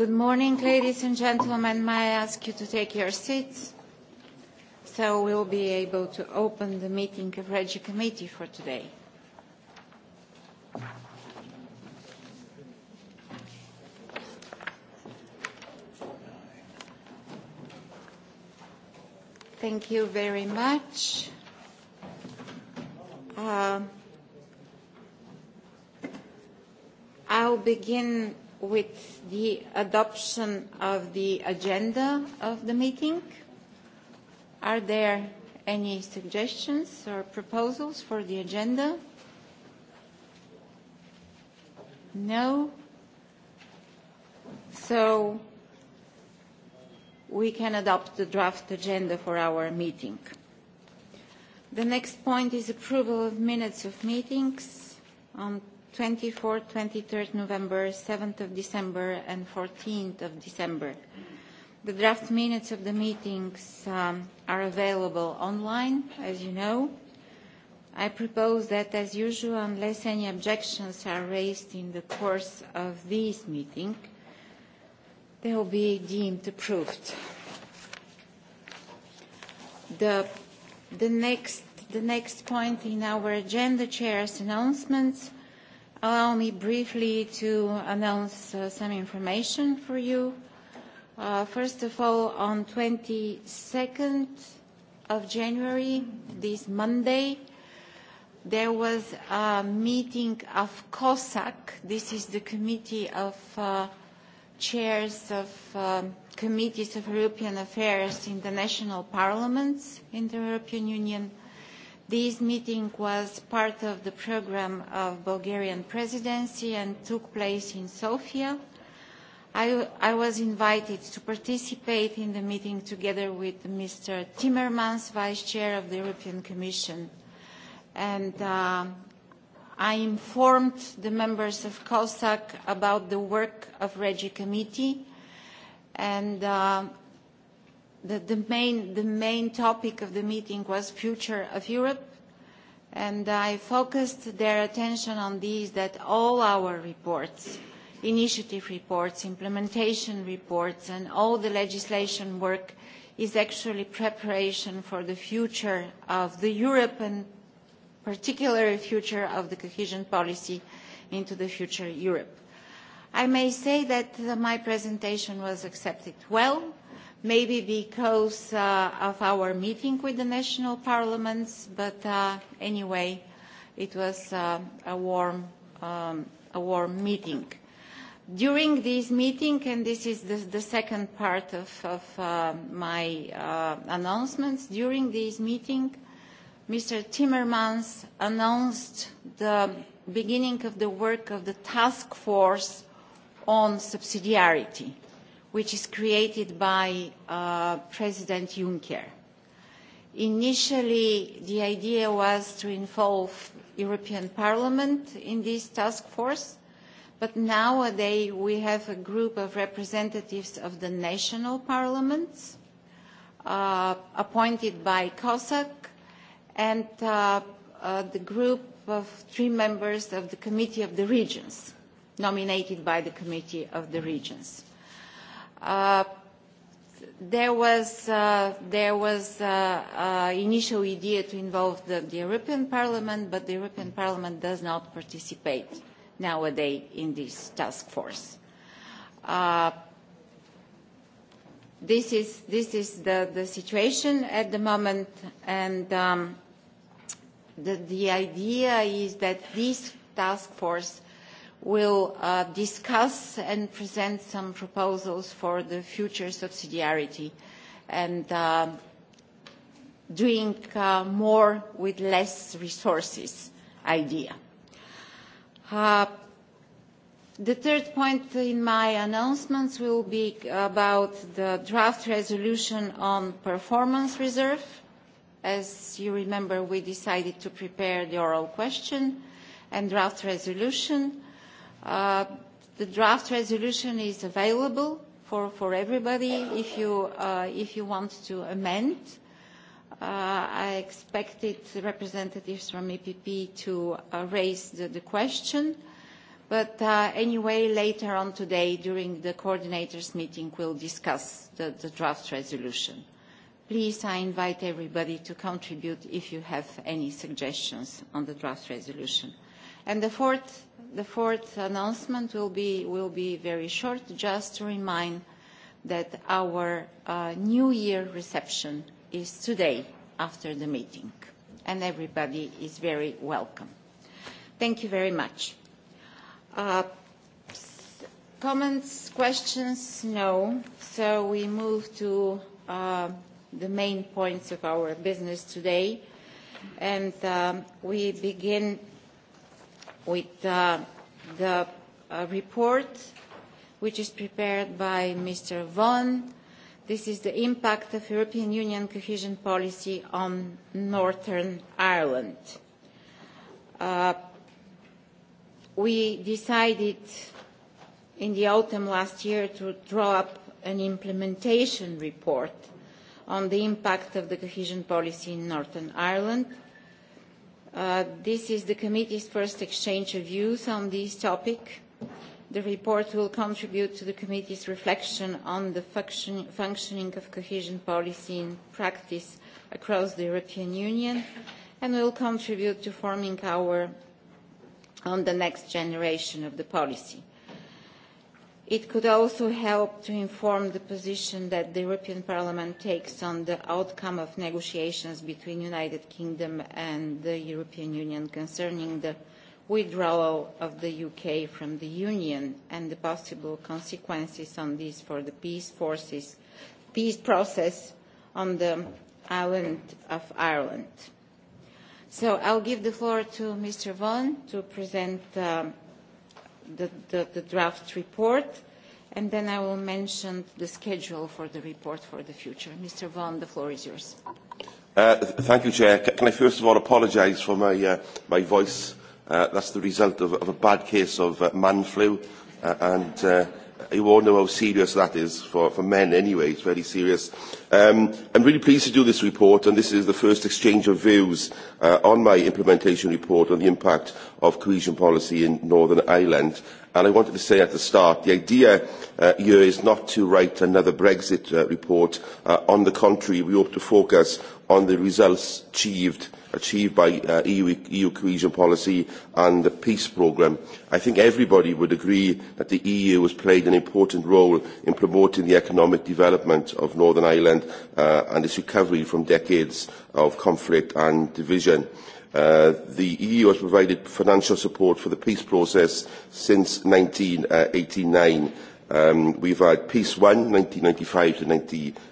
Good morning, ladies and gentlemen. May I ask you to take your seats so we'll be able to open the meeting of Regi Committee for today. Thank you very much. Uh, I'll begin with the adoption of the agenda of the meeting. Are there any suggestions or proposals for the agenda? No? So we can adopt the draft agenda for our meeting. The next point is approval of minutes of meetings on 24, 23 November, 7th of December, and 14th of December. The draft minutes of the meetings um, are available online, as you know. I propose that, as usual, unless any objections are raised in the course of this meeting, they will be deemed approved. The, the, next, the next point in our agenda, Chair's announcements, Allow me briefly to announce uh, some information for you. Uh, first of all, on 22nd of January, this Monday, there was a meeting of COSAC. This is the Committee of uh, Chairs of um, Committees of European Affairs in the national parliaments in the European Union This meeting was part of the program of Bulgarian presidency and took place in Sofia. I, I was invited to participate in the meeting together with Mr. Timmermans, Vice Chair of the European Commission. And uh, I informed the members of COSAC about the work of REGI Committee and uh, The, the, main, the main topic of the meeting was future of Europe, and I focused their attention on these that all our reports, initiative reports, implementation reports, and all the legislation work is actually preparation for the future of the Europe and particularly future of the cohesion policy into the future Europe. I may say that my presentation was accepted well maybe because uh, of our meeting with the national parliaments, but uh, anyway, it was uh, a, warm, um, a warm meeting. During this meeting, and this is the, the second part of, of uh, my uh, announcements, during this meeting, Mr. Timmermans announced the beginning of the work of the task force on subsidiarity which is created by uh, President Juncker. Initially, the idea was to involve European Parliament in this task force, but nowadays we have a group of representatives of the national parliaments uh, appointed by COSAC and uh, uh, the group of three members of the Committee of the Regions, nominated by the Committee of the Regions. Uh, there was, uh, there was uh, uh, initial idea to involve the, the European Parliament, but the European Parliament does not participate nowadays in this task force. Uh, this is, this is the, the situation at the moment, and um, the, the idea is that this task force will uh, discuss and present some proposals for the future subsidiarity and uh, doing uh, more with less resources idea. Uh, the third point in my announcements will be about the draft resolution on performance reserve. As you remember, we decided to prepare the oral question and draft resolution Uh, the draft resolution is available for, for everybody if you, uh, if you want to amend. Uh, I expected representatives from EPP to uh, raise the, the question. But uh, anyway, later on today, during the coordinators' meeting, we'll discuss the, the draft resolution. Please, I invite everybody to contribute if you have any suggestions on the draft resolution. And the fourth, the fourth announcement will be, will be very short, just to remind that our uh, New Year reception is today after the meeting, and everybody is very welcome. Thank you very much. Uh, comments, questions? No. So we move to uh, the main points of our business today, and um, we begin with uh, the uh, report which is prepared by Mr. Vaughan. This is the impact of European Union cohesion policy on Northern Ireland. Uh, we decided in the autumn last year to draw up an implementation report on the impact of the cohesion policy in Northern Ireland – Uh, this is the committee's first exchange of views on this topic. The report will contribute to the committee's reflection on the function, functioning of cohesion policy in practice across the European Union and will contribute to forming our on the next generation of the policy. It could also help to inform the position that the European Parliament takes on the outcome of negotiations between United Kingdom and the European Union concerning the withdrawal of the UK from the Union and the possible consequences on this for the peace forces, peace process on the island of Ireland. So I'll give the floor to Mr. Vaughan to present um, the, the, the draft report, and then I will mention the schedule for the report for the future. Mr. Vaughan, the floor is yours. Uh, thank you, Chair. Can I first of all apologise for my, uh, my voice? Uh, that's the result of, of a bad case of uh, man flu, uh, and uh, you all know how serious that is for, for men anyway. It's very serious. Um, I'm really pleased to do this report, and this is the first exchange of views uh, on my implementation report on the impact of cohesion policy in Northern Ireland. And I wanted to say at the start, the idea uh, here is not to write another Brexit uh, report. Uh, on the contrary, we ought to focus on the results achieved achieved by uh, EU, EU cohesion policy and the peace programme. I think everybody would agree that the EU has played an important role in promoting the economic development of Northern Ireland uh, and its recovery from decades of conflict and division. Uh, the EU has provided financial support for the peace process since 1989. Uh, um, we've had Peace One, 1995 to 1999.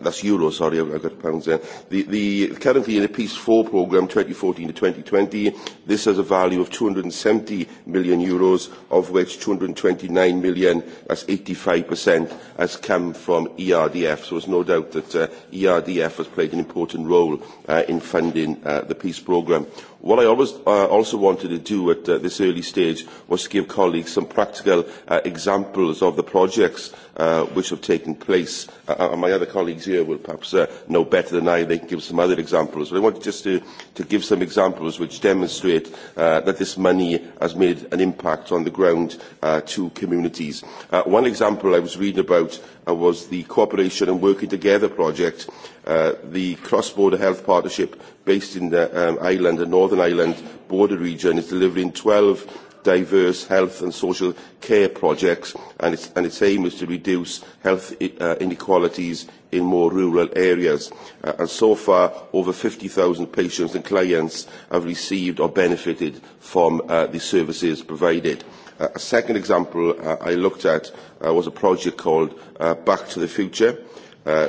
that's euro, sorry, I've got pounds there. The, the, currently in the Peace 4 programme, 2014 to 2020, this has a value of 270 million euros, of which 229 million, that's 85%, has come from ERDF. So there's no doubt that uh, ERDF has played an important role uh, in funding uh, the Peace programme. What I always, uh, also wanted to do at uh, this early stage was to give colleagues some practical uh, examples of the projects uh, which have taken place. Uh, and uh, my other colleagues here will perhaps uh, know better than I. They can give some other examples. But I want just to, to give some examples which demonstrate uh, that this money has made an impact on the ground uh, to communities. Uh, one example I was reading about uh, was the Cooperation and Working Together project, uh, the cross-border health partnership based in the um, island, the Northern Ireland border region is delivering 12 diverse health and social care projects and its, and its aim is to reduce health uh, inequalities in more rural areas. Uh, and so far, over 50,000 patients and clients have received or benefited from uh, the services provided. Uh, a second example uh, I looked at uh, was a project called uh, Back to the Future. Uh,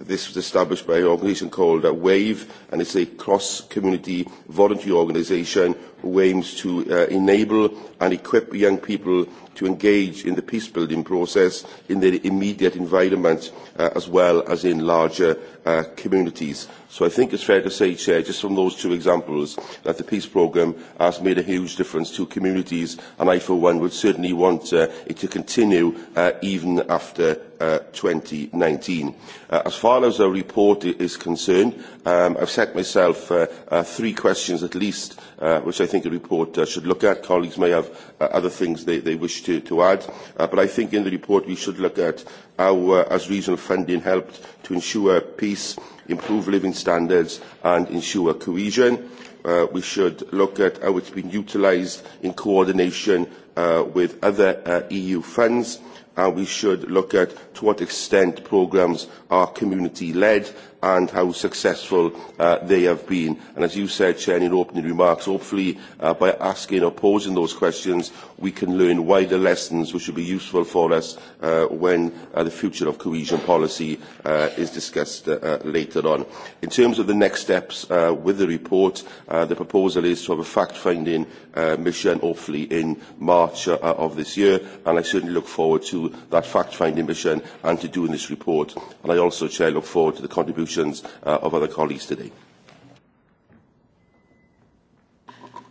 This was established by an organisation called uh, WAVE, and it's a cross-community voluntary organisation who aims to uh, enable and equip young people to engage in the peace building process in their immediate environment uh, as well as in larger uh, communities. So I think it's fair to say, Chair, just from those two examples, that the peace programme has made a huge difference to communities, and I, for one, would certainly want uh, it to continue uh, even after uh, 2019. Uh, as far as our report is concerned, um, I've set myself uh, uh, three questions at least uh, which I think the report uh, should look at. Colleagues may have uh, other things they, they wish to, to add, uh, but I think in the report we should look at how, uh, as regional funding helped to ensure peace, improve living standards and ensure cohesion. Uh, we should look at how it's been utilised in coordination uh, with other uh, EU funds and we should look at to what extent programmes are community-led and how successful uh, they have been. And as you said, Chair, in opening remarks, hopefully uh, by asking or posing those questions, we can learn wider lessons which will be useful for us uh, when uh, the future of cohesion policy uh, is discussed uh, uh later on. In terms of the next steps uh, with the report, uh, the proposal is to have a fact-finding uh, mission, hopefully in March uh, uh, of this year, and I certainly look forward to that fact-finding mission and to doing this report. And I also, Chair, look forward to the contribution contributions uh, of other colleagues today.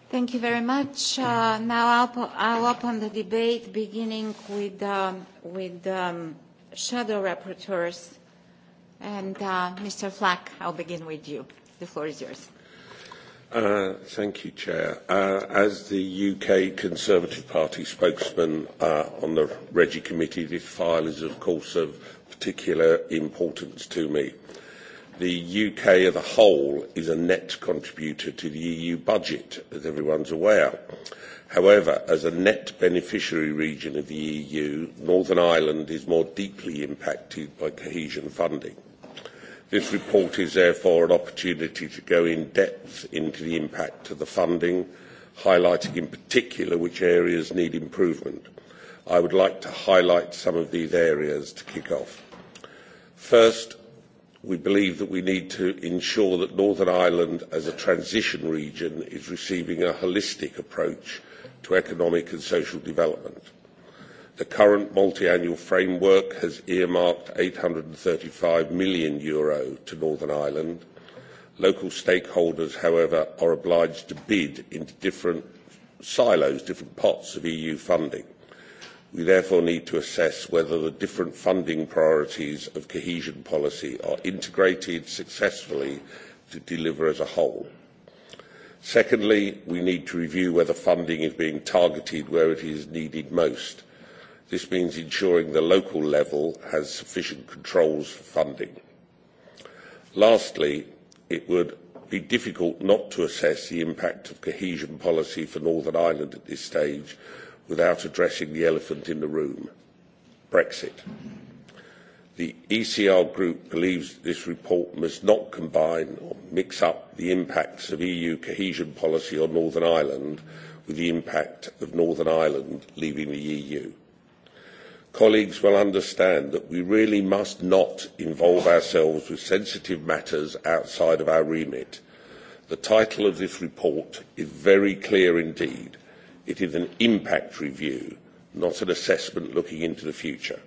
Thank you very much. Uh, now I'll, I'll open the debate, beginning with, um, with um, shadow rapporteurs. And uh, Mr. Flack, I'll begin with you. The floor is yours. Uh, thank you, Chair. Uh, as the UK Conservative Party spokesman uh, on the Regi Committee, this file is, of course, of particular importance to me the UK as a whole is a net contributor to the EU budget, as everyone's aware. However, as a net beneficiary region of the EU, Northern Ireland is more deeply impacted by cohesion funding. This report is therefore an opportunity to go in depth into the impact of the funding, highlighting in particular which areas need improvement. I would like to highlight some of these areas to kick off. First, we believe that we need to ensure that Northern Ireland as a transition region is receiving a holistic approach to economic and social development. The current multi-annual framework has earmarked €835 million euro to Northern Ireland. Local stakeholders, however, are obliged to bid into different silos, different pots of EU funding. We therefore need to assess whether the different funding priorities of cohesion policy are integrated successfully to deliver as a whole. Secondly, we need to review whether funding is being targeted where it is needed most. This means ensuring the local level has sufficient controls for funding. Lastly, it would be difficult not to assess the impact of cohesion policy for Northern Ireland at this stage without addressing the elephant in the room Brexit. The ECR Group believes this report must not combine or mix up the impacts of EU cohesion policy on Northern Ireland with the impact of Northern Ireland leaving the EU. Colleagues will understand that we really must not involve ourselves with sensitive matters outside of our remit. The title of this report is very clear indeed It is an impact review, not an assessment looking into the future.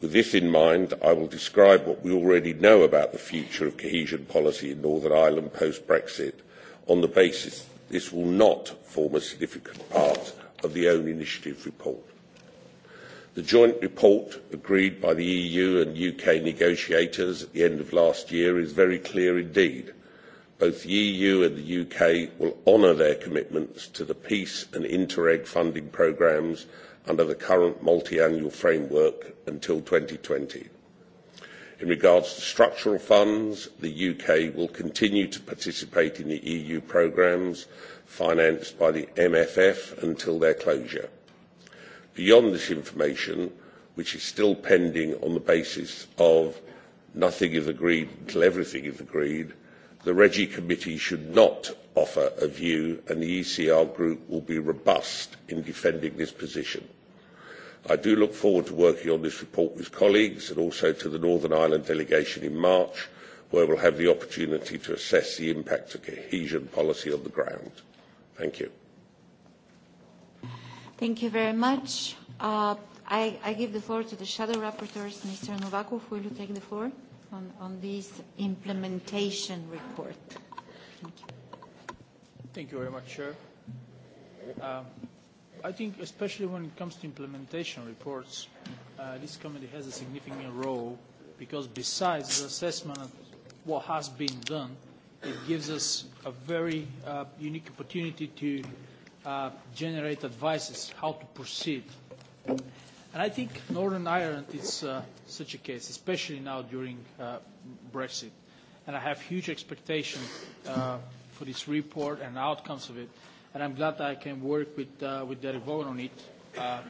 With this in mind, I will describe what we already know about the future of cohesion policy in Northern Ireland post-Brexit on the basis this will not form a significant part of the own initiative report. The joint report agreed by the EU and UK negotiators at the end of last year is very clear indeed – both the EU and the UK will honour their commitments to the peace and interreg funding programmes under the current multiannual framework until 2020. In regards to structural funds, the UK will continue to participate in the EU programmes financed by the MFF until their closure. Beyond this information, which is still pending on the basis of nothing is agreed until everything is agreed, the regi committee should not offer a view and the ecr group will be robust in defending this position. i do look forward to working on this report with colleagues and also to the northern ireland delegation in march where we'll have the opportunity to assess the impact of cohesion policy on the ground. thank you. thank you very much. Uh, I, I give the floor to the shadow rapporteurs. Mr. Novakov, will you take the floor? on, this implementation report. Thank you. Thank you very much, Chair. Uh, I think especially when it comes to implementation reports, uh, this committee has a significant role because besides the assessment of what has been done, it gives us a very uh, unique opportunity to uh, generate advices how to proceed. And I think Northern Ireland is uh, such a case, especially now during uh, Brexit. And I have huge expectation uh, for this report and outcomes of it. And I'm glad I can work with, uh, with Derek Vaughan on it, uh,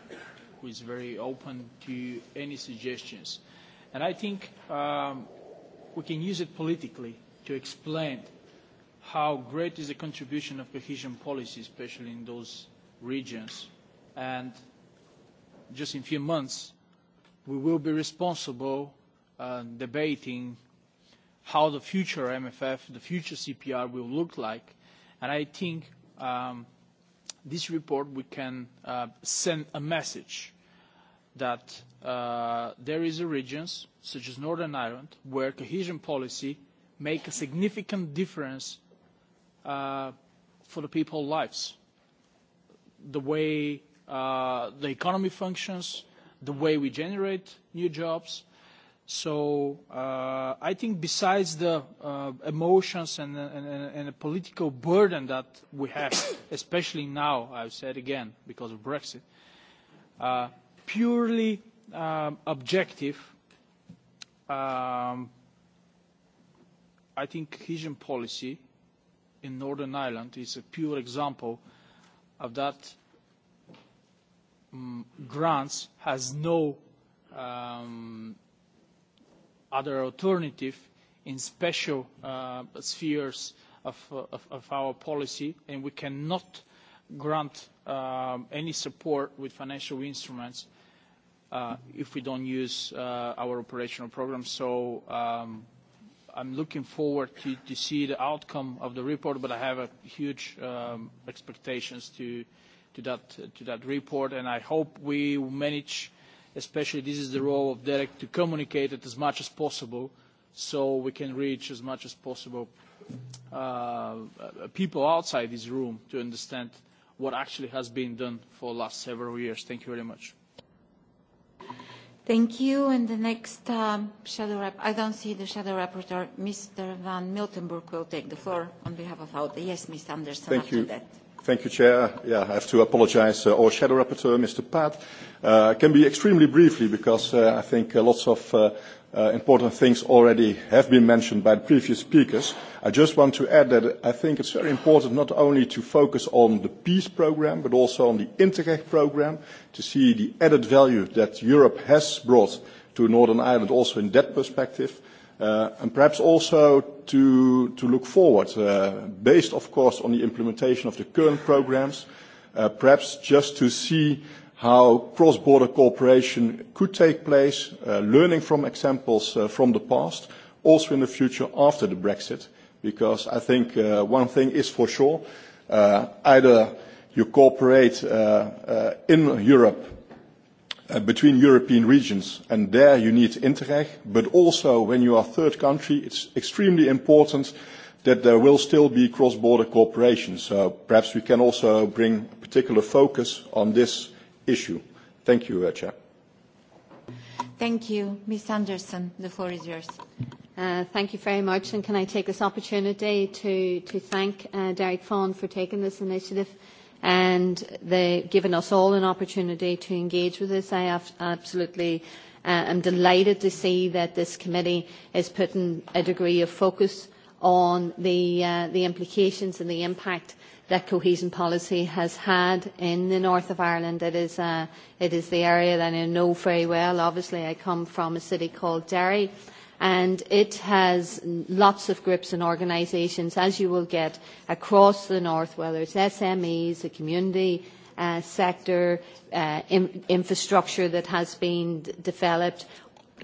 who is very open to any suggestions. And I think um, we can use it politically to explain how great is the contribution of cohesion policy, especially in those regions, and just in a few months, we will be responsible uh, debating how the future MFF, the future CPR will look like. And I think um, this report, we can uh, send a message that uh, there is a regions, such as Northern Ireland, where cohesion policy make a significant difference uh, for the people's lives. The way uh, the economy functions, the way we generate new jobs. So uh, I think besides the uh, emotions and, and, and the political burden that we have, especially now, I've said again, because of Brexit, uh, purely um, objective, um, I think cohesion policy in Northern Ireland is a pure example of that um, grants has no um, other alternative in special uh, spheres of, of, of our policy, and we cannot grant um, any support with financial instruments uh, if we don't use uh, our operational program. So um, I'm looking forward to, to see the outcome of the report, but I have a huge um, expectations to, to that, report, and I hope we manage, especially this is the role of Derek, to communicate it as much as possible so we can reach as much as possible uh, people outside this room to understand what actually has been done for the last several years. Thank you very much. Thank you. the next um, shadow rep, I don't see the shadow rapporteur, Mr. Van Miltenburg will take the floor on behalf of ALDE. Yes, Mr. Thank you. Thank you, Chair. Yeah, I have to apologize. Uh, our Shadow Rapporteur, Mr. Pat, uh, can be extremely briefly because uh, I think uh, lots of uh, uh, important things already have been mentioned by the previous speakers. I just want to add that I think it's very important not only to focus on the peace program, but also on the Interreg program to see the added value that Europe has brought to Northern Ireland also in that perspective. Uh, and perhaps also to, look forward, uh, based, of course, on the implementation of the current programs, uh, perhaps just to see how cross-border cooperation could take place, learning from examples from the past, also in the future after the Brexit. Because I think one thing is for sure, either you cooperate in Europe Uh, between European regions, and there you need Interreg, but also when you are third country, it's extremely important that there will still be cross-border cooperation. So perhaps we can also bring particular focus on this issue. Thank you, uh, Chair. Thank you. Ms. Anderson, the floor is yours. Uh, thank you very much, and can I take this opportunity to, to thank uh, Derek Fawn for taking this initiative and they've given us all an opportunity to engage with this. I absolutely uh, am delighted to see that this committee is putting a degree of focus on the, uh, the implications and the impact that cohesion policy has had in the north of Ireland. It is, uh, it is the area that I know very well. Obviously, I come from a city called Derry, and it has lots of groups and organisations, as you will get, across the north, whether it's SMEs, the community uh, sector, uh, in, infrastructure that has been developed.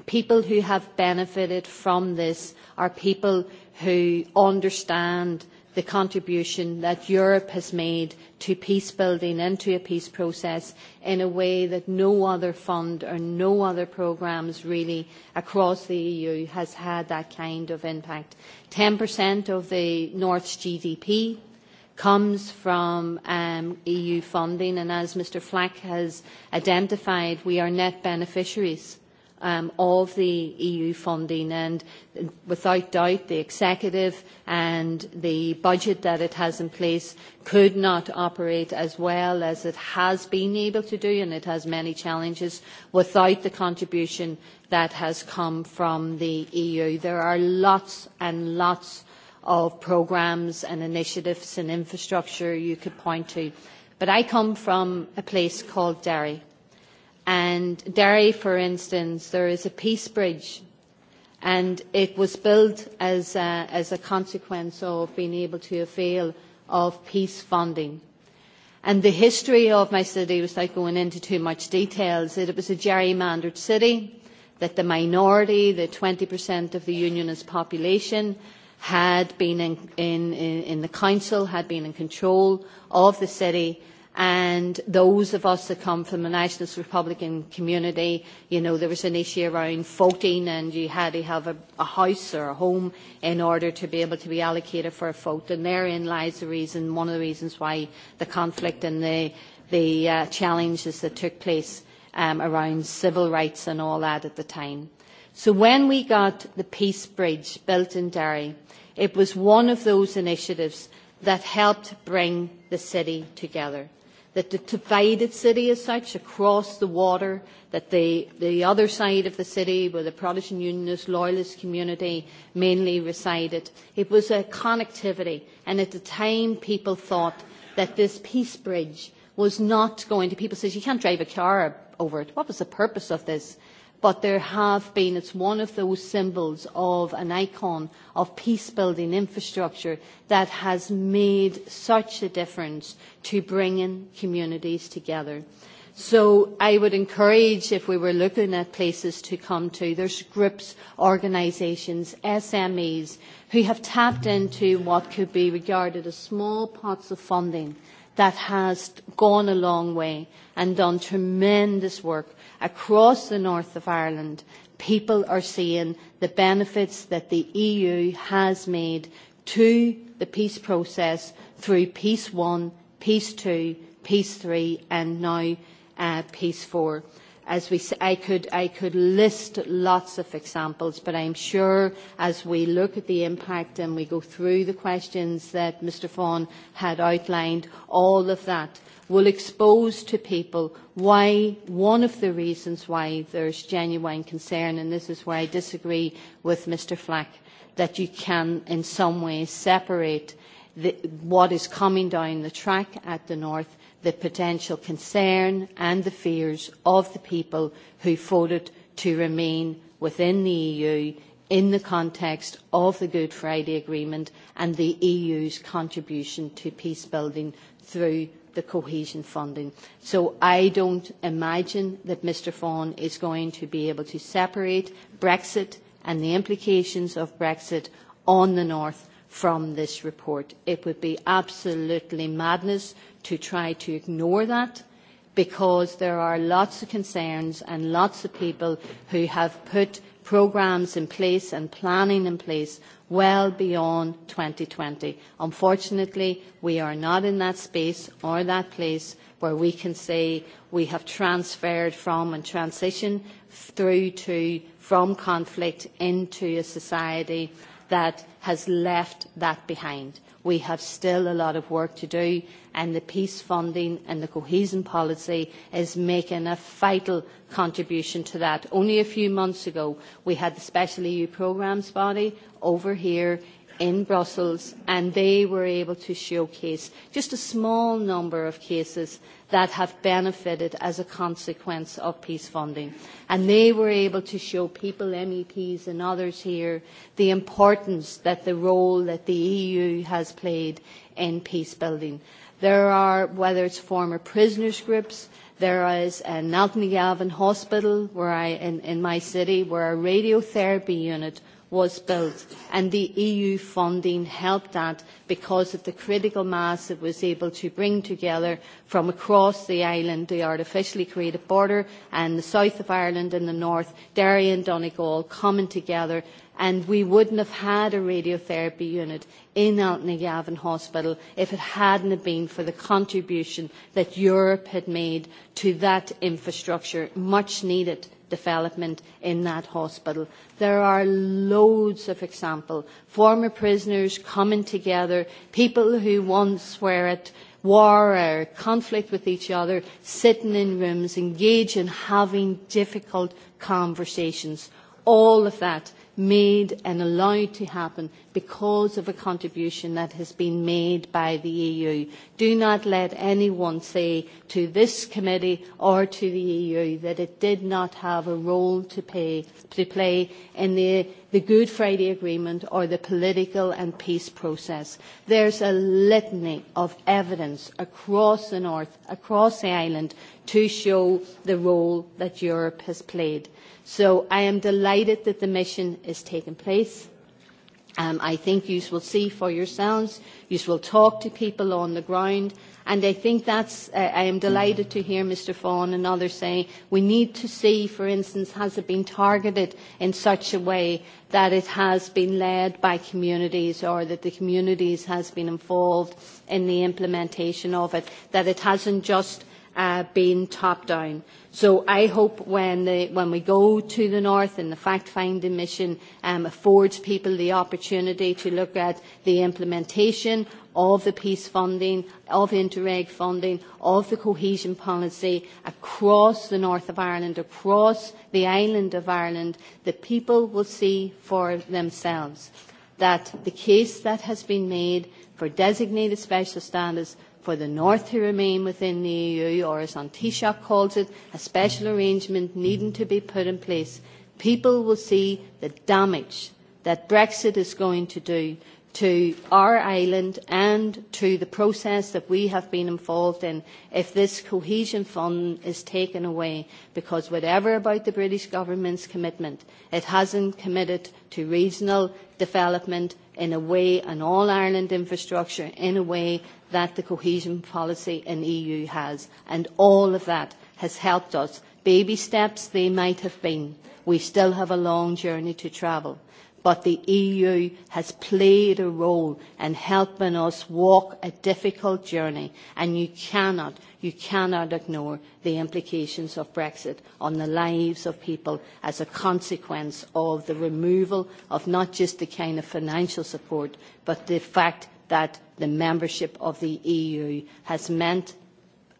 People who have benefited from this are people who understand the contribution that Europe has made to peace building and to a peace process in a way that no other fund or no other programmes really across the EU has had that kind of impact. 10% of the North's GDP comes from um, EU funding and as Mr Flack has identified, we are net beneficiaries um, of the EU funding and without doubt the executive and the budget that it has in place could not operate as well as it has been able to do and it has many challenges without the contribution that has come from the EU. There are lots and lots of programmes and initiatives and infrastructure you could point to. But I come from a place called Derry And Derry, for instance, there is a peace bridge, and it was built as a, as a consequence of being able to avail of peace funding. And the history of my city, was without going into too much details, that it was a gerrymandered city, that the minority, the 20% of the unionist population, had been in, in, in the council, had been in control of the city, and those of us that come from the nationalist republican community, you know, there was an issue around voting and you had to have a, a house or a home in order to be able to be allocated for a vote. and therein lies the reason, one of the reasons why the conflict and the, the uh, challenges that took place um, around civil rights and all that at the time. so when we got the peace bridge built in derry, it was one of those initiatives that helped bring the city together that the divided city as such across the water, that the, the other side of the city where the Protestant Unionist Loyalist community mainly resided, it was a connectivity. And at the time, people thought that this peace bridge was not going to, people said, you can't drive a car over it. What was the purpose of this? but there have been, it's one of those symbols of an icon of peace building infrastructure that has made such a difference to bringing communities together. So I would encourage, if we were looking at places to come to, there's groups, organisations, SMEs who have tapped into what could be regarded as small pots of funding that has gone a long way and done tremendous work across the north of Ireland, people are seeing the benefits that the EU has made to the peace process through Peace One, Peace Two, Peace Three, and now uh, Peace Four. As we, I could, I could list lots of examples, but I'm sure as we look at the impact and we go through the questions that Mr. Fawn had outlined, all of that will expose to people why one of the reasons why there's genuine concern, and this is where I disagree with Mr. Flack, that you can in some ways separate the, what is coming down the track at the north, the potential concern and the fears of the people who voted to remain within the EU in the context of the Good Friday Agreement and the EU's contribution to peace building through the cohesion funding. So I don't imagine that Mr Fawn is going to be able to separate Brexit and the implications of Brexit on the North from this report. It would be absolutely madness to try to ignore that because there are lots of concerns and lots of people who have put programmes in place and planning in place well beyond 2020. Unfortunately, we are not in that space or that place where we can say we have transferred from and transitioned through to from conflict into a society that has left that behind. We have still a lot of work to do, and the peace funding and the cohesion policy is making a vital contribution to that. Only a few months ago, we had the Special EU Programmes Body over here in Brussels and they were able to showcase just a small number of cases that have benefited as a consequence of peace funding. And they were able to show people, MEPs and others here, the importance that the role that the EU has played in peace building. There are, whether it's former prisoners groups, there is an Galvin hospital where I, in, in my city where a radiotherapy unit was built and the EU funding helped that because of the critical mass it was able to bring together from across the island, the artificially created border and the south of Ireland and the north, Derry and Donegal coming together and we wouldn't have had a radiotherapy unit in Altnagavan Hospital if it hadn't been for the contribution that Europe had made to that infrastructure, much needed development in that hospital. There are loads of examples. Former prisoners coming together, people who once were at war or conflict with each other, sitting in rooms, engaging, having difficult conversations. All of that made and allowed to happen because of a contribution that has been made by the EU. Do not let anyone say to this committee or to the EU that it did not have a role to, pay, to play in the the Good Friday Agreement or the political and peace process. There's a litany of evidence across the North, across the island, to show the role that Europe has played. So I am delighted that the mission is taking place. Um, I think you will see for yourselves, you will talk to people on the ground, And I think that's, uh, I am delighted to hear Mr Fawn and others say we need to see, for instance, has it been targeted in such a way that it has been led by communities or that the communities has been involved in the implementation of it, that it hasn't just uh, being top down. So I hope when, the, when we go to the north and the fact-finding mission um, affords people the opportunity to look at the implementation of the peace funding, of Interreg funding, of the cohesion policy across the north of Ireland, across the island of Ireland, the people will see for themselves that the case that has been made for designated special status for the North to remain within the EU, or as Antishak calls it, a special arrangement needing to be put in place, people will see the damage that Brexit is going to do to our island and to the process that we have been involved in if this cohesion fund is taken away because whatever about the British government's commitment, it hasn't committed to regional development in a way and all Ireland infrastructure in a way that the cohesion policy in EU has. And all of that has helped us. Baby steps they might have been. We still have a long journey to travel. But the EU has played a role in helping us walk a difficult journey and you cannot you cannot ignore the implications of Brexit on the lives of people as a consequence of the removal of not just the kind of financial support, but the fact that the membership of the EU has meant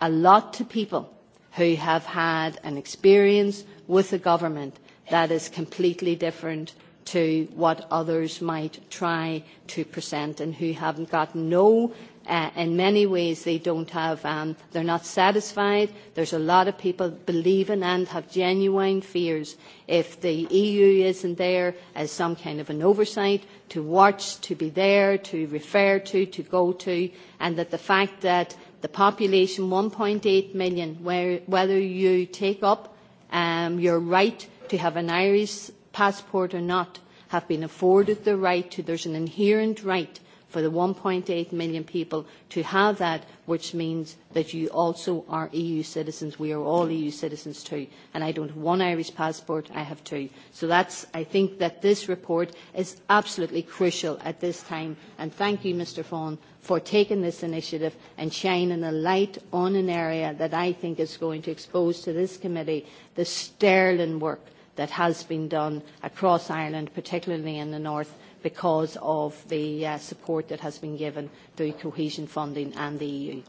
a lot to people who have had an experience with a government that is completely different to what others might try to present and who haven't got no Uh, in many ways, they don't have, um, they're not satisfied. There's a lot of people believing and have genuine fears if the EU isn't there as some kind of an oversight to watch, to be there, to refer to, to go to, and that the fact that the population, 1.8 million, where, whether you take up um, your right to have an Irish passport or not, have been afforded the right to, there's an inherent right for the 1.8 million people to have that, which means that you also are EU citizens. We are all EU citizens too. And I don't have one Irish passport, I have two. So that's, I think that this report is absolutely crucial at this time. And thank you, Mr Fawn, for taking this initiative and shining a light on an area that I think is going to expose to this committee the sterling work that has been done across Ireland, particularly in the north, because of the uh, support that has been given through cohesion funding and the EU.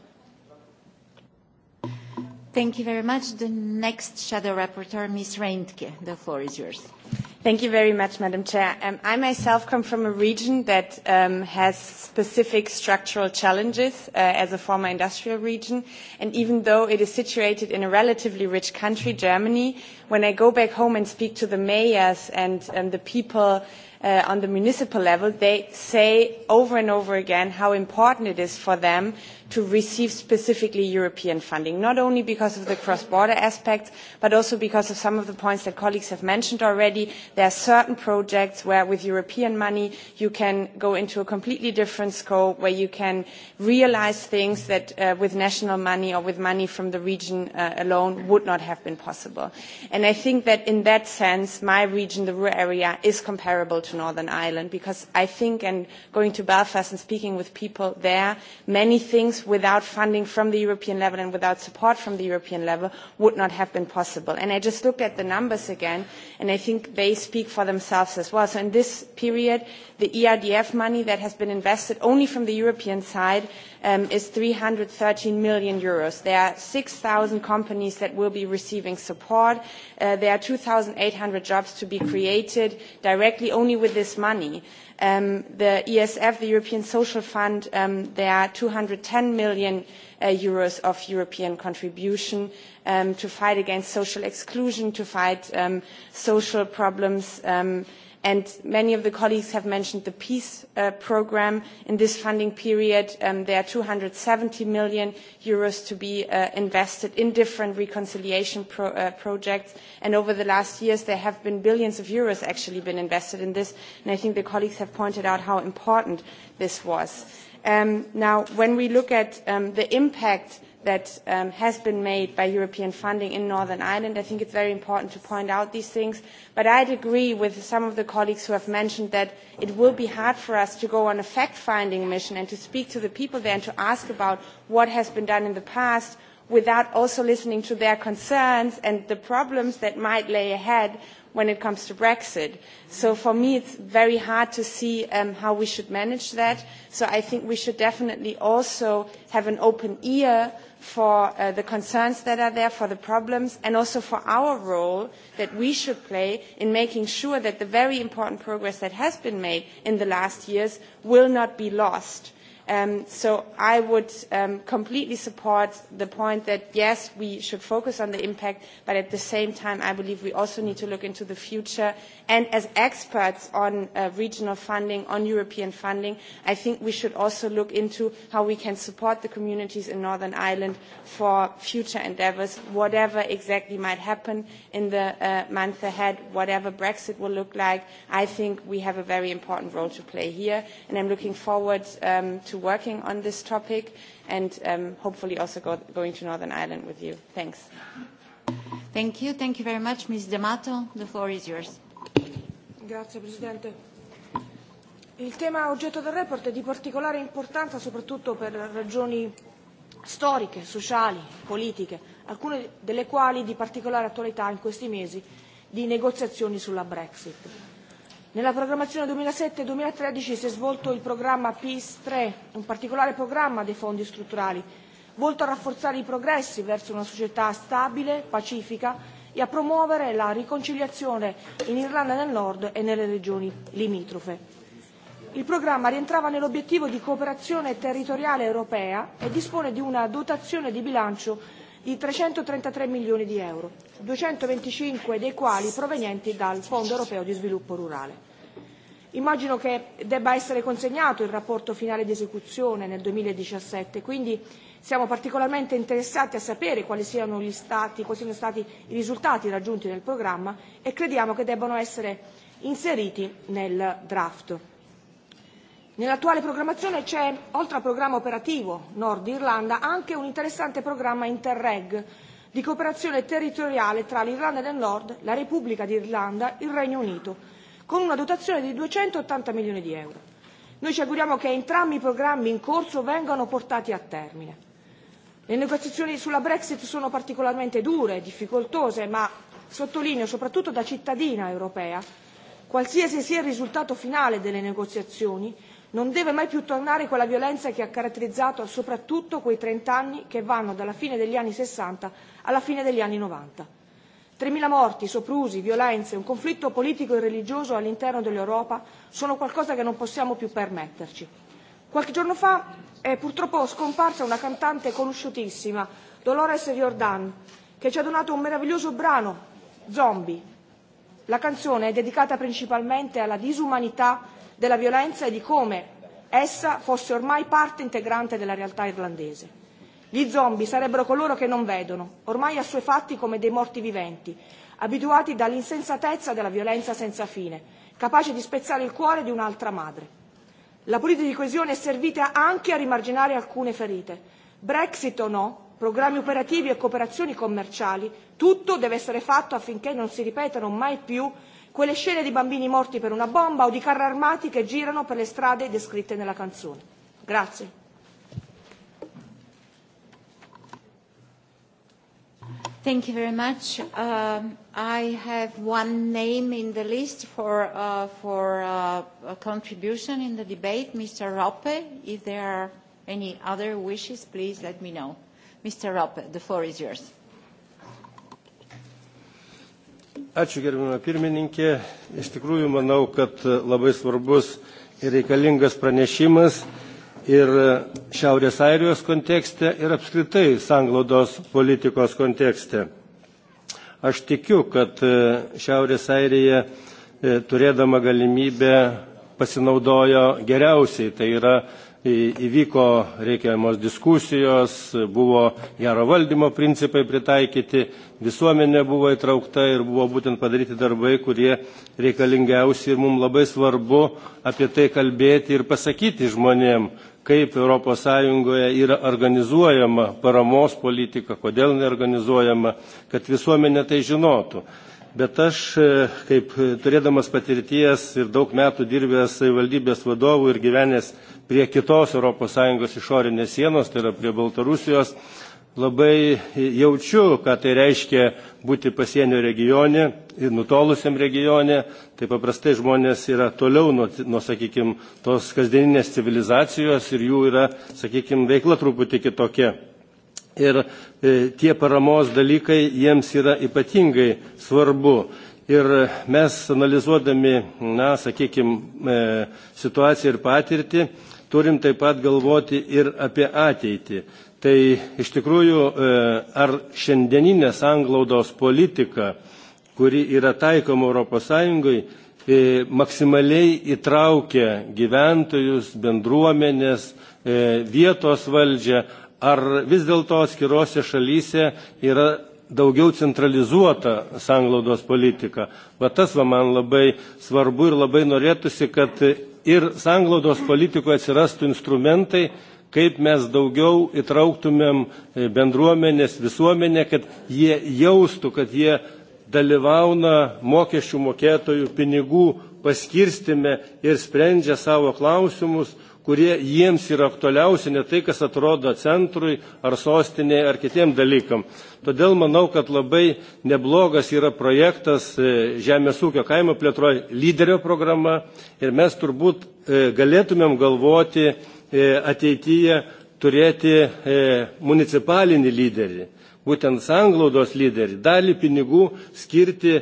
Thank you very much. The next shadow rapporteur, Ms. Reintke. The floor is yours. Thank you very much, Madam Chair. Um, I myself come from a region that um, has specific structural challenges uh, as a former industrial region. And even though it is situated in a relatively rich country, Germany, when I go back home and speak to the mayors and um, the people uh, on the municipal level, they say over and over again how important it is for them to receive specifically European funding, not only because of the cross-border aspects, but also because of some of the points that colleagues have mentioned already. There are certain projects where with European money you can go into a completely different scope, where you can realise things that uh, with national money or with money from the region uh, alone would not have been possible. And I think that in that sense, my region, the ruhr area, is comparable to Northern Ireland because I think, and going to Belfast and speaking with people there, many things without funding from the European level and without support from the European level would not have been possible. And I just look at the numbers again, and I think they speak for themselves as well. So in this period, the ERDF money that has been invested only from the European side um, hundred is 313 million euros. There are 6,000 companies that will be receiving support. Uh, there are 2,800 jobs to be created directly only with this money. Um, the ESF, the European Social Fund, um, there are 210 million uh, euros of European contribution um, to fight against social exclusion, to fight um, social problems. Um, and many of the colleagues have mentioned the peace uh, programme in this funding period um, there are eur two hundred and seventy million to be uh, invested in different reconciliation uh, projects and over the last years there have been billions of euros actually been invested in this and i think the colleagues have pointed out how important this was um, now when we look at um, the impact that um, has been made by European funding in Northern Ireland. I think it's very important to point out these things. But I'd agree with some of the colleagues who have mentioned that it will be hard for us to go on a fact-finding mission and to speak to the people there and to ask about what has been done in the past without also listening to their concerns and the problems that might lay ahead when it comes to Brexit. So for me, it's very hard to see um, how we should manage that. So I think we should definitely also have an open ear for uh, the concerns that are there, for the problems, and also for our role that we should play in making sure that the very important progress that has been made in the last years will not be lost Um, so I would um, completely support the point that yes, we should focus on the impact, but at the same time, I believe we also need to look into the future. And as experts on uh, regional funding, on European funding, I think we should also look into how we can support the communities in Northern Ireland for future endeavours, whatever exactly might happen in the uh, months ahead, whatever Brexit will look like. I think we have a very important role to play here, and i am looking forward um, to working on this topic and um, hopefully also go, going to Northern Ireland with you. Thanks. Thank you. Thank you very much. Ms. D'Amato, the floor is yours. Grazie, Presidente. Il tema oggetto del report è di particolare importanza soprattutto per ragioni storiche, sociali, politiche, alcune delle quali di particolare attualità in questi mesi di negoziazioni sulla Brexit Nella programmazione 2007-2013 si è svolto il programma PIS 3, un particolare programma dei fondi strutturali, volto a rafforzare i progressi verso una società stabile, pacifica e a promuovere la riconciliazione in Irlanda del Nord e nelle regioni limitrofe. Il programma rientrava nell'obiettivo di cooperazione territoriale europea e dispone di una dotazione di bilancio di 333 milioni di euro, duecentoventicinque dei quali provenienti dal Fondo europeo di sviluppo rurale. Immagino che debba essere consegnato il rapporto finale di esecuzione nel 2017, quindi siamo particolarmente interessati a sapere quali siano, gli stati, quali siano stati i risultati raggiunti nel programma e crediamo che debbano essere inseriti nel draft. Nell'attuale programmazione c'è, oltre al programma operativo Nord Irlanda, anche un interessante programma Interreg di cooperazione territoriale tra l'Irlanda del Nord, la Repubblica d'Irlanda e il Regno Unito, con una dotazione di 280 milioni di euro. Noi ci auguriamo che entrambi i programmi in corso vengano portati a termine. Le negoziazioni sulla Brexit sono particolarmente dure, difficoltose, ma sottolineo soprattutto da cittadina europea, qualsiasi sia il risultato finale delle negoziazioni, non deve mai più tornare quella violenza che ha caratterizzato soprattutto quei trent'anni che vanno dalla fine degli anni sessanta alla fine degli anni novanta tremila morti soprusi violenze un conflitto politico e religioso all'interno dell'europa sono qualcosa che non possiamo più permetterci. qualche giorno fa è eh, purtroppo scomparsa una cantante conosciutissima dolores riordan che ci ha donato un meraviglioso brano zombie La canzone è dedicata principalmente alla disumanità della violenza e di come essa fosse ormai parte integrante della realtà irlandese. Gli zombie sarebbero coloro che non vedono, ormai assuefatti come dei morti viventi, abituati dall'insensatezza della violenza senza fine, capace di spezzare il cuore di un'altra madre. La politica di coesione è servita anche a rimarginare alcune ferite. Brexit o no, programmi operativi e cooperazioni commerciali, tutto deve essere fatto affinché non si ripetano mai più quelle scene di bambini morti per una bomba o di carri armati che girano per le strade descritte nella canzone. Grazie. Thank you very much. Uh, I have one name in the list for, uh, for uh, a contribution in the debate, Mr. Roppe. If there are any other wishes, please let me know. Mr. Rope, the floor is yours. Ačiū gerbimo pirmininkė. Iš tikrųjų, manau, kad e, labai svarbus ir reikalingas pranešimas ir e, Šiaurės Airijos kontekste ir apskritai sanglaudos politikos kontekste. Aš tikiu, kad e, Šiaurės Airija turėdama galimybę pasinaudojo geriausiai, tai yra įvyko reikiamos diskusijos, buvo gero valdymo principai pritaikyti, visuomenė buvo įtraukta ir buvo būtent padaryti darbai, kurie reikalingiausi ir mums labai svarbu apie tai kalbėti ir pasakyti žmonėm, kaip ES yra organizuojama paramos politika, kodėl neorganizuojama, kad visuomenė tai žinotų bet aš, e, kaip e, turėdamas patirties ir daug metų dirbęs savivaldybės vadovų ir gyvenęs prie kitos ES išorinės sienos, tai yra prie Baltarusijos, labai jaučiu, ką tai reiškia būti pasienio regione ir nutolusiam regione. Tai paprastai žmonės yra toliau nuo, nuo sakykime, tos kasdieninės civilizacijos ir jų yra, sakykime, veikla truputį kitokia ir e, tie paramos dalykai jiems yra ypatingai svarbu. Ir mes analizuodami, na, sakykime, situaciją ir patirtį, turim taip pat galvoti ir apie ateitį. Tai iš tikrųjų, e, ar šiandieninė sanglaudos politika, kuri yra taikoma Europos Sąjungai, e, maksimaliai įtraukia gyventojus, bendruomenės, vietos valdžią, ar vis dėlto atskirose šalyse yra daugiau centralizuota sanglaudos politika. Va tas va man labai svarbu ir labai norėtųsi, kad ir sanglaudos politikoje atsirastų instrumentai, kaip mes daugiau įtrauktumėm e, bendruomenės, visuomenę, kad jie jaustų, kad jie dalyvauna mokesčių mokėtojų pinigų paskirstime ir sprendžia savo klausimus kurie jiems yra aktualiausi, ne tai, kas atrodo centrui ar sostiniai ar kitiem dalykam. Todėl manau, kad labai neblogas yra projektas e, Žemės ūkio kaimo plėtroje lyderio programa ir mes turbūt e, galėtumėm galvoti e, ateityje turėti municipalinį lyderį, būtent sanglaudos lyderį, dalį pinigų skirti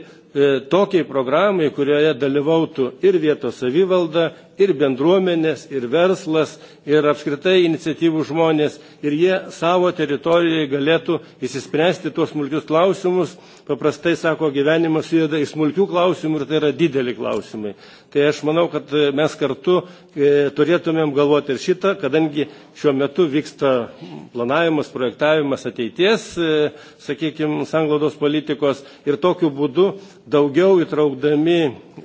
tokiai programai, kurioje dalyvautų ir vietos savivalda, ir bendruomenės, ir verslas, ir apskritai iniciatyvų žmonės, ir jie savo teritorijoje galėtų įsispręsti tuos smulkius klausimus. Paprastai, sako, gyvenimas sudeda į smulkių klausimų ir tai yra dideli klausimai. Tai aš manau, kad e, mes kartu e, turėtumėm galvoti ir šitą, kadangi šiuo metu vyksta planavimas, projektavimas ateities, e, sakykime, sanglaudos politikos ir tokiu būdu daugiau įtraukdami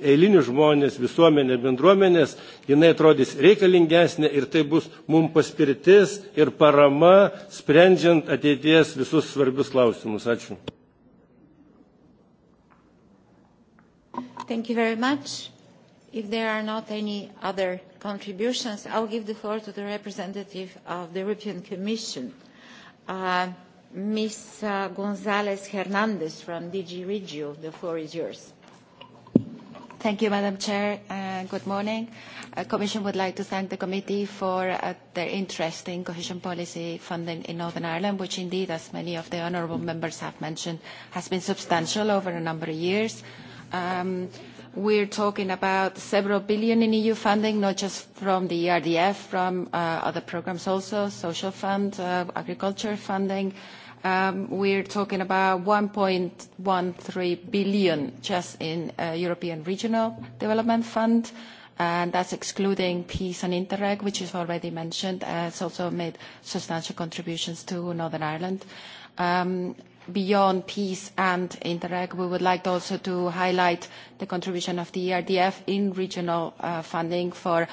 eilinių žmonės, visuomenę, bendruomenės, jinai atrodys reikalingesnė ir tai bus mums paspirtis ir parama sprendžiant ateities visus svarbius klausimus. Ačiū. Thank you very much. If there are not any other contributions, I'll give the floor to the representative of the European Commission. Uh, Ms. Uh, González Hernández from DG Regio, the floor is yours. Thank you, Madam Chair. good morning. Uh, Commission would like to thank the committee for uh, their interest in cohesion policy funding in Northern Ireland, which indeed, as many of the honourable members have mentioned, has been substantial over a number of years. Um, we're talking about several billion in EU funding, not just from the ERDF, from uh, other programmes also, social fund, agriculture funding, Um, we're talking about 1.13 billion just in uh, European Regional Development Fund, and that's excluding Peace and Interreg, which is already mentioned. has uh, it's also made substantial contributions to Northern Ireland. Um, beyond Peace and Interreg, we would like also to highlight the contribution of the ERDF in regional uh, funding for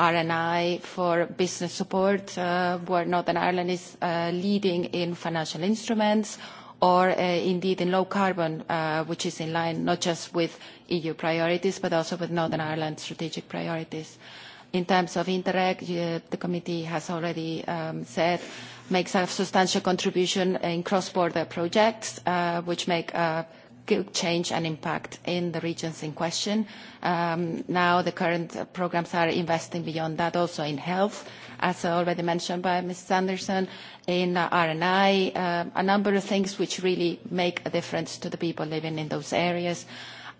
RNI for business support, uh, where Northern Ireland is uh, leading in financial instruments, or uh, indeed in low carbon, which is in line not just with EU priorities, but also with Northern Ireland strategic priorities. In terms of Interreg, the committee has already um, said makes a substantial contribution in cross-border projects, which make a could change and impact in the regions in question. Um, now the current programs are investing beyond that also in health, as already mentioned by Mrs. Anderson, in R&I, um, a number of things which really make a difference to the people living in those areas.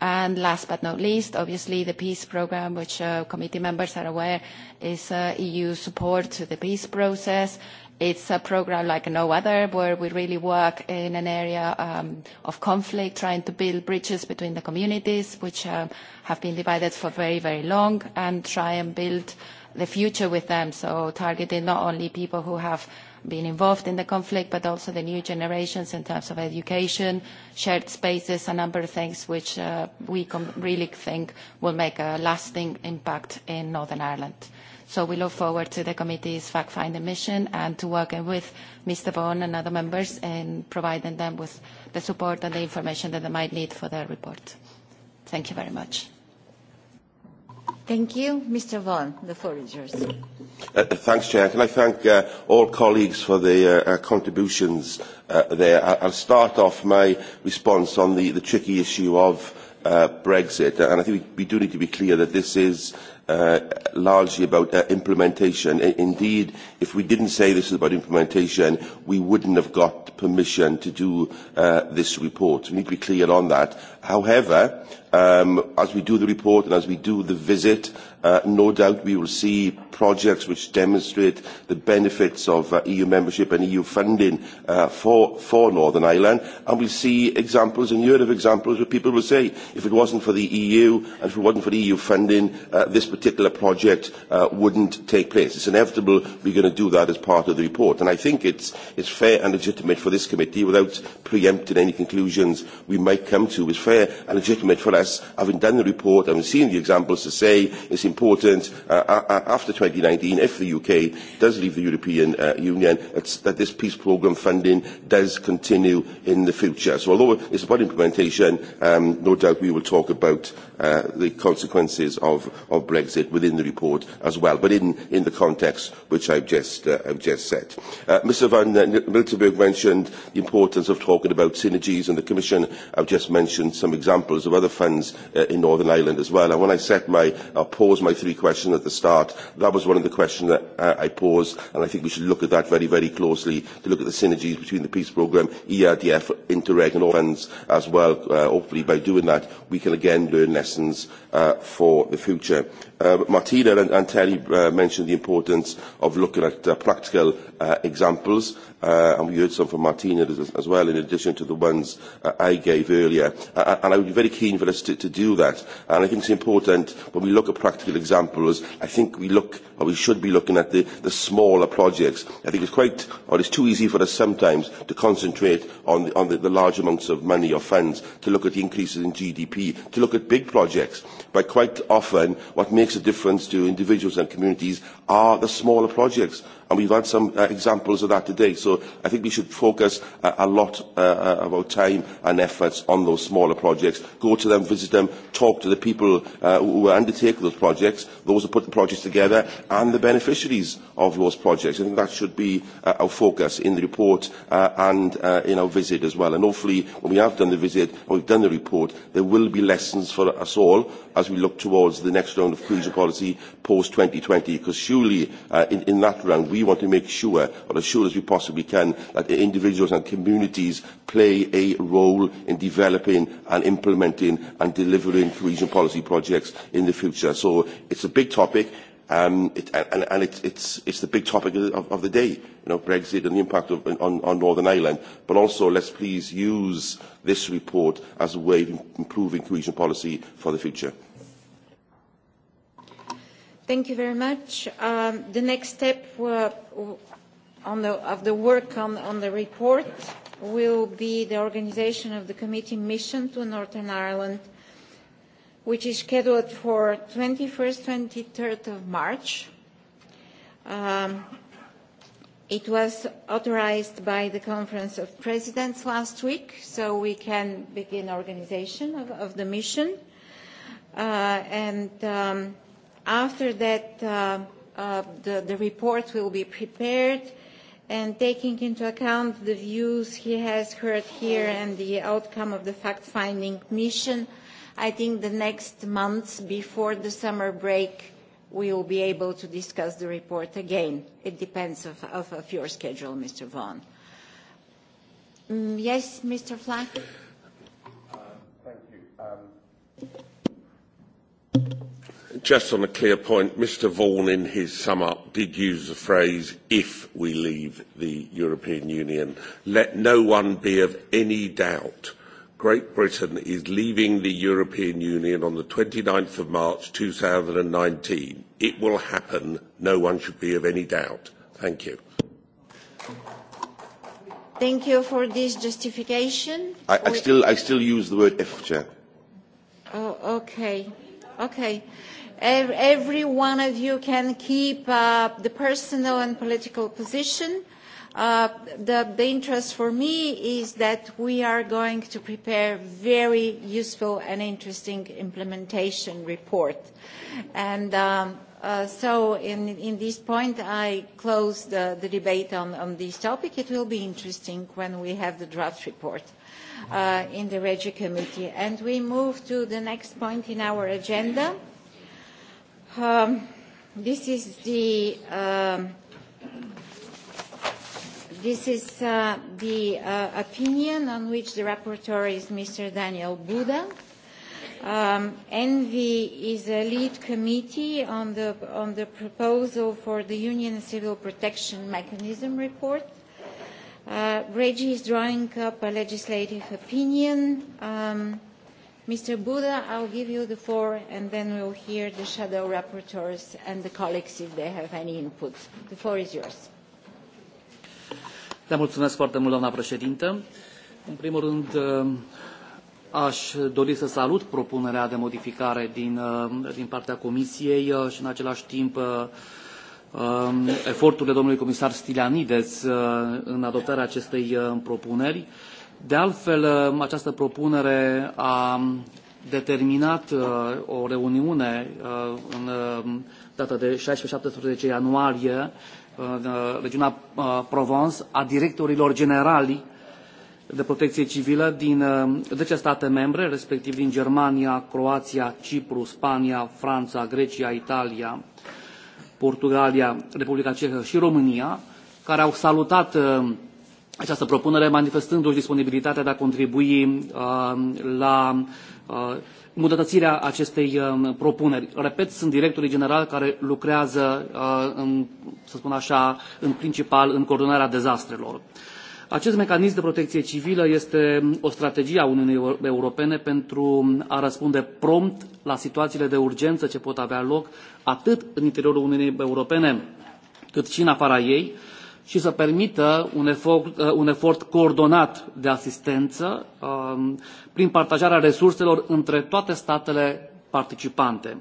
And last but not least, obviously, the peace program, which uh, committee members are aware, is uh, EU support to the peace process. It's a program like no other, where we really work in an area um, of conflict, trying to build bridges between the communities, which um, have been divided for very, very long, and try and build the future with them. So targeting not only people who have been involved in the conflict, but also the new generations in terms of education, shared spaces, a number of things which uh, we really think will make a lasting impact in Northern Ireland. So we look forward to the committee's fact-finding mission and to working with Mr. Vaughan and other members in providing them with the support and the information that they might need for their report. Thank you very much. Thank you. Mr. Vaughan, the floor is yours. Uh, thanks, Chair. Can I thank uh, all colleagues for their uh, uh, contributions uh, there? I'll start off my response on the, the tricky issue of uh, Brexit, and I think we do need to be clear that this is Uh, largely about uh, implementation. I- indeed, if we didn't say this is about implementation, we wouldn't have got permission to do uh, this report. We need to be clear on that. However, um, as we do the report and as we do the visit, uh, no doubt we will see projects which demonstrate the benefits of uh, EU membership and EU funding uh, for, for Northern Ireland. And we see examples in Europe of examples where people will say, if it wasn't for the EU and if it wasn't for EU e funding, uh, this particular project uh, wouldn't take place. It's inevitable we're going to do that as part of the report. And I think it's, it's fair and legitimate for this committee, without preempting any conclusions we might come to, it's fair and legitimate for us, having done the report, and seen the examples, to say it's important uh, after 20 2019, if the UK does leave the European uh, Union, it's, that this peace programme funding does continue in the future. So although it's about implementation, um, no doubt we will talk about Uh, the consequences of, of Brexit within the report as well, but in, in the context which I've just, uh, I've just set. Uh, Mr Van Miltenberg mentioned the importance of talking about synergies, and the Commission have just mentioned some examples of other funds uh, in Northern Ireland as well. And when I set my, uh, posed my three questions at the start, that was one of the questions that uh, I posed, and I think we should look at that very, very closely to look at the synergies between the Peace Programme, ERDF, Interreg and all funds as well. Uh, hopefully by doing that, we can again learn lessons lessons uh, for the future. Uh, Martina and, and Terry uh, mentioned the importance of looking at uh, practical uh, examples, uh, and we heard some from Martina as, as well, in addition to the ones uh, I gave earlier. Uh, uh, and I would be very keen for us to, to do that. And I think it's important when we look at practical examples, I think we look, or we should be looking at the, the smaller projects. I think it's quite, or it's too easy for us sometimes to concentrate on, the, on the, the large amounts of money or funds, to look at the increases in GDP, to look at big projects. But quite often, what makes makes a difference to individuals and communities are the smaller projects and we've had some uh, examples of that today. So I think we should focus uh, a lot uh, uh, of our time and efforts on those smaller projects. Go to them, visit them, talk to the people uh, who are undertaking those projects, those who put the projects together, and the beneficiaries of those projects. I think that should be uh, our focus in the report uh, and uh, in our visit as well. And hopefully, when we have done the visit and we've done the report, there will be lessons for us all as we look towards the next round of cruiser policy post-2020, because surely uh, in, in that round we we want to make sure, or as sure as we possibly can, that individuals and communities play a role in developing and implementing and delivering cohesion policy projects in the future. So it's a big topic. Um, it, and and it's, it's, it's the big topic of, of the day, you know, Brexit and the impact of, on, on Northern Ireland. But also, let's please use this report as a way of improving cohesion policy for the future. Thank you very much. Um, the next step uh, on the, of the work on, on the report will be the organisation of the committee mission to Northern Ireland, which is scheduled for 21st, 23rd of March. Um, it was authorised by the Conference of Presidents last week, so we can begin organisation of, of the mission. Uh, and um, After that, uh, uh, the, the report will be prepared and taking into account the views he has heard here and the outcome of the fact-finding mission, I think the next months before the summer break, we will be able to discuss the report again. It depends of, of, of your schedule, Mr. Vaughan. Mm, yes, Mr. Flack? Uh, thank you. Um just on a clear point, Mr Vaughan in his sum up did use the phrase, if we leave the European Union. Let no one be of any doubt. Great Britain is leaving the European Union on the 29th of March 2019. It will happen. No one should be of any doubt. Thank you. Thank you for this justification. I, I, still, I still use the word if, Chair. Oh, okay. Okay. Every one of you can keep uh, the personal and political position. Uh, the, the interest for me is that we are going to prepare very useful and interesting implementation report. And um, uh, so in, in this point, I close the, the debate on, on this topic. It will be interesting when we have the draft report uh, in the Regi Committee. And we move to the next point in our agenda Um, this is the uh, this is uh, the uh, opinion on which the rapporteur is Mr. Daniel Buda. Um, Envy is a lead committee on the, on the proposal for the Union Civil Protection Mechanism report. Uh, Reggie is drawing up a legislative opinion. Um, Mr. Buda, I'll give you the floor, and then we'll hear the shadow rapporteurs and the colleagues if they have any input. The floor is yours. Da, mulțumesc foarte mult, doamna președintă. În primul rând, uh, aș dori să salut propunerea de modificare din, uh, din partea Comisiei uh, și, în același timp, um, eforturile domnului comisar Stilianides în adoptarea acestei propuneri. De altfel, uh, această propunere a um, determinat uh, o reuniune uh, în um, data de 16-17 ianuarie în regiunea Provence a directorilor generali de protecție civilă din 10 um, state membre, respectiv din Germania, Croația, Cipru, Spania, Franța, Grecia, Italia, Portugalia, Republica Cehă și România, care au salutat această propunere, manifestându-și disponibilitatea de a contribui um, la uh, îmbunătățirea acestei um, propuneri. Repet, sunt directorii generali care lucrează, uh, în, să spun așa, în principal în coordonarea dezastrelor. Acest mecanism de protecție civilă este o strategie a Uniunii Europene pentru a răspunde prompt la situațiile de urgență ce pot avea loc atât în interiorul Uniunii Europene cât și în afara ei, și să permită un efort, uh, un efort coordonat de asistență um, prin partajarea resurselor între toate statele participante.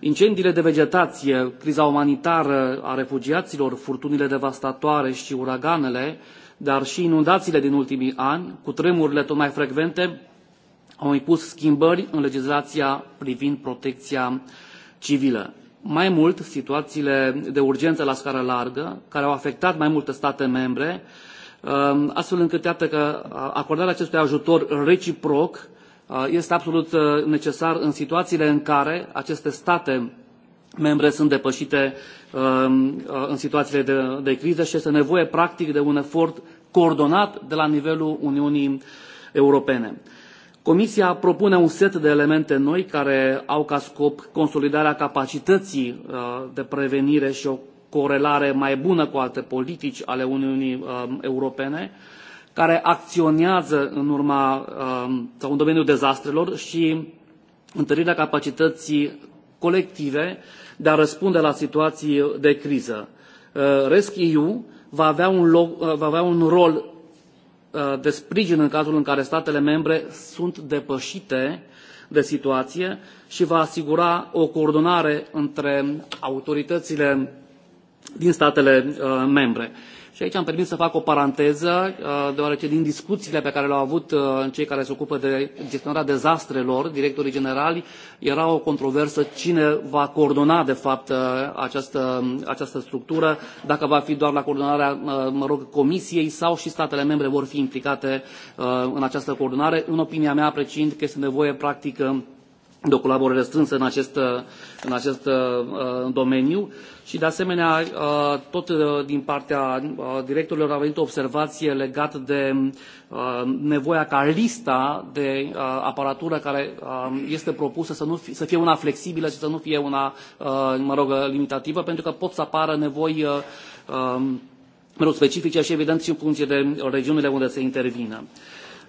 Incendiile de vegetație, criza umanitară a refugiaților, furtunile devastatoare și uraganele, dar și inundațiile din ultimii ani, cu tremurile tot mai frecvente, au impus schimbări în legislația privind protecția civilă. Mai mult, situațiile de urgență la scară largă, care au afectat mai multe state membre, um, astfel încât, iată că acordarea acestui ajutor reciproc uh, este absolut uh, necesar în situațiile în care aceste state membre sunt depășite um, uh, în situațiile de, de criză și este nevoie, practic, de un efort coordonat de la nivelul Uniunii Europene. Comisia propune un set de elemente noi care au ca scop consolidarea capacității uh, de prevenire și o corelare mai bună cu alte politici ale Uniunii uh, Europene, care acționează în urma uh, sau în domeniul dezastrelor și întărirea capacității colective de a răspunde la situații de criză. RescEU va avea un, loc, va avea un rol Uh, de sprijin în cazul în care statele membre sunt depășite de situație și va asigura o coordonare între autoritățile din statele uh, membre. Și aici am permis să fac o paranteză, uh, deoarece din discuțiile pe care le-au avut uh, cei care se ocupă de gestionarea dezastrelor, directorii generali, era o controversă cine va coordona, de fapt, uh, această, această structură, dacă va fi doar la coordonarea, mă rog, Comisiei sau și statele membre vor fi implicate în această coordonare. În opinia mea, apreciind că este nevoie, practic, de o colaborare strânsă în acest, în acest uh, uh, domeniu și, de asemenea, uh, tot din partea directorilor a venit o observație legată de nevoia ca lista de aparatură care este propusă să, nu fie, să fie una flexibilă și să nu fie una, mă rog, limitativă, pentru că pot să apară nevoi um, specifice și, evident, și în funcție de regiunile unde se intervine.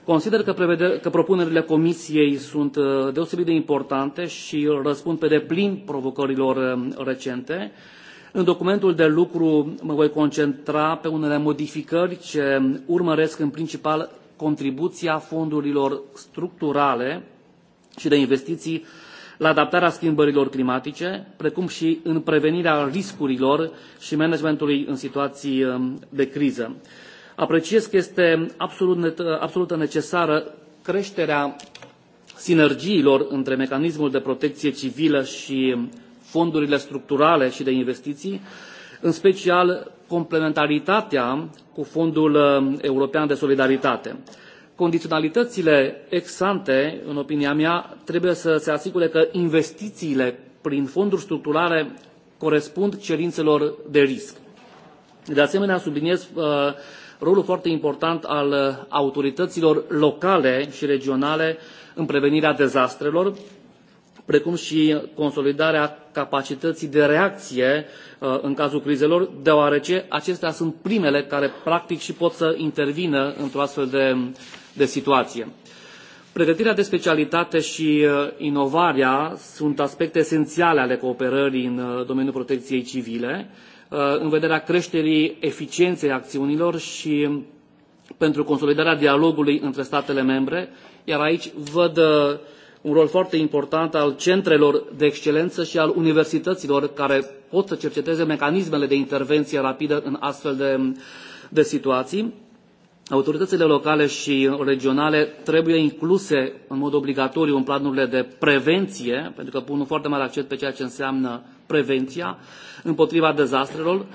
Consider că, preveder, că propunerile Comisiei sunt uh, deosebit de importante și răspund pe deplin provocărilor um, recente. În documentul de lucru mă voi concentra pe unele modificări ce urmăresc în principal contribuția fondurilor structurale și de investiții la adaptarea schimbărilor climatice, precum și în prevenirea riscurilor și managementului în situații um, de criză. Apreciez că este absolut, absolută necesară creșterea sinergiilor între mecanismul de protecție civilă și fondurile structurale și de investiții, în special complementaritatea cu Fondul uh, European de Solidaritate. Condiționalitățile ex ante, în opinia mea, trebuie să se asigure că investițiile prin fonduri structurale corespund cerințelor de risc. De asemenea, subliniez uh, rolul foarte important al uh, autorităților locale și regionale în prevenirea dezastrelor, precum și consolidarea capacității de reacție uh, în cazul crizelor, deoarece acestea sunt primele care practic și pot să intervină într-o astfel de, de situație. Pregătirea de specialitate și uh, inovarea sunt aspecte esențiale ale cooperării în domeniul protecției civile, Uh, în vederea creșterii eficienței acțiunilor și pentru consolidarea dialogului între statele membre, iar aici văd uh, un rol foarte important al centrelor de excelență și al universităților care pot să cerceteze mecanismele de intervenție rapidă în astfel de, de situații. Autoritățile locale și regionale trebuie incluse în mod obligatoriu în planurile de prevenție, pentru că pun un foarte mare accent pe ceea ce înseamnă uh, prevenția împotriva dezastrelor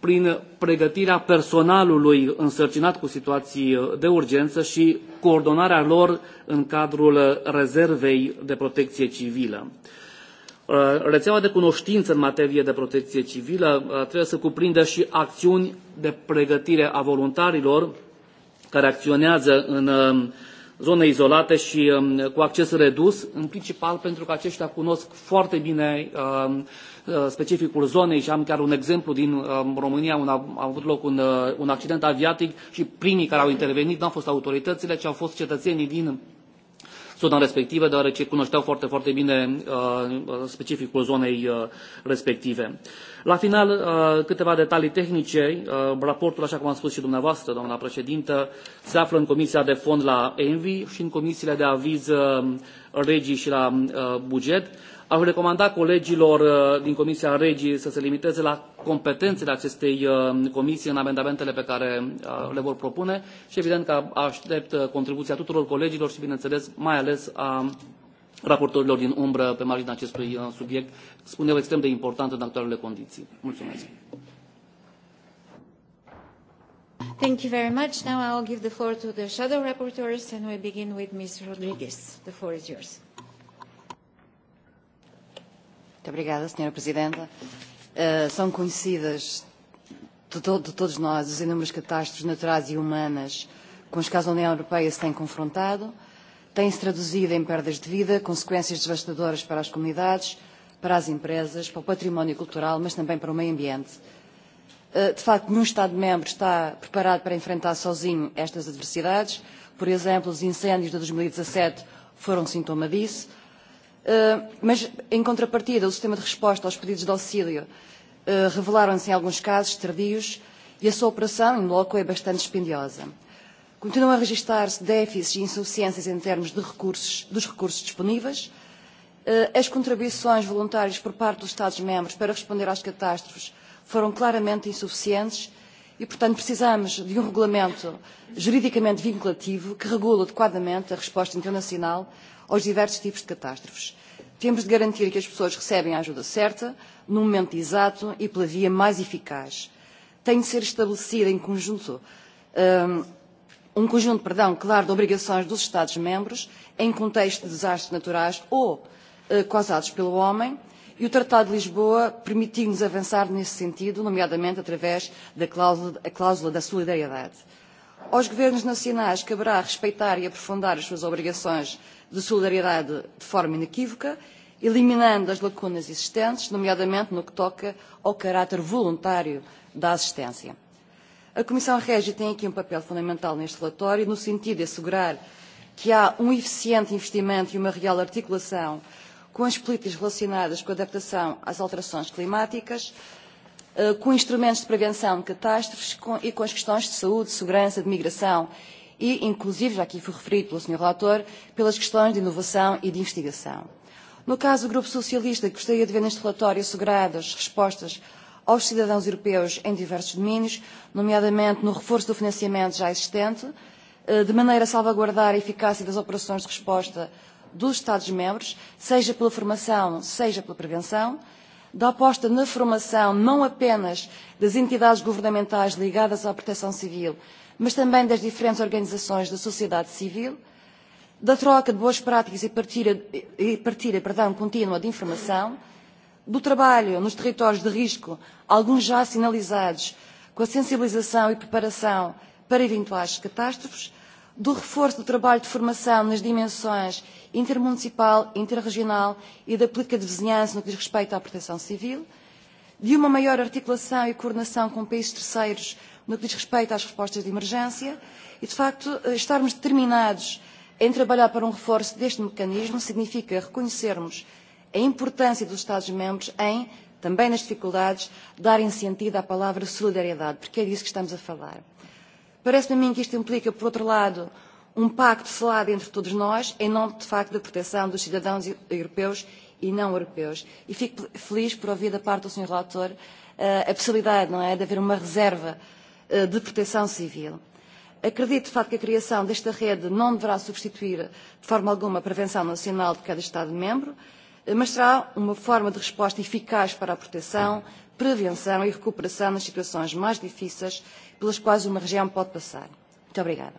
prin pregătirea personalului însărcinat cu situații de urgență și coordonarea lor în cadrul rezervei de protecție civilă. Uh, rețeaua de cunoștință în materie de protecție civilă uh, trebuie să cuprindă și acțiuni de pregătire a voluntarilor care acționează în uh, zone izolate și um, cu acces redus, în principal pentru că aceștia cunosc foarte bine um, uh, specificul zonei și am chiar un exemplu din um, România unde a avut loc un, uh, un accident aviatic și primii care au intervenit nu au fost autoritățile, ci au fost cetățenii din zona respectivă, deoarece cunoșteau foarte, foarte bine uh, uh, specificul zonei uh, respective. La final, câteva detalii tehnice. Raportul, așa cum am spus și dumneavoastră, doamna președintă, se află în Comisia de Fond la ENVI și în comisiile de aviz regii și la buget. Aș recomanda colegilor uh, din Comisia Regii să se limiteze la competențele acestei uh, comisii în amendamentele pe care uh, le vor propune și evident că aștept contribuția tuturor colegilor și, bineînțeles, mai ales a raportorilor din umbră pe marginea acestui subiect, spun eu, extrem de important în actualele condiții. Mulțumesc. Thank you very much. Now I will give the floor to the shadow rapporteurs and we begin with Ms. Rodriguez. The floor is yours. Muito obrigada, Sra. Presidenta. Uh, são conhecidas de, to de todos nós as inúmeras catástrofes naturais e humanas com as quais a União Europeia se tem confrontado, tem-se traduzido em perdas de vida, consequências devastadoras para as comunidades, para as empresas, para o património cultural, mas também para o meio ambiente. Eh, de facto, nenhum Estado-membro está preparado para enfrentar sozinho estas adversidades. Por exemplo, os incêndios de 2017 e foram sintoma disso Eh, mas, em contrapartida, o sistema de resposta aos pedidos de auxílio eh, revelaram-se, em alguns casos, tardios e a sua operação, em loco, é bastante dispendiosa. Continuam a registrar-se déficits e insuficiências em termos de recursos, dos recursos disponíveis, eh, as contribuições voluntárias por parte dos Estados-membros para responder às catástrofes foram claramente insuficientes e, portanto, precisamos de um regulamento juridicamente vinculativo que regule adequadamente a resposta internacional aos diversos tipos de catástrofes. Temos de garantir que as pessoas recebem a ajuda certa, no momento exato e pela via mais eficaz. Tem de ser estabelecida em conjunto um conjunto, perdão, claro, de obrigações dos Estados-membros em contexto de desastres naturais ou eh, causados pelo homem, e o Tratado de Lisboa permitiu-nos avançar nesse sentido, nomeadamente através da cláusula, a cláusula da solidariedade. Aos governos nacionais caberá respeitar e aprofundar as suas obrigações de solidariedade de forma inequívoca, eliminando as lacunas existentes, nomeadamente no que toca ao caráter voluntário da assistência. A Comissão Regi tem aqui um papel fundamental neste relatório, no sentido de assegurar que há um eficiente investimento e uma real articulação com as políticas relacionadas com a adaptação às alterações climáticas, Eh, com instrumentos de prevenção de catástrofes e com as questões de saúde, de segurança, de migração e, inclusive, já aqui foi referido pelo Sr. Relator, pelas questões de inovação e de investigação. No caso do Grupo Socialista, gostaria de ver neste relatório asseguradas respostas aos cidadãos europeus em diversos domínios, nomeadamente no reforço do financiamento já existente, eh, de maneira a salvaguardar a eficácia das operações de resposta dos Estados-membros, seja pela formação, seja pela prevenção, da aposta na formação não apenas das entidades governamentais ligadas à proteção civil, mas também das diferentes organizações da sociedade civil, da troca de boas práticas e partilha, e partilha perdão, contínua de informação, do trabalho nos territórios de risco, alguns já sinalizados, com a sensibilização e preparação para eventuais catástrofes, do reforço do trabalho de formação nas dimensões intermunicipal, interregional e da política de vizinhança no que diz respeito à proteção civil, de uma maior articulação e coordenação com países terceiros no que diz respeito às respostas de emergência e, de facto, eh, estarmos determinados em trabalhar para um reforço deste mecanismo significa reconhecermos a importância dos Estados-membros em, também nas dificuldades, darem sentido à palavra solidariedade, porque é disso que estamos a falar. Parece-me a mim que isto implica, por outro lado, um pacto selado entre todos nós, em nome, de facto, da proteção dos cidadãos e, europeus e não europeus. E fico feliz por ouvir da parte do Sr. Relator eh, a possibilidade não é, de haver uma reserva eh, de proteção civil. Acredito, de facto, que a criação desta rede não deverá substituir, de forma alguma, a prevenção nacional de cada Estado-membro, eh, mas será uma forma de resposta eficaz para a proteção prevenção e recuperação nas situações mais difíceis pelas quais uma região pode passar. Muito obrigada.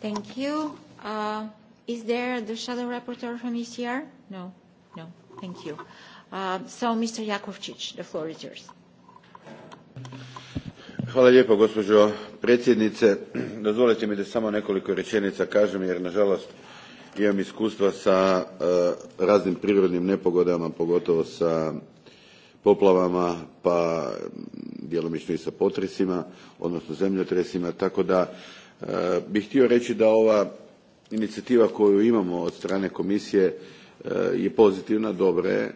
Thank you. Uh, is there the shadow rapporteur from ECR? No, no. Thank you. Uh, so, Mr. Jakovčić, the floor is yours. Hvala lijepo, gospođo predsjednice. Dozvolite mi da samo nekoliko rečenica kažem, jer nažalost imam iskustva sa e, raznim prirodnim nepogodama, pogotovo sa poplavama, pa djelomično i sa potresima, odnosno zemljotresima, tako da e, bih htio reći da ova inicijativa koju imamo od strane komisije e, je pozitivna, dobra je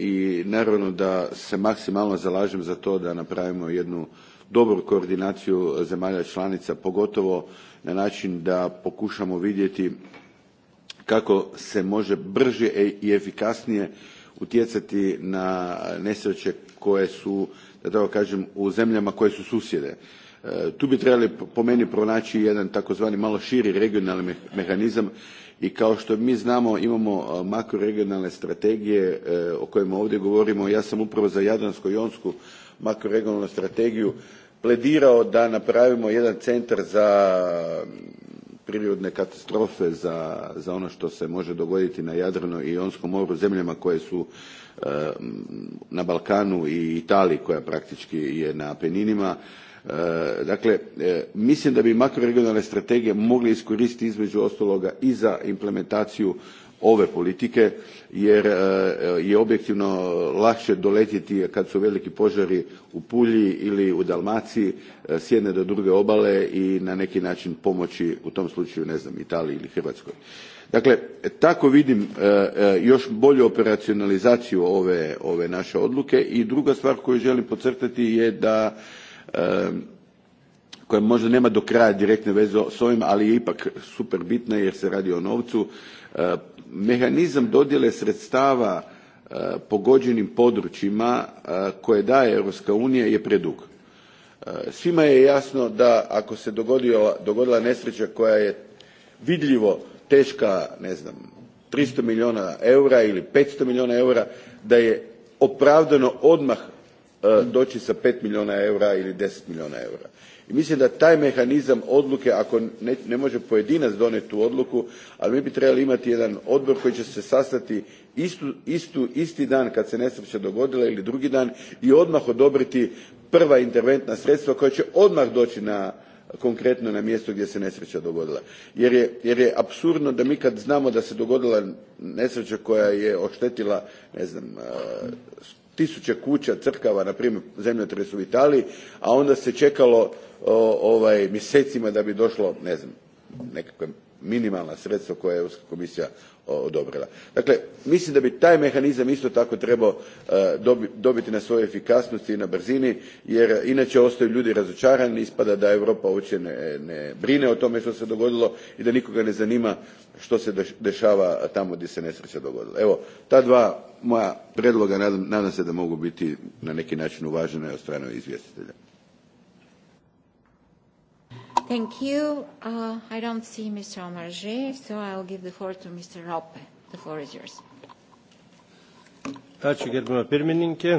i naravno da se maksimalno zalažem za to da napravimo jednu dobru koordinaciju zemalja članica, pogotovo na način da pokušamo vidjeti kako se može brže i efikasnije utjecati na nesreće koje su da tako kažem u zemljama koje su susjede. E, tu bi trebali po meni pronaći jedan takozvani malo širi regionalni mehanizam i kao što mi znamo imamo e, makroregionalne strategije e, o kojima ovdje govorimo. Ja sam upravo za Jadransko-jonsku makroregionalnu strategiju pledirao da napravimo jedan centar za prirodne katastrofe za, za ono što se može dogoditi na Jadranu i Jonskom moru zemljama koje su eh, na Balkanu i Italiji koja praktički je na Apeninima. Eh, dakle, eh, mislim da bi makroregionalne strategije mogli iskoristiti između ostaloga i za implementaciju ove politike jer e, je objektivno lakše doletjeti kad su veliki požari u pulji ili u dalmaciji e, s jedne do druge obale i na neki način pomoći u tom slučaju ne znam italiji ili hrvatskoj. dakle tako vidim e, još bolju operacionalizaciju ove, ove naše odluke i druga stvar koju želim podcrtati je da koja možda nema do kraja direktne veze s ovim ali je ipak super bitna jer se radi o novcu E, mehanizam dodjele sredstava e, pogođenim područjima e, koje daje europska unija je predug. svima je jasno da ako se dogodila, dogodila nesreća koja je vidljivo teška ne znam three hundred milijuna eura ili five hundred milijuna eura da je opravdano odmah doći s five milijuna eura ili ten milijuna eura. I mislim da taj mehanizam odluke, ako ne, ne može pojedinac donijeti tu odluku, ali mi bi trebali imati jedan odbor koji će se sastati istu, istu, isti dan kad se nesreća dogodila ili drugi dan i odmah odobriti prva interventna sredstva koja će odmah doći na, konkretno na mjesto gdje se nesreća dogodila. Jer je, jer je apsurdno da mi kad znamo da se dogodila nesreća koja je oštetila ne znam, tisuće kuća crkava na primjer zemljotres u italiji a onda se čekalo ovaj, mjesecima da bi došlo ne znam nekakve minimalna sredstva koja je europska komisija odobrila. dakle mislim da bi taj mehanizam isto tako trebao e, dobiti na svojoj efikasnosti i na brzini jer e, inače ostaju ljudi razočarani ispada da europa uopće ne, ne brine o tome što se dogodilo i da nikoga ne zanima što se dešava tamo gdje se nesreća dogodila. evo ta dva moja prijedloga nadam se da mogu biti na neki način uvažena od strane izvjestitelja. Thank you. Uh, I don't see Mr. Omarjee, so I'll give the floor to Mr. Rope. The floor is yours. Ačiū gerbimo pirmininkė.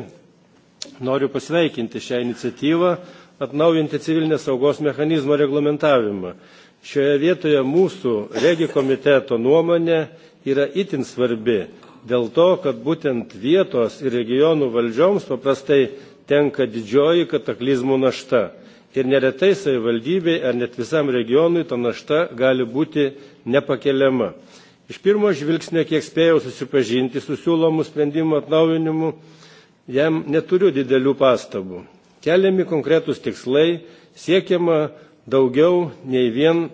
Noriu pasveikinti šią iniciatyvą atnaujinti civilinės saugos mechanizmo reglamentavimą. Šioje vietoje mūsų regi komiteto nuomonė yra itin svarbi dėl to, kad būtent vietos ir regionų valdžioms paprastai tenka didžioji kataklizmų našta ir neretai savivaldybei ar net visam regionui ta našta gali būti nepakeliama. Iš pirmo žvilgsnio, kiek spėjau susipažinti su siūlomu sprendimu atnaujinimu, jam neturiu didelių pastabų. Keliami konkretūs tikslai, siekiama daugiau nei vien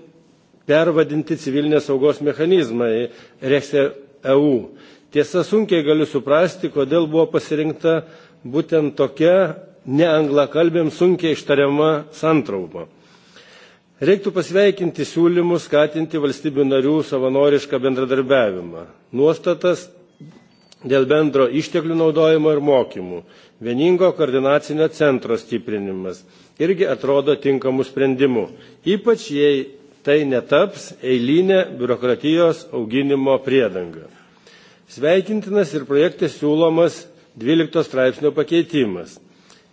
pervadinti civilinės saugos mechanizmą į Rekse EU. Tiesa, sunkiai galiu suprasti, kodėl buvo pasirinkta būtent tokia neanglakalbėms sunkiai ištariama santrauma. Reiktų pasveikinti siūlymus skatinti valstybių narių savanorišką bendradarbiavimą, nuostatas dėl bendro išteklių naudojimo ir mokymų, vieningo koordinacinio centro stiprinimas irgi atrodo tinkamų sprendimų, ypač jei tai netaps eilinė biurokratijos auginimo priedanga. Sveikintinas ir projekte siūlomas 12 straipsnio pakeitimas.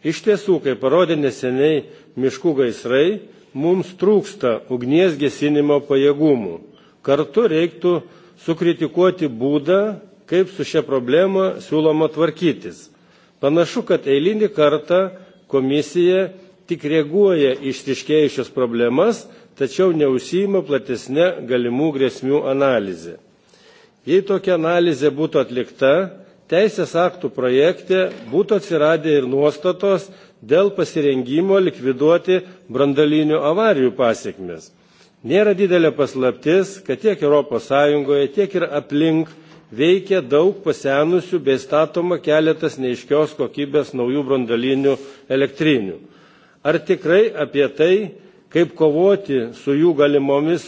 Iš tiesų, kaip parodė neseniai miškų gaisrai, mums trūksta ugnies gesinimo pajėgumų. Kartu reiktų sukritikuoti būdą, kaip su šia problema siūloma tvarkytis. Panašu, kad eilinį kartą komisija tik reaguoja išriškėjusios problemas, tačiau neusima platesnė galimų grėsmių analizė. Jei tokia analizė būtų atlikta, teisės aktų projekte būtų atsiradę ir nuostatos dėl pasirengimo likviduoti branduolinių avarijų pasekmes. Nėra didelė paslaptis, kad tiek Europos Sąjungoje, tiek ir aplink veikia daug pasenusių bei statoma keletas neiškios kokybės naujų branduolinių elektrinių. Ar tikrai apie tai, kaip kovoti su jų galimomis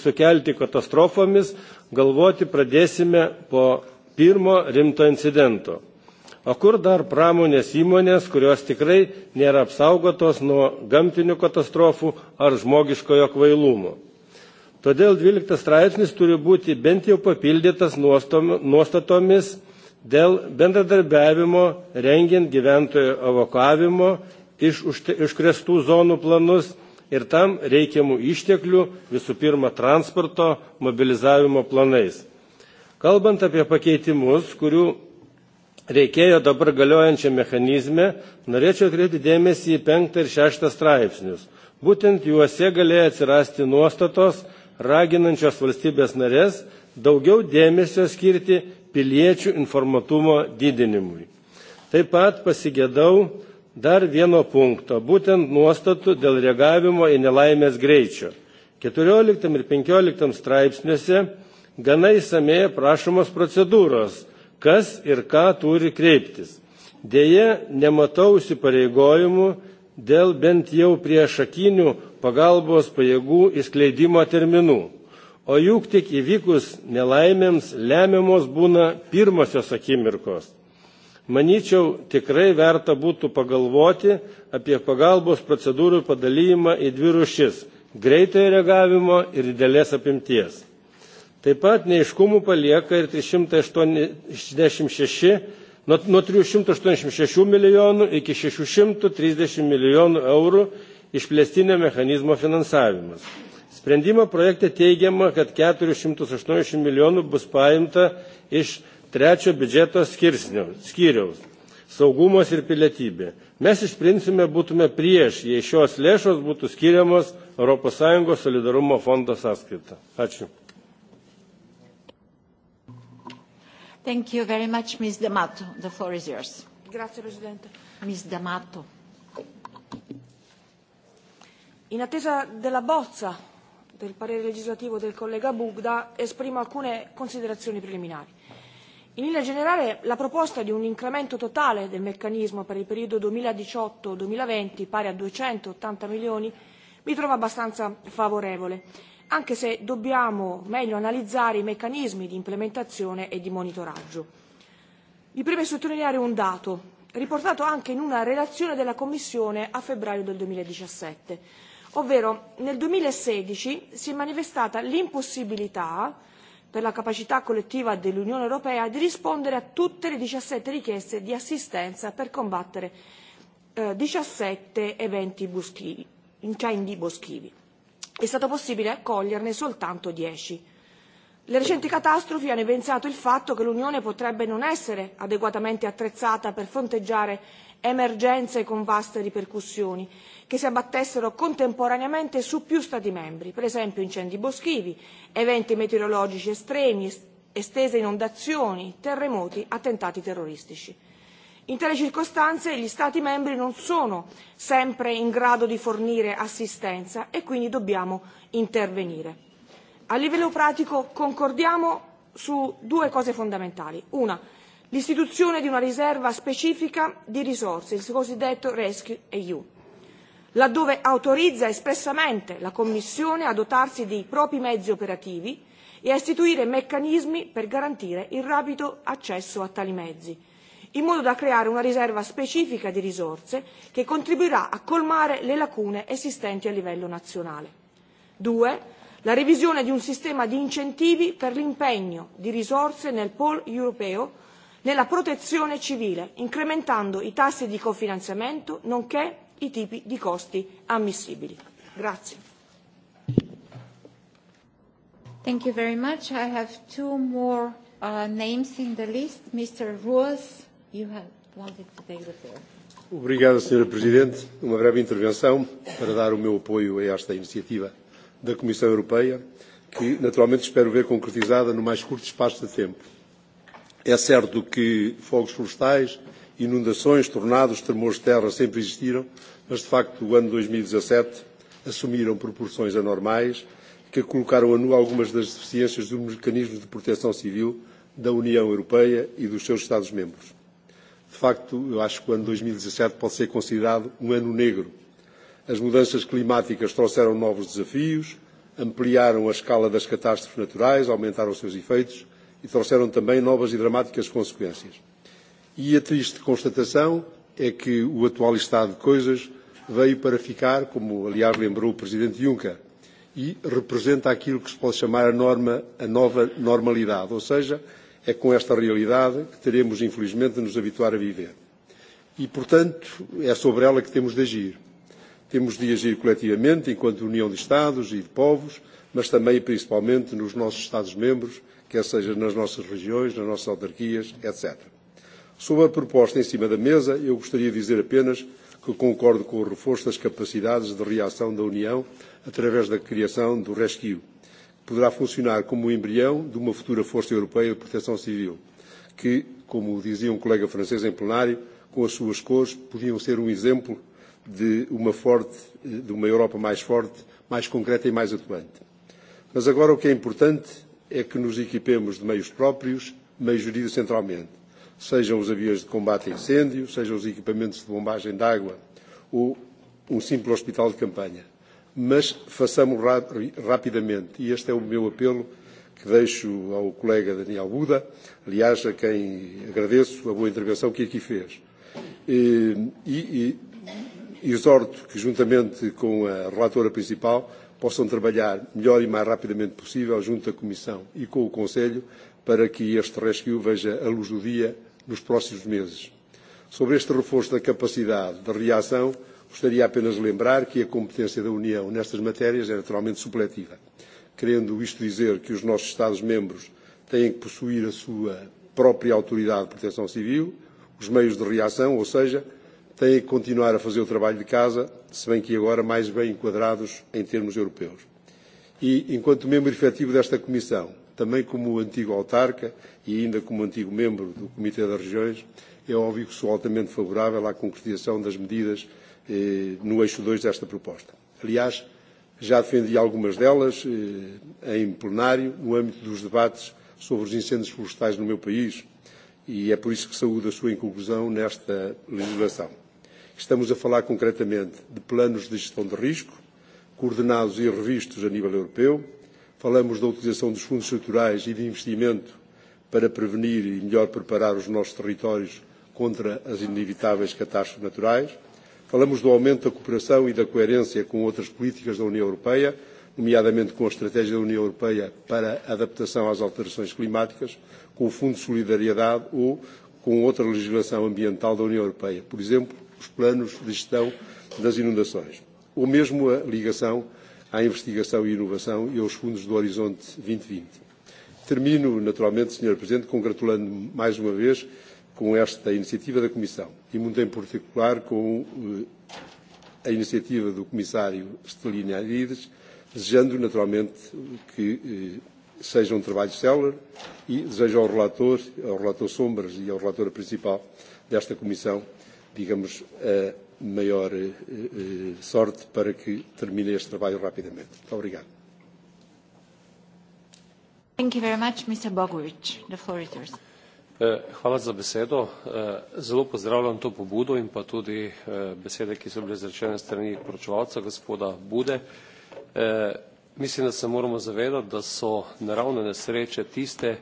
sukelti katastrofomis, galvoti pradėsime po pirmo rimto incidento o kur dar pramonės įmonės kurios tikrai nėra apsaugotos nuo gamtinių katastrofų ar žmogiškojo kvailumo. Todėl 12 straipsnis turi būti bent jau papildytas nuostatomis dėl bendradarbiavimo rengiant gyventojų evakuavimo iš užkrestų zonų planus ir tam reikiamų išteklių visų pirma transporto mobilizavimo planais. Kalbant apie pakeitimus, kurių reikėjo dabar galiojančiam mechanizme, norėčiau atkreipti dėmesį į penktą ir šeštą straipsnius. Būtent juose galėjo atsirasti nuostatos, raginančios valstybės narės daugiau dėmesio skirti piliečių informatumo didinimui. Taip pat pasigėdau dar vieno punkto, būtent nuostatų dėl reagavimo į nelaimės greičio. 14 ir 15 straipsniuose gana įsamei aprašomos procedūros, kas ir ką turi kreiptis. Deja, nematau įsipareigojimų dėl bent jau priešakinių pagalbos pajėgų įskleidimo terminų. O juk tik įvykus nelaimėms lemiamos būna pirmosios akimirkos. Maničiau, tikrai verta būtų pagalvoti apie pagalbos procedūrų padalymą į dvi rušis greitojo reagavimo ir didelės apimties. Taip pat neiškumų palieka ir 386, nuo, nuo 386 milijonų iki 630 milijonų eurų išplėstinio mechanizmo finansavimas. Sprendimo projekte teigiama, kad 480 milijonų bus paimta iš trečio biudžeto skyriaus – saugumos ir pilietybė. Mes iš principo būtume prieš, jei šios lėšos būtų skiriamos ES solidarumo fondo sąskaita. Ačiū. Thank you very much, Ms. D'Amato. The floor is yours. Grazie, Presidente. Ms. D'Amato. In attesa della bozza del parere legislativo del collega Bugda, esprimo alcune considerazioni preliminari. In linea generale, la proposta di un incremento totale del meccanismo per il periodo 2018-2020 pari a 280 milioni mi trova abbastanza favorevole anche se dobbiamo meglio analizzare i meccanismi di implementazione e di monitoraggio. Mi preme sottolineare un dato, riportato anche in una relazione della Commissione a febbraio del 2017, ovvero nel 2016 si è manifestata l'impossibilità per la capacità collettiva dell'Unione Europea di rispondere a tutte le 17 richieste di assistenza per combattere eh, 17 eventi boschivi, incendi boschivi è stato possibile accoglierne soltanto dieci. Le recenti catastrofi hanno evidenziato il fatto che l'Unione potrebbe non essere adeguatamente attrezzata per fronteggiare emergenze con vaste ripercussioni che si abbattessero contemporaneamente su più Stati membri, per esempio incendi boschivi, eventi meteorologici estremi, estese inondazioni, terremoti, attentati terroristici. In tali circostanze gli Stati membri non sono sempre in grado di fornire assistenza e quindi dobbiamo intervenire. A livello pratico concordiamo su due cose fondamentali. Una, l'istituzione di una riserva specifica di risorse, il cosiddetto Rescue EU, laddove autorizza espressamente la Commissione a dotarsi dei propri mezzi operativi e a istituire meccanismi per garantire il rapido accesso a tali mezzi in modo da creare una riserva specifica di risorse che contribuirà a colmare le lacune esistenti a livello nazionale. Due, la revisione di un sistema di incentivi per l'impegno di risorse nel pool europeo nella protezione civile, incrementando i tassi di cofinanziamento nonché i tipi di costi ammissibili. Grazie. Thank you very much. I have two more uh, names in the list, Mr. Ruas Obrigado, senhora Presidente. Uma breve intervenção para dar o meu apoio a esta iniciativa da Comissão Europeia, que naturalmente espero ver concretizada no mais curto espaço de tempo. É certo que fogos florestais, inundações, tornados, tremores de terra sempre existiram, mas de facto o ano 2017 e assumiram proporções anormais que colocaram a nu algumas das deficiências dos mecanismos de proteção civil da União Europeia e dos seus Estados-membros. De facto, eu acho que o ano 2017 e pode ser considerado um ano negro. As mudanças climáticas trouxeram novos desafios, ampliaram a escala das catástrofes naturais, aumentaram os seus efeitos e trouxeram também novas e dramáticas consequências. E a triste constatação é que o atual estado de coisas veio para ficar, como aliás lembrou o Presidente Juncker, e representa aquilo que se pode chamar a, norma, a nova normalidade, ou seja, É com esta realidade que teremos, infelizmente, de nos habituar a viver. E, portanto, é sobre ela que temos de agir. Temos de agir coletivamente, enquanto união de Estados e de povos, mas também e principalmente nos nossos Estados-membros, quer seja nas nossas regiões, nas nossas autarquias, etc. Sobre a proposta em cima da mesa, eu gostaria de dizer apenas que concordo com o reforço das capacidades de reação da União através da criação do Rescue poderá funcionar como o um embrião de uma futura Força Europeia de Proteção Civil, que, como dizia um colega francês em plenário, com as suas cores podiam ser um exemplo de uma forte, de uma Europa mais forte, mais concreta e mais atuante. Mas agora o que é importante é que nos equipemos de meios próprios, meios geridos centralmente, sejam os aviões de combate a incêndio, sejam os equipamentos de bombagem de água ou um simples hospital de campanha mas façamos rapidamente. E este é o meu apelo que deixo ao colega Daniel Buda, aliás, a quem agradeço a boa intervenção que aqui fez. E, e, e exorto que, juntamente com a relatora principal, possam trabalhar melhor e mais rapidamente possível junto à Comissão e com o Conselho para que este rescue veja a luz do dia nos próximos meses. Sobre este reforço da capacidade de reação, Gostaria apenas de lembrar que a competência da União nestas matérias é naturalmente supletiva, querendo isto dizer que os nossos Estados-membros têm que possuir a sua própria autoridade de proteção civil, os meios de reação, ou seja, têm que continuar a fazer o trabalho de casa, se bem que agora mais bem enquadrados em termos europeus. E, enquanto membro efetivo desta Comissão, também como antigo autarca e ainda como antigo membro do Comitê das Regiões, é óbvio que sou altamente favorável à concretização das medidas eh, no eixo 2 desta proposta. Aliás, já defendi algumas delas eh, em plenário, no âmbito dos debates sobre os incêndios florestais no meu país, e é por isso que saúdo a sua inclusão nesta legislação. Estamos a falar concretamente de planos de gestão de risco, coordenados e revistos a nível europeu. Falamos da utilização dos fundos estruturais e de investimento para prevenir e melhor preparar os nossos territórios contra as inevitáveis catástrofes naturais. Falamos do aumento da cooperação e da coerência com outras políticas da União Europeia, nomeadamente com a Estratégia da União Europeia para a Adaptação às Alterações Climáticas, com o Fundo de Solidariedade ou com outra legislação ambiental da União Europeia, por exemplo, os planos de gestão das inundações, ou mesmo a ligação à investigação e inovação e aos fundos do Horizonte 2020. E Termino, naturalmente, Sr. Presidente, congratulando-me mais uma vez com esta iniciativa da Comissão e muito em particular com eh, a iniciativa do Comissário Arides, desejando naturalmente que eh, seja um trabalho célebre e desejo ao relator, ao relator Sombras e ao relator principal desta Comissão, digamos, a maior eh, sorte para que termine este trabalho rapidamente. Muito obrigado. Thank you very much, Mr. Bogovic. The floor is yours. E, hvala za besedo. E, zelo pozdravljam to pobudo in pa tudi e, besede, ki so bile izrečene strani poročevalca gospoda Bude. Mislim, da se moramo zavedati, da so naravne nesreče tiste,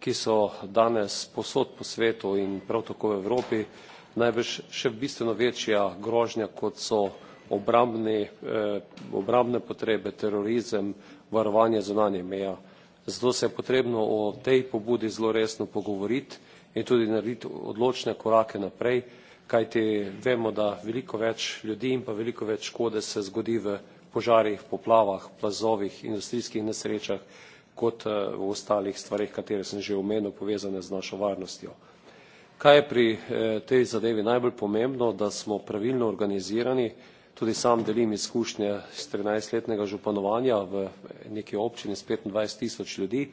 ki so danes posod po svetu in prav tako v Evropi najbrž še bistveno večja grožnja, kot so obrambni, obrambne potrebe, terorizem, varovanje zunanje meja. Zato se je potrebno o tej pobudi zelo resno pogovoriti in tudi narediti odločne korake naprej, kajti vemo, da veliko več ljudi in pa veliko več škode se zgodi v požarih, poplavah, plazovih, industrijskih nesrečah, kot eh, v ostalih stvareh, katere sem že omenil, povezane z našo varnostjo. Kaj je pri eh, tej zadevi najbolj pomembno, da smo pravilno organizirani, Tudi sam delim izkušnje iz 13-letnega županovanja v neki občini s 25 tisoč ljudi,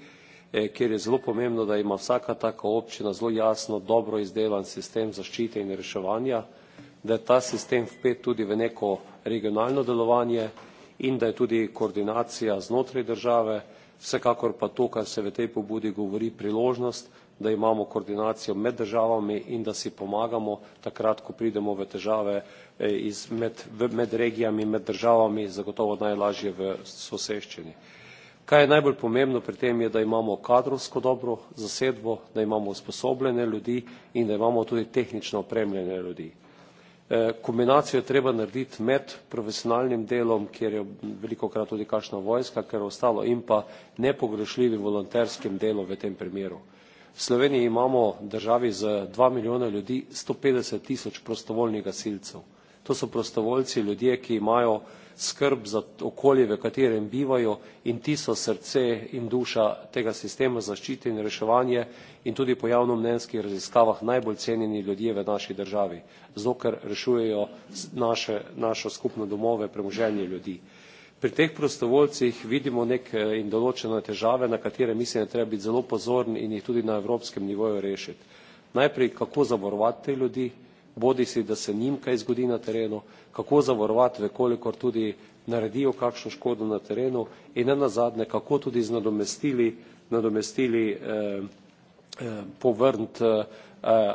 eh, kjer je zelo pomembno, da ima vsaka taka občina zelo jasno, dobro izdelan sistem zaščite in reševanja, da je ta sistem vpet tudi v neko regionalno delovanje in da je tudi koordinacija znotraj države, vsekakor pa to, kar se v tej pobudi govori, priložnost, da imamo koordinacijo med državami in da si pomagamo takrat, ko pridemo v težave e, iz, med, med regijami, med državami, zagotovo najlažje v soseščini. Kaj je najbolj pomembno pri tem je, da imamo kadrovsko dobro zasedbo, da imamo usposobljene ljudi in da imamo tudi tehnično opremljene ljudi. E, kombinacijo je treba narediti med profesionalnim delom, kjer je veliko krat tudi kakšna vojska, ker ostalo in pa nepogrešljivim volonterskim delom v tem primeru. V Sloveniji imamo v državi z dva milijona ljudi 150 tisoč prostovoljnih gasilcev. To so prostovoljci, ljudje, ki imajo skrb za okolje, v katerem bivajo in ti so srce in duša tega sistema zaščite in reševanje in tudi po javnomnenjskih raziskavah najbolj cenjeni ljudje v naši državi, zato ker rešujejo naše, našo skupno domove, premoženje ljudi pri teh prostovoljcih vidimo neke eh, in določene težave, na katere mislim, da je treba biti zelo pozoren in jih tudi na evropskem nivoju rešiti. Najprej, kako zavarovati te ljudi, bodisi, da se njim kaj zgodi na terenu, kako zavarovati, vkolikor tudi naredijo kakšno škodo na terenu in ne nazadnje, kako tudi z nadomestili, nadomestili eh, eh, povrniti eh,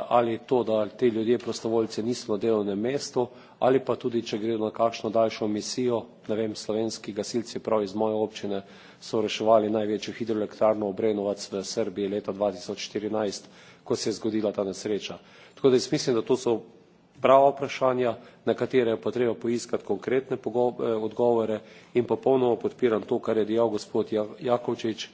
ali to, da ti ljudje prostovoljci niso na delovnem mestu ali pa tudi, če gre na kakšno daljšo misijo, ne vem, slovenski gasilci prav iz moje občine so reševali največjo hidroelektrarno Obrenovac v Srbiji leta 2014, ko se je zgodila ta nesreča. Tako da jaz mislim, da to so prava vprašanja, na katere je potrebno poiskati konkretne eh, odgovore in popolnoma podpiram to, kar je dejal gospod Jakovčič,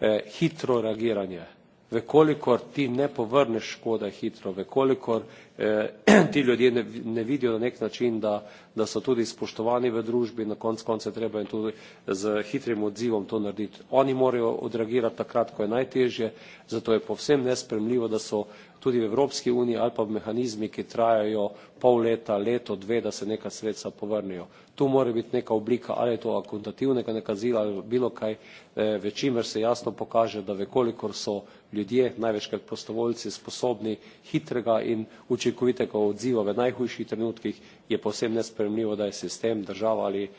eh, hitro reagiranje vekolikor ti ne povrneš škoda hitro, vekolikor eh, ti ljudje ne, ne vidijo na nek način, da, da so tudi spoštovani v družbi, na konc konca treba jim tudi z hitrim odzivom to narediti. Oni morajo odreagirati takrat, ko je najtežje, zato je povsem nespremljivo, da so tudi v Evropski uniji ali pa mehanizmi, ki trajajo pol leta, leto, dve, da se neka sredstva povrnejo. Tu mora biti neka oblika, ali je to akontativnega nakazila ali bilo kaj, eh, v čimer se jasno pokaže, da vekolikor so ljudje, največkrat prostovoljci, sposobni hitrega in učinkovitega odziva v najhujših trenutkih, je povsem nesprejemljivo, da je sistem, država ali eh,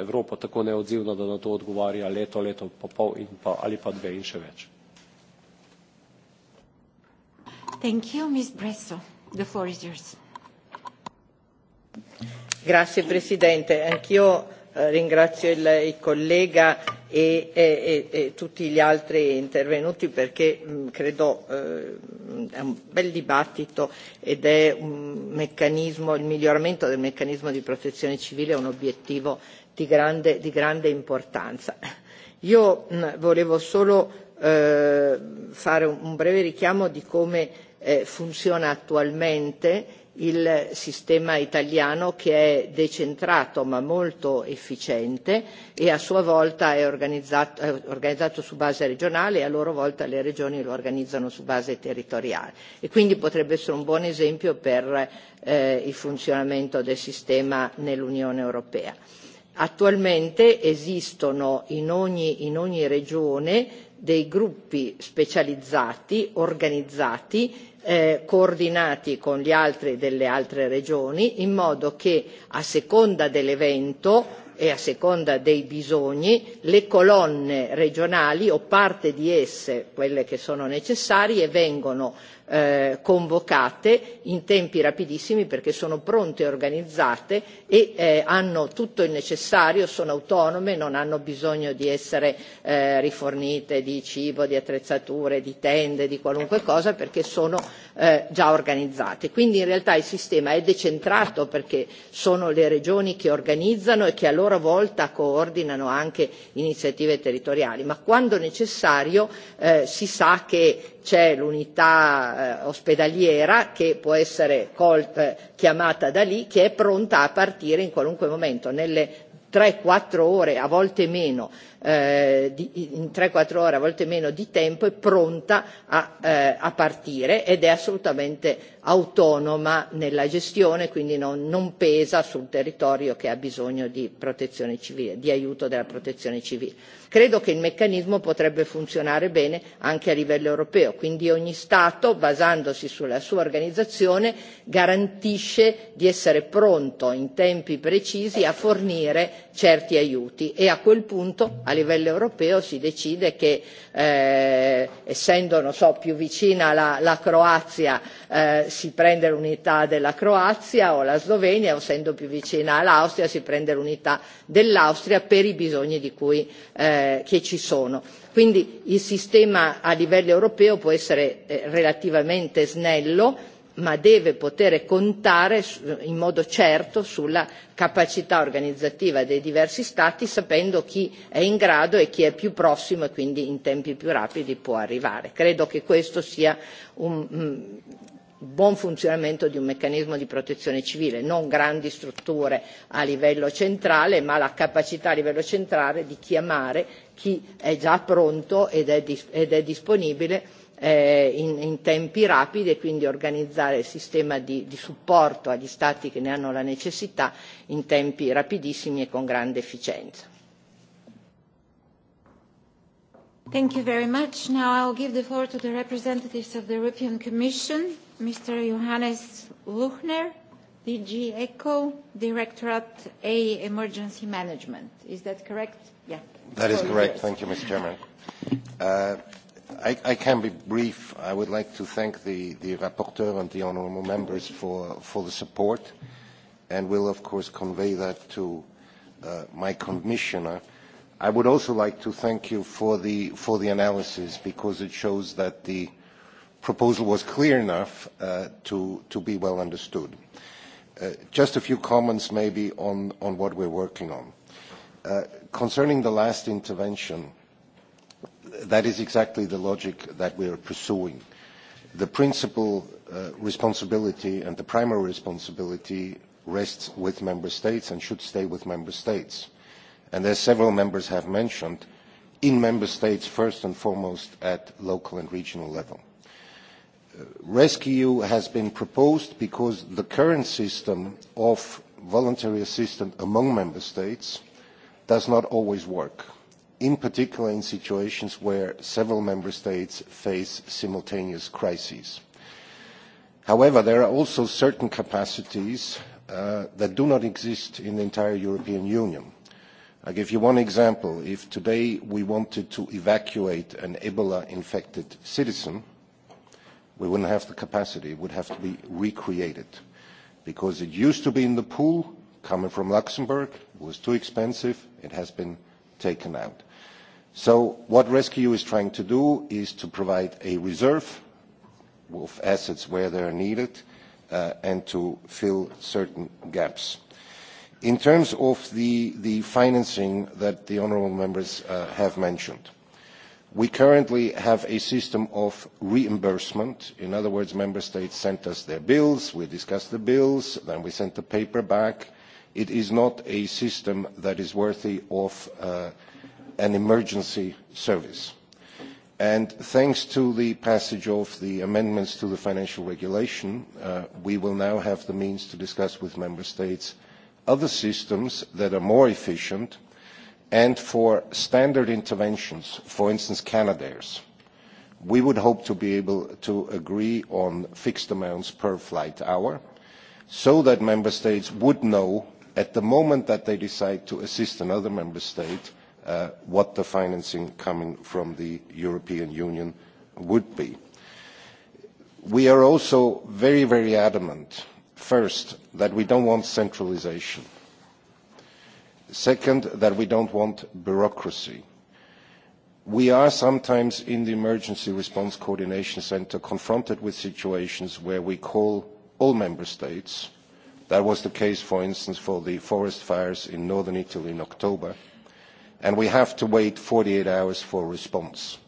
Evropa tako neodzivna, da na to odgovarja leto, leto pa pol in pa, ali pa dve in še več. Thank you, Ms. Bresso. The floor is yours. Grazie Presidente, anch'io eh, ringrazio il, il collega e, e, e e tutti gli altri intervenuti perché mh, mm, credo eh, è un bel dibattito ed è un meccanismo, il miglioramento del meccanismo di protezione civile è un obiettivo di grande, di grande importanza. Io mh, mm, volevo solo eh, fare un, un breve richiamo di come Eh, funziona attualmente il sistema italiano che è decentrato ma molto efficiente e a sua volta è organizzato, è organizzato su base regionale e a loro volta le regioni lo organizzano su base territoriale e quindi potrebbe essere un buon esempio per eh, il funzionamento del sistema nell'Unione Europea. Attualmente esistono in ogni, in ogni regione dei gruppi specializzati, organizzati, eh, coordinati con gli altri delle altre regioni in modo che a seconda dell'evento e a seconda dei bisogni le colonne regionali o parte di esse quelle che sono necessarie vengono eh, convocate in tempi rapidissimi perché sono pronte e organizzate e eh, hanno tutto il necessario, sono autonome, non hanno bisogno di essere eh, rifornite di cibo, di attrezzature, di tende, di qualunque cosa perché sono eh, già organizzate. Quindi in realtà il sistema è decentrato perché sono le regioni che organizzano e che a loro volta coordinano anche iniziative territoriali, ma quando necessario eh, si sa che c'è l'unità eh, ospedaliera che può essere col, eh, chiamata da lì, che è pronta a partire in qualunque momento. Nelle 3-4 ore, a volte meno, eh, di, in 3-4 ore, a volte meno di tempo, è pronta a, eh, a partire ed è assolutamente autonoma nella gestione, quindi non, non pesa sul territorio che ha bisogno di protezione civile, di aiuto della protezione civile. Credo che il meccanismo potrebbe funzionare bene anche a livello europeo, quindi ogni Stato, basandosi sulla sua organizzazione, garantisce di essere pronto in tempi precisi a fornire certi aiuti e a quel punto a livello europeo si decide che eh, essendo non so, più vicina la, la Croazia eh, si prende l'unità della Croazia o la Slovenia o essendo più vicina all'Austria si prende l'unità dell'Austria per i bisogni di cui, eh, che ci sono. Quindi il sistema a livello europeo può essere eh, relativamente snello ma deve poter contare in modo certo sulla capacità organizzativa dei diversi Stati, sapendo chi è in grado e chi è più prossimo e quindi in tempi più rapidi può arrivare. Credo che questo sia un mm, buon funzionamento di un meccanismo di protezione civile, non grandi strutture a livello centrale, ma la capacità a livello centrale di chiamare chi è già pronto ed è, ed è disponibile eh, in, in tempi rapidi e quindi organizzare il sistema di, di supporto agli Stati che ne hanno la necessità in tempi rapidissimi e con grande efficienza. Thank you very much. Now give the floor to the representatives of the European Commission, Mr. Johannes Luchner, DG ECHO, Directorate A Emergency Management. Is that correct? Yeah. That is correct. Thank you, Mr. Chairman. Uh, I, I can be brief. I would like to thank the, the rapporteur and the honourable members for, for the support and will, of course, convey that to uh, my commissioner. I would also like to thank you for the, for the analysis because it shows that the proposal was clear enough uh, to, to be well understood. Uh, just a few comments maybe on, on what we're working on. Uh, concerning the last intervention, that is exactly the logic that we are pursuing. The principal uh, responsibility and the primary responsibility rests with member states and should stay with member states. And as several members have mentioned, in member states first and foremost at local and regional level. Uh, resceu has been proposed because the current system of voluntary assistance among member states does not always work in particular in situations where several member states face simultaneous crises. However, there are also certain capacities uh, that do not exist in the entire European Union. I'll give you one example. If today we wanted to evacuate an Ebola-infected citizen, we wouldn't have the capacity. It would have to be recreated because it used to be in the pool coming from Luxembourg. It was too expensive. It has been taken out. So what resceu is trying to do is to provide a reserve of assets where they are needed uh, and to fill certain gaps. In terms of the, financing that the honourable members uh, have mentioned, we currently have a system of reimbursement. In other words, member states sent us their bills, we discussed the bills, then we sent the paper back. It is not a system that is worthy of uh, an emergency service. And thanks to the passage of the amendments to the financial regulation, uh, we will now have the means to discuss with member states other systems that are more efficient and for standard interventions, for instance, Canadairs. We would hope to be able to agree on fixed amounts per flight hour so that member states would know at the moment that they decide to assist another member state Uh, what the financing coming from the European Union would be. We are also very, very adamant, first, that we don't want centralisation. Second, that we don't want bureaucracy. We are sometimes in the Emergency Response Coordination Centre confronted with situations where we call all member states. That was the case, for instance, for the forest fires in northern Italy in October and we have to wait 48 hours for a response,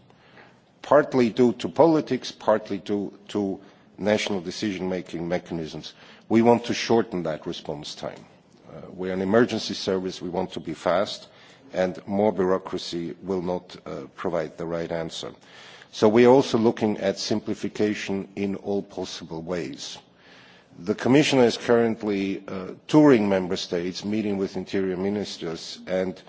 partly due to politics, partly due to national decision-making mechanisms. We want to shorten that response time. Uh, we're an emergency service. We want to be fast, and more bureaucracy will not uh, provide the right answer. So we're also looking at simplification in all possible ways. The Commissioner is currently uh, touring member states, meeting with interior ministers, and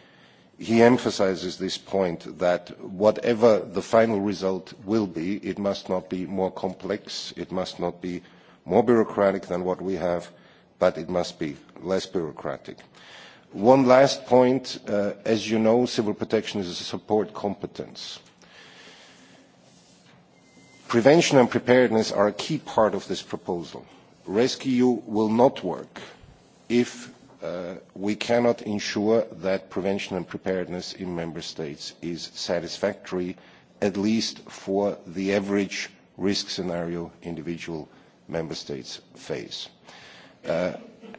he emphasizes this point that whatever the final result will be, it must not be more complex, it must not be more bureaucratic than what we have, but it must be less bureaucratic. One last point. Uh, as you know, civil protection is a support competence. Prevention and preparedness are a key part of this proposal. RescEU will not work if Uh, we cannot ensure that prevention and preparedness in member states is satisfactory, at least for the average risk scenario individual member states face. Uh,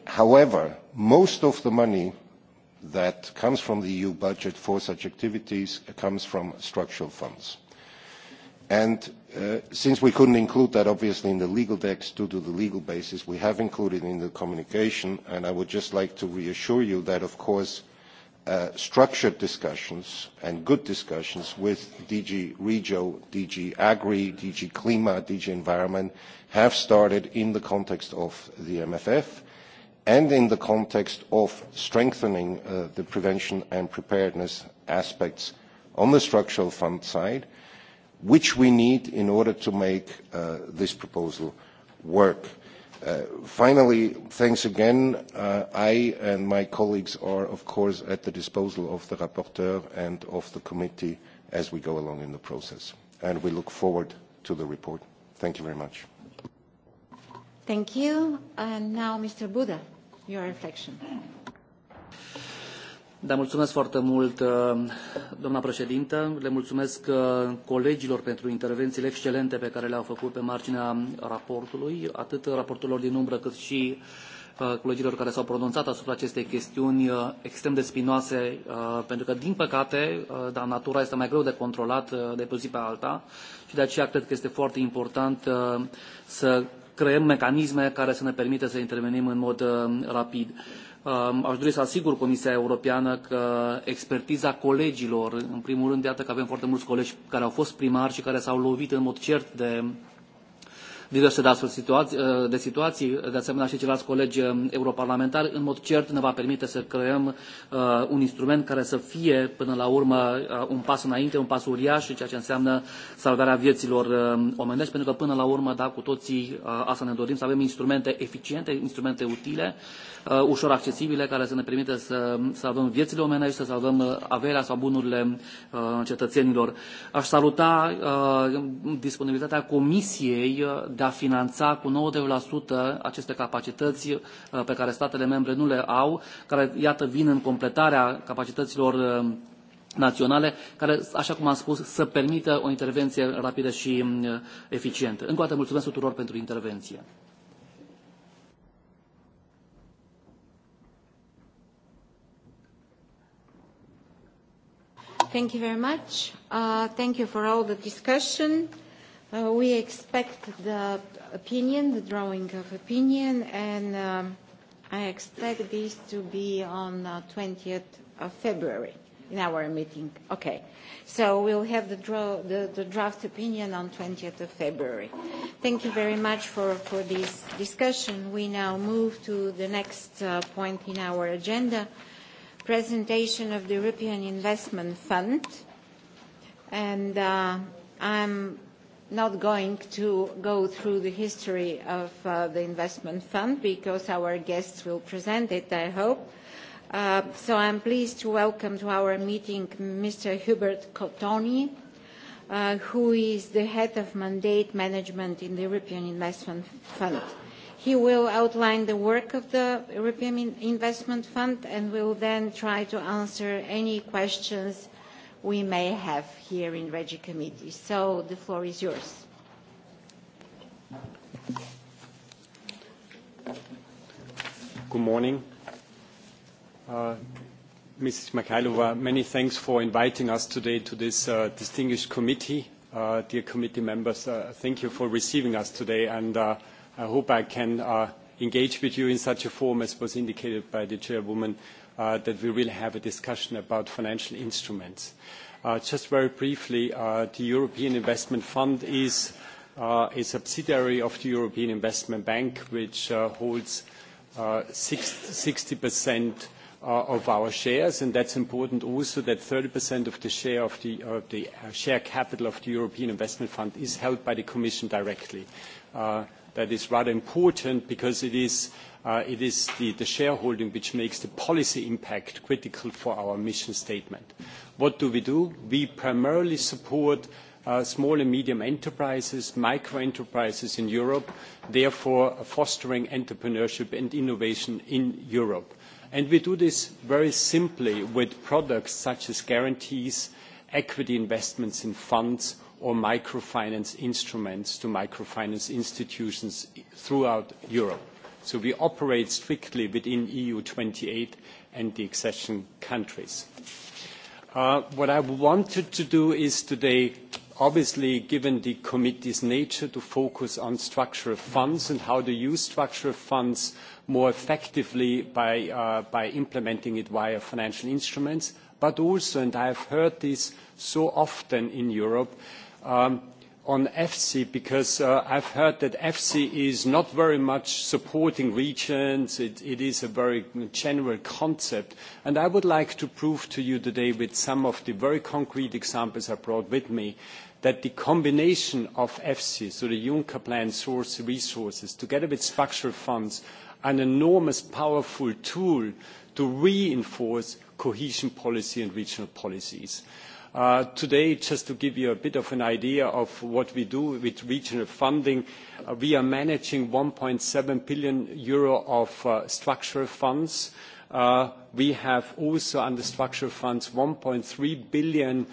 however, most of the money that comes from the EU budget for such activities comes from structural funds. And uh, since we couldn't include that, obviously, in the legal text due to the legal basis, we have included in the communication, and I would just like to reassure you that, of course, uh, structured discussions and good discussions with DG Regio, DG Agri, DG Klima, DG Environment have started in the context of the MFF and in the context of strengthening uh, the prevention and preparedness aspects on the structural fund side – which we need in order to make uh, this proposal work. Uh, finally, thanks again. Uh, I and my colleagues are, of course, at the disposal of the rapporteur and of the committee as we go along in the process. And we look forward to the report. Thank you very much. Thank you. And now, Mr. Buda, your reflection. Da, mulțumesc foarte mult, uh, doamna președintă. Le mulțumesc uh, colegilor pentru intervențiile excelente pe care le-au făcut pe marginea raportului, atât raporturilor din umbră cât și uh, colegilor care s-au pronunțat asupra acestei chestiuni extrem de spinoase, pentru că, din păcate, da, natura este mai greu de controlat de pe zi pe alta și de aceea cred că este foarte important să creăm mecanisme care să ne permită să intervenim în mod rapid. Um, aș dori să asigur Comisia Europeană că expertiza colegilor, în primul rând, iată că avem foarte mulți colegi care au fost primari și care s-au lovit în mod cert de diverse de astfel situații, de situații, de asemenea și ceilalți colegi europarlamentari, în mod cert ne va permite să creăm un instrument care să fie, până la urmă, un pas înainte, un pas uriaș în ceea ce înseamnă salvarea vieților omenești, pentru că, până la urmă, da, cu toții asta ne dorim, să avem instrumente eficiente, instrumente utile, ușor accesibile, care să ne permite să salvăm viețile omenești, să salvăm averea sau bunurile cetățenilor. Aș saluta disponibilitatea Comisiei de de a finanța cu 92% aceste capacități uh, pe care statele membre nu le au, care, iată, vin în completarea capacităților uh, naționale, care, așa cum am spus, să permită o intervenție rapidă și uh, eficientă. Încă o dată mulțumesc tuturor pentru intervenție. Thank you very much. Uh, thank you for all the discussion. Uh, we expect the opinion, the drawing of opinion, and um, I expect this to be on uh, 20th of February in our meeting. Okay. So we'll have the, draw, the, the draft opinion on 20th of February. Thank you very much for, for this discussion. We now move to the next uh, point in our agenda, presentation of the European Investment Fund. And uh, I'm not going to go through the history of uh, the investment fund because our guests will present it, I hope. Uh, so I'm pleased to welcome to our meeting Mr. Hubert Cotoni, uh, who is the head of mandate management in the European Investment Fund. He will outline the work of the European Investment Fund and will then try to answer any questions we may have here in Regi Committee. So the floor is yours. Good morning. Uh, Mrs. Mikhailova, many thanks for inviting us today to this uh, distinguished committee. Uh, dear committee members, uh, thank you for receiving us today, and uh, I hope I can uh, engage with you in such a form as was indicated by the chairwoman uh, Uh, that we will have a discussion about financial instruments. Uh, just very briefly, uh, the European Investment Fund is a subsidiary of the European Investment Bank, which holds 60% of our shares, and that's important also that 30% of the share capital of the European Investment Fund is held by the Commission directly. that is rather important because it is Uh, it is the, shareholding which makes the policy impact critical for our mission statement. What do we do? We primarily support uh, small and medium enterprises, micro enterprises in Europe, therefore fostering entrepreneurship and innovation in Europe. And we do this very simply with products such as guarantees, equity investments in funds, or microfinance instruments to microfinance institutions throughout Europe. So we operate strictly within EU 28 and the accession countries. Uh, what I wanted to do is today, obviously, given the committee's nature, to focus on structural funds and how to use structural funds more effectively by, uh, by implementing it via financial instruments, but also, and I have heard this so often in Europe, um, on EFSI because uh, I've heard that EFSI is not very much supporting regions. It, is a very general concept. and I would like to prove to you today with some of the very concrete examples I brought with me that the combination of EFSI, so the Juncker Plan source resources, together with structural funds, an enormous powerful tool to reinforce cohesion policy and regional policies. Uh, today, just to give you a bit of an idea of what we do with regional funding, uh, we are managing 1.7 billion euro of uh, structural funds. We have also under structural funds 1.3 billion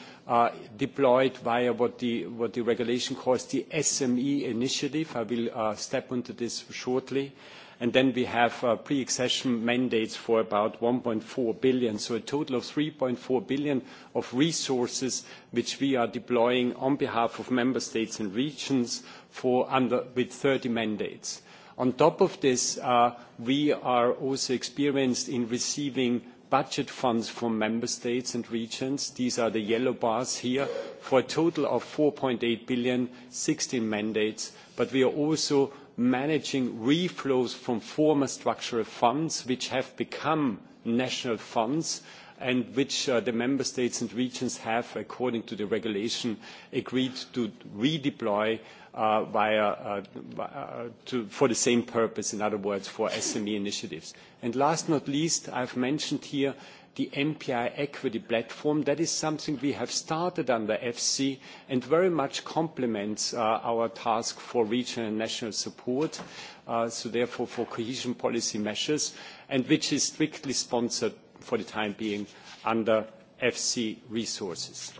deployed via what the regulation calls the SME initiative. I will step into this shortly. And then we have uh, pre-accession mandates for about 1.4 billion. So a total of 3.4 billion of resources which we are deploying on behalf of member states and regions with 30 mandates. On top of this, uh, we are also experienced in receiving budget funds from member states and regions. These are the yellow bars here, for a total of 4.8 billion, 16 mandates. But we are also managing reflows from former structural funds, which have become national funds, and which uh, the member states and regions have, according to the regulation, agreed to redeploy uh, via, uh, uh to, for the same purpose, in other words, for SME initiatives. And last not least, I've mentioned here the MPI equity platform. That is something we have started under FC and very much complements uh, our task for regional and national support, uh, so therefore for cohesion policy measures, and which is strictly sponsored for the time being under FC resources.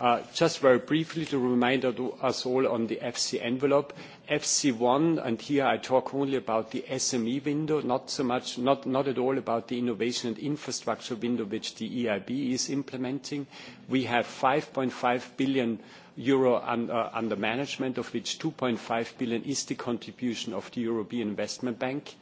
Uh, just very briefly to remind us all on the FC envelope. FC1, and here I talk only about the SME window, not so much, not, not at all about the innovation and infrastructure window which the EIB is implementing. We have 5.5 billion euro uh, under management, of which 2.5 billion is the contribution of the European Investment Bank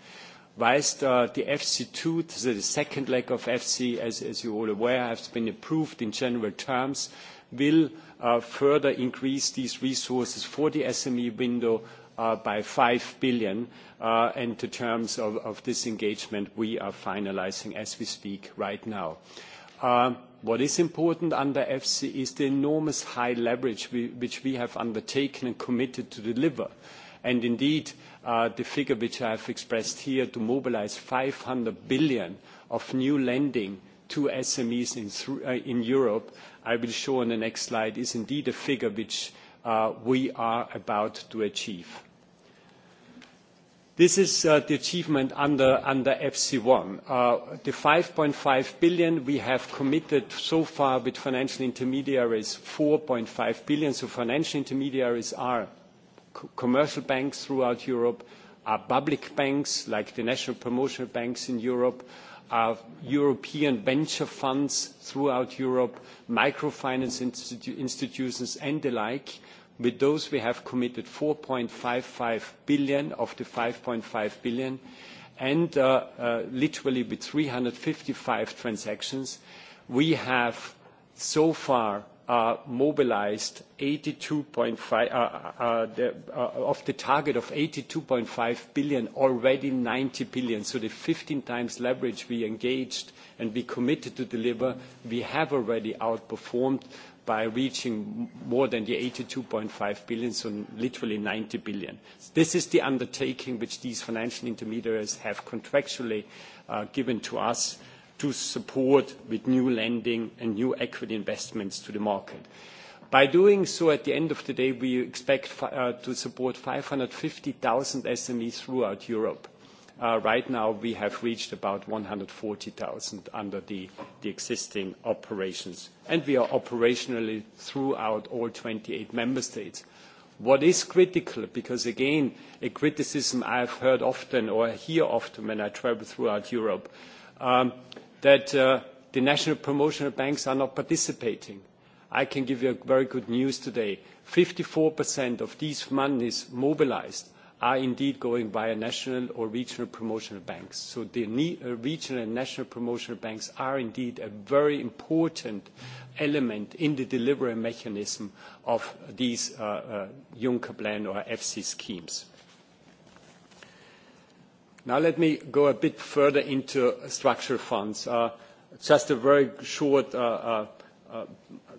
whilst uh, the FC2, the second leg of FC, as, as you're all aware, has been approved in general terms, will uh, further increase these resources for the SME window uh, by 5 billion. Uh, and The terms of, this engagement we are finalizing as we speak right now. what is important under EFSI is the enormous high leverage which we have undertaken and committed to deliver. and Indeed, the figure which I have expressed here to mobilize 500 billion of new lending to SMEs in Europe I will show on the next slide, is indeed a figure which uh, we are about to achieve. This is uh, the achievement under, under FC1. Uh, the 5.5 billion we have committed so far with financial intermediaries, 4.5 billion. So financial intermediaries are commercial banks throughout Europe, are public banks like the national promotional banks in Europe, European venture funds throughout Europe, microfinance institutions and the like. With those, we have committed 4.55 billion of the 5.5 billion, and uh, uh, literally with 355 transactions, we have so far mobilized 82.5 uh, uh, uh, of the target of 82.5 billion, already 90 billion. So the 15 times leverage we engaged and we committed to deliver, we have already outperformed by reaching more than the 82.5 billion, so literally 90 billion. This is the undertaking which these financial intermediaries have contractually given to us to support with new lending and new equity investments to the market. By doing so, at the end of the day, we expect uh, to support 550,000 SMEs throughout Europe. Uh, right now, we have reached about 140,000 under the, existing operations, and we are operationally throughout all 28 member states. What is critical, because again, a criticism I've heard often or hear often when I travel throughout Europe, um, that uh, the national promotional banks are not participating. I can give you very good news today. 54% of these monies mobilized are indeed going via national or regional promotional banks. So the uh, regional and national promotional banks are indeed a very important element in the delivery mechanism of these uh, uh, Juncker plan or EFSI schemes. Now let me go a bit further into structural funds. Uh, just a very short uh, uh, uh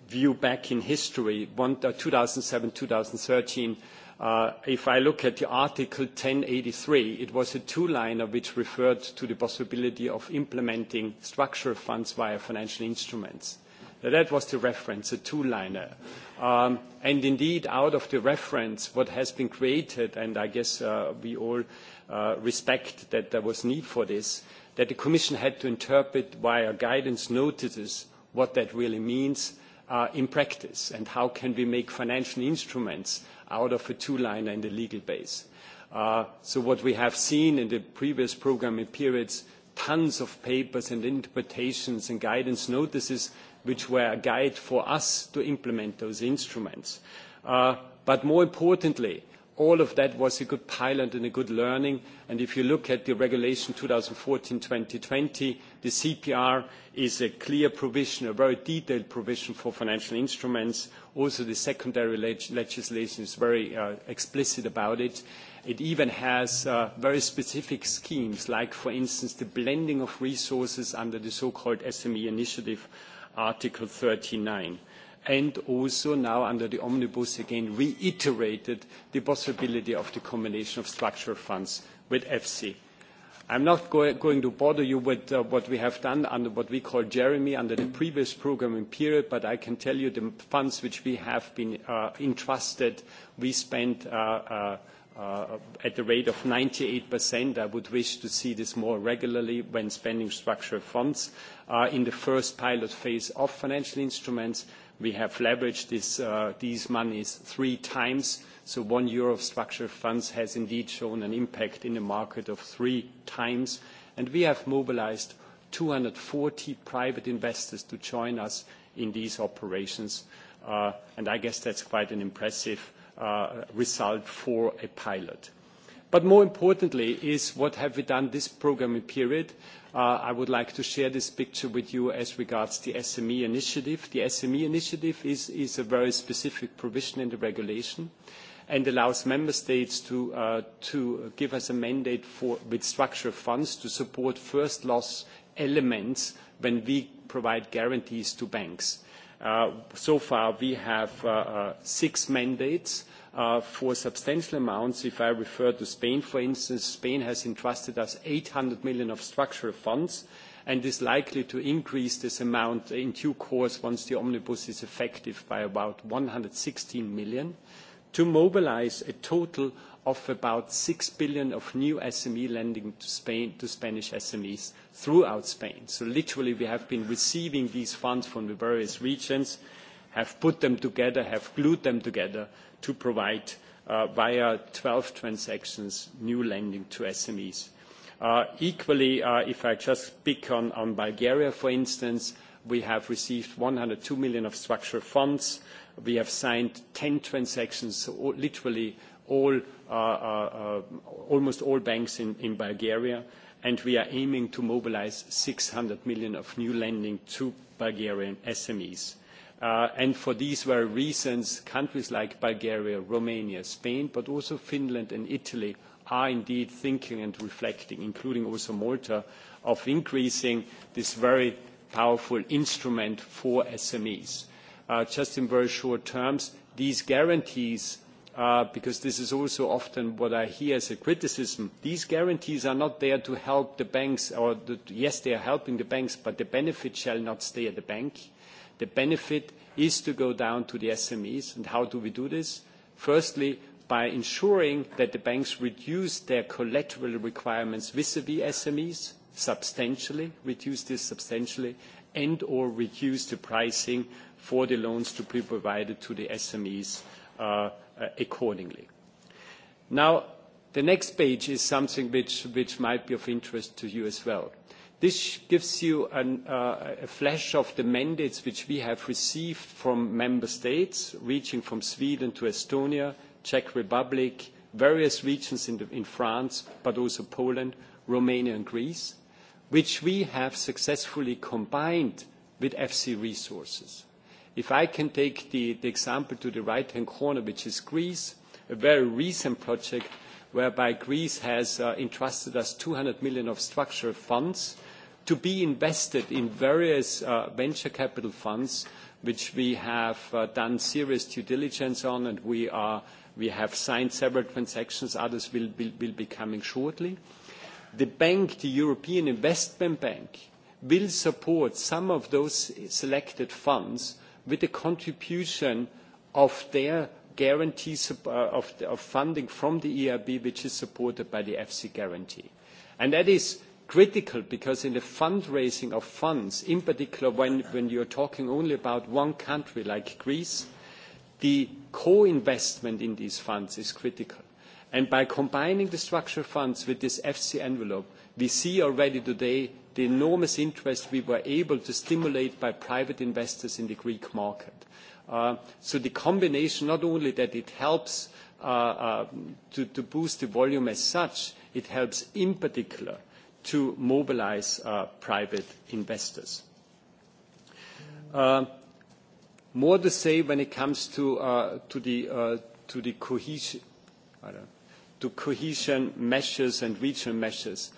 view back in history, One, 2007, uh, 2013. Uh, if I look at the Article 1083, it was a two-liner which referred to the possibility of implementing structural funds via financial instruments. Now, that was the reference, a two-liner. Um, and indeed, out of the reference, what has been created, and I guess we all Uh, respect that there was need for this, that the Commission had to interpret via guidance notices what that really means uh, in practice and how can we make financial instruments out of a two-liner in the legal base. Uh, so what we have seen in the previous programming periods, tons of papers and interpretations and guidance notices which were a guide for us to implement those instruments. Uh, but more importantly, all of that was a good pilot and a good learning. And if you look at the regulation 2014-2020, the CPR is a clear provision, a very detailed provision for financial instruments. Also, the secondary leg legislation is very uh, explicit about it. It even has uh, very specific schemes, like, for instance, the blending of resources under the so-called SME initiative, Article 39 and also now under the omnibus again reiterated the possibility of the combination of structural funds with EFSI. I'm not going to bother you with uh, what we have done under what we call Jeremy under the previous programming period, but I can tell you the funds which we have been uh, entrusted, we spent uh, at the rate of 98%. I would wish to see this more regularly when spending structural funds in the first pilot phase of financial instruments. We have leveraged uh, these monies three times, so one euro of structural funds has indeed shown an impact in the market of three times. and We have mobilized 240 private investors to join us in these operations. Uh, and I guess that's quite an impressive uh, result for a pilot. But more importantly is what have we done this programming period. Uh, I would like to share this picture with you as regards the SME initiative. The SME initiative is, is a very specific provision in the regulation and allows member states to, uh, to give us a mandate for, with structural funds to support first loss elements when we provide guarantees to banks. Uh, so far, we have six mandates Uh, for substantial amounts. If I refer to Spain, for instance, Spain has entrusted us 800 million of structural funds and is likely to increase this amount in due course once the omnibus is effective by about 116 million to mobilize a total of about 6 billion of new SME lending to, Spain, to Spanish SMEs throughout Spain. So literally, we have been receiving these funds from the various regions, have put them together, have glued them together to provide uh, via 12 transactions new lending to SMEs. Uh, equally, uh, if I just pick on, Bulgaria, for instance, we have received 102 million of structural funds. We have signed 10 transactions, literally all, almost all banks in, in Bulgaria, and we are aiming to mobilize 600 million of new lending to Bulgarian SMEs. Uh, and for these very reasons, countries like Bulgaria, Romania, Spain, but also Finland and Italy are indeed thinking and reflecting, including also Malta, of increasing this very powerful instrument for SMEs. Uh, just in very short terms, these guarantees, uh, because this is also often what I hear as a criticism, these guarantees are not there to help the banks, or the, yes, they are helping the banks, but the benefit shall not stay at the bank the benefit is to go down to the SMEs. And how do we do this? Firstly, by ensuring that the banks reduce their collateral requirements vis-à-vis SMEs substantially, reduce this substantially, and/or reduce the pricing for the loans to be provided to the SMEs uh, uh, accordingly. Now, the next page is something which might be of interest to you as well. This gives you uh, a flash of the mandates which we have received from member states, reaching from Sweden to Estonia, Czech Republic, various regions in, France, but also Poland, Romania, and Greece, which we have successfully combined with FC resources. If I can take the, example to the right-hand corner, which is Greece, a very recent project whereby Greece has uh, entrusted us 200 million of structural funds to be invested in various uh, venture capital funds, which we have uh, done serious due diligence on, and we, have signed several transactions. Others will, be coming shortly. The bank, the European Investment Bank, will support some of those selected funds with a contribution of their guarantees uh, of, funding from the EIB, which is supported by the EFSI guarantee. And that is critical because in the fundraising of funds, in particular when, when you're talking only about one country like Greece, the co-investment in these funds is critical. And by combining the structural funds with this FC envelope, we see already today the enormous interest we were able to stimulate by private investors in the Greek market. Uh, so the combination, not only that it helps uh, uh, to, to boost the volume as such, it helps in particular uh, to mobilize uh, private investors. Uh, more to say when it comes to, uh, to the, to the cohesion, to cohesion measures and regional measures.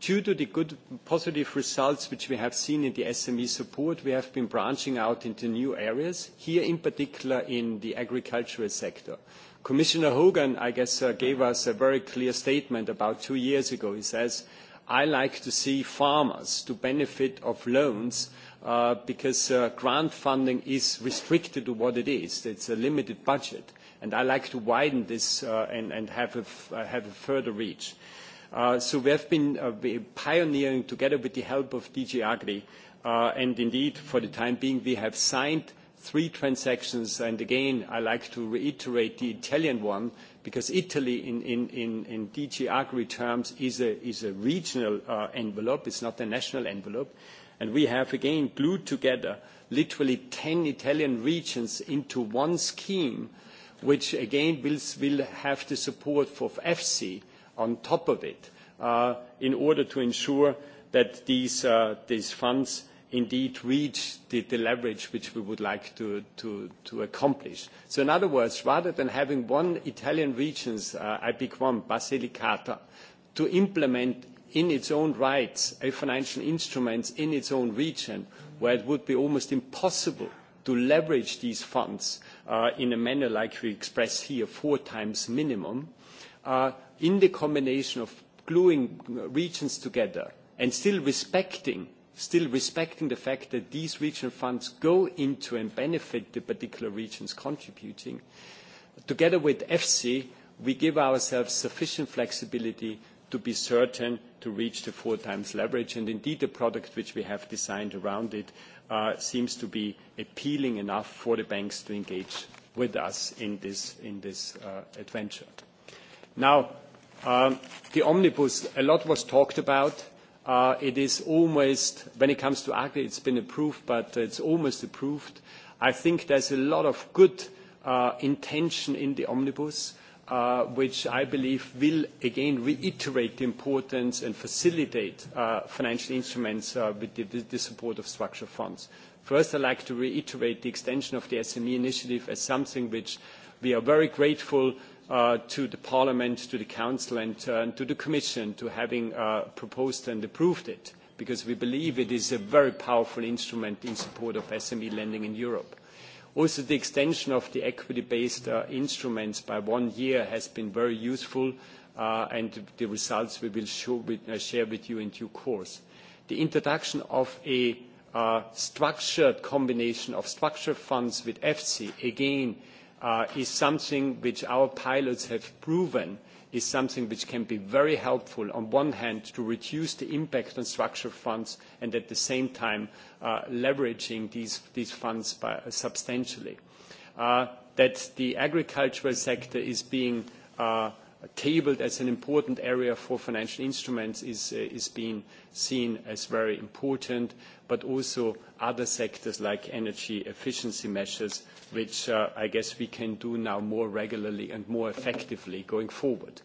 due to the good positive results which we have seen in the SME support, we have been branching out into new areas, here in particular in the agricultural sector. Commissioner Hogan, I guess, uh, gave us a very clear statement about two years ago. He says, I like to see farmers to benefit of loans uh, because uh, grant funding is restricted to what it is. It's a limited budget. And I like to widen this uh, and, and have, a uh, have a further reach. Uh, so we have been uh, pioneering together with the help of DG Agri. Uh, and indeed, for the time being, we have signed three transactions, and again, I like to reiterate the Italian one, because Italy in, DG Agri terms is a, regional uh, envelope. It's not a national envelope. and We have, again, glued together literally 10 Italian regions into one scheme, which again will, have the support for EFSI on top of it, uh, in order to ensure that these uh, funds indeed reach the, leverage which we would like to, to, to accomplish. So in other words, rather than having one Italian region, uh, I pick one, Basilicata, to implement in its own rights a financial instruments in its own region, where it would be almost impossible to leverage these funds uh, in a manner like we express here, four times minimum, uh, in the combination of gluing regions together and still respecting still respecting the fact that these regional funds go into and benefit the particular regions contributing. Together with EFSI, we give ourselves sufficient flexibility to be certain to reach the four times leverage. and Indeed, the product which we have designed around it uh, seems to be appealing enough for the banks to engage with us in this, uh, adventure. Now, um, the omnibus, a lot was talked about. Uh, it is almost, when it comes to agri, it's been approved, but it's almost approved. I think there's a lot of good uh, intention in the omnibus, uh, which I believe will again reiterate the importance and facilitate financial instruments with the support of structural funds. First, I'd like to reiterate the extension of the SME initiative as something which we are very grateful uh, to the Parliament, to the Council and uh, to the Commission to having uh, proposed and approved it because we believe it is a very powerful instrument in support of SME lending in Europe. Also, the extension of the equity-based uh, instruments by one year has been very useful, uh, and the results we will show with, uh, share with you in due course. The introduction of a uh, structured combination of structured funds with EFSI, again, Uh, is something which our pilots have proven is something which can be very helpful on one hand to reduce the impact on structural funds and at the same time uh, leveraging these, funds uh, substantially. that the agricultural sector is being tabled as an important area for financial instruments is, uh, is being seen as very important, but also other sectors like energy efficiency measures, which uh, I guess we can do now more regularly and more effectively going forward.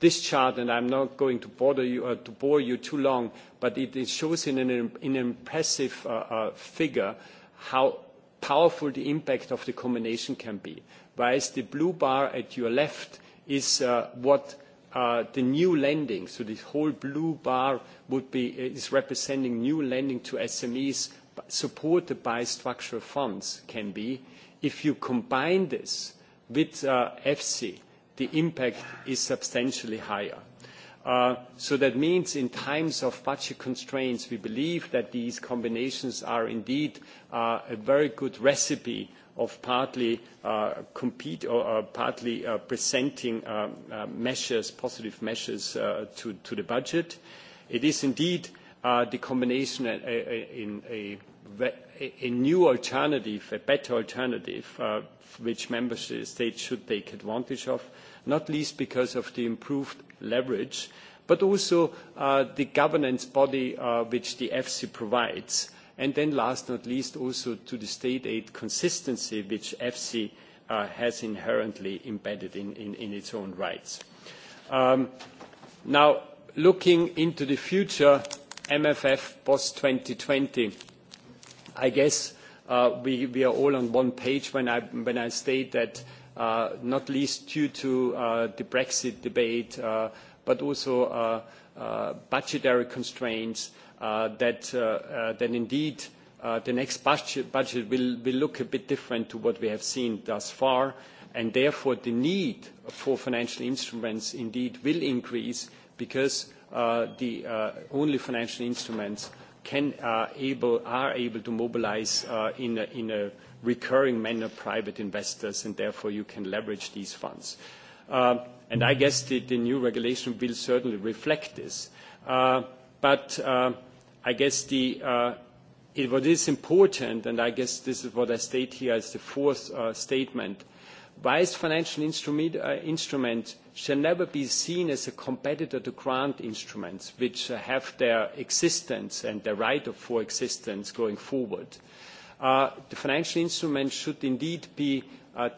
This chart, and I'm not going to bother you or uh, to bore you too long, but it, it shows in an, in an impressive uh, uh, figure how powerful the impact of the combination can be. Whereas the blue bar at your left is uh, what uh, the new lending, so this whole blue bar would be, uh, is representing new lending to SMEs supported by structural funds can be. If you combine this with EFSI, the impact is substantially higher. that means in times of budget constraints, we believe that these combinations are indeed a very good recipe of partly uh, compete or uh, partly uh, presenting um, measures, positive measures to, the budget. It is indeed the combination in a, a new alternative, a better alternative, which member states should take advantage of, not least because of the improved leverage, but also the governance body which the EFSI provides last not least, also to the state aid consistency, which EFSI uh, has inherently embedded in, its own rights. Um, now, looking into the future, MFF post-2020, I guess uh, we, are all on one page when I, when I state that uh, not least due to the Brexit debate, but also budgetary constraints, Uh, that, uh, uh, that indeed the next budget, budget will, will look a bit different to what we have seen thus far, and therefore the need for financial instruments indeed will increase because the only financial instruments can, able, are able to mobilize in a, in a recurring manner private investors, and therefore you can leverage these funds. Uh, and I guess the, the new regulation will certainly reflect this. Uh, But uh, I guess uh, what is important, and I guess this is what I state here as the fourth uh, statement, wise financial Instruments uh, shall never be seen as a competitor to grant instruments, which have their existence and their right of for existence going forward. the financial instruments should indeed be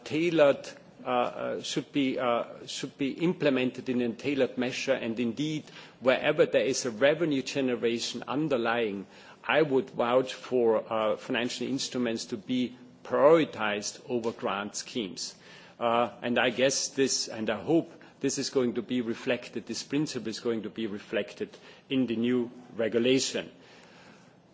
tailored Uh, uh, should be, uh, should be implemented in a tailored measure. And indeed, wherever there is a revenue generation underlying, I would vouch for uh, financial instruments to be prioritized over grant schemes. Uh, and I guess this, and I hope this is going to be reflected, this principle is going to be reflected in the new regulation.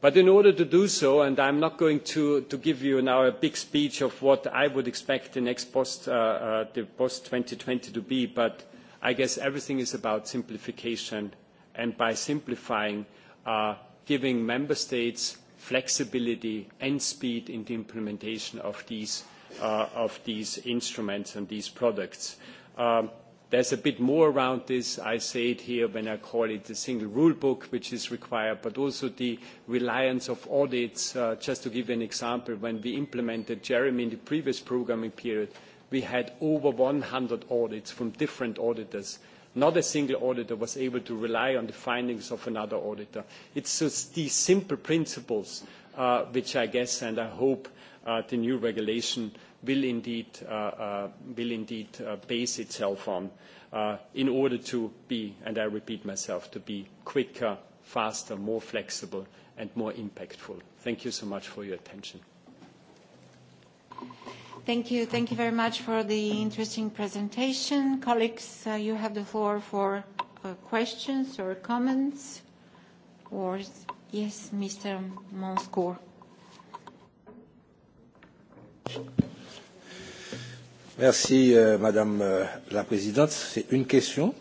But in order to do so, and I'm not going to, give you now a big speech of what I would expect the next post, uh, uh, the post 2020 to be, but I guess everything is about simplification, and by simplifying, uh, giving member states flexibility and speed in the implementation of these, uh, of these instruments and these products. Um, There's a bit more around this. I say it here when I call it the single rule book, which is required, but also the reliance of audits. Uh, just to give you an example, when we implemented Jeremy in the previous programming period, we had over 100 audits from different auditors. Not a single auditor was able to rely on the findings of another auditor. It's just these simple principles, uh, which I guess and I hope uh, the new regulation will indeed, uh, uh, will indeed uh, base itself on in order to be, and I repeat myself, to be quicker, faster, more flexible, and more impactful. Thank you so much for your attention. Thank you. Thank you very much for the interesting presentation. Colleagues, you have the floor for questions or comments. Or yes, Mr. Monscourt. Merci, euh, Madame euh, la Présidente. C'est une question.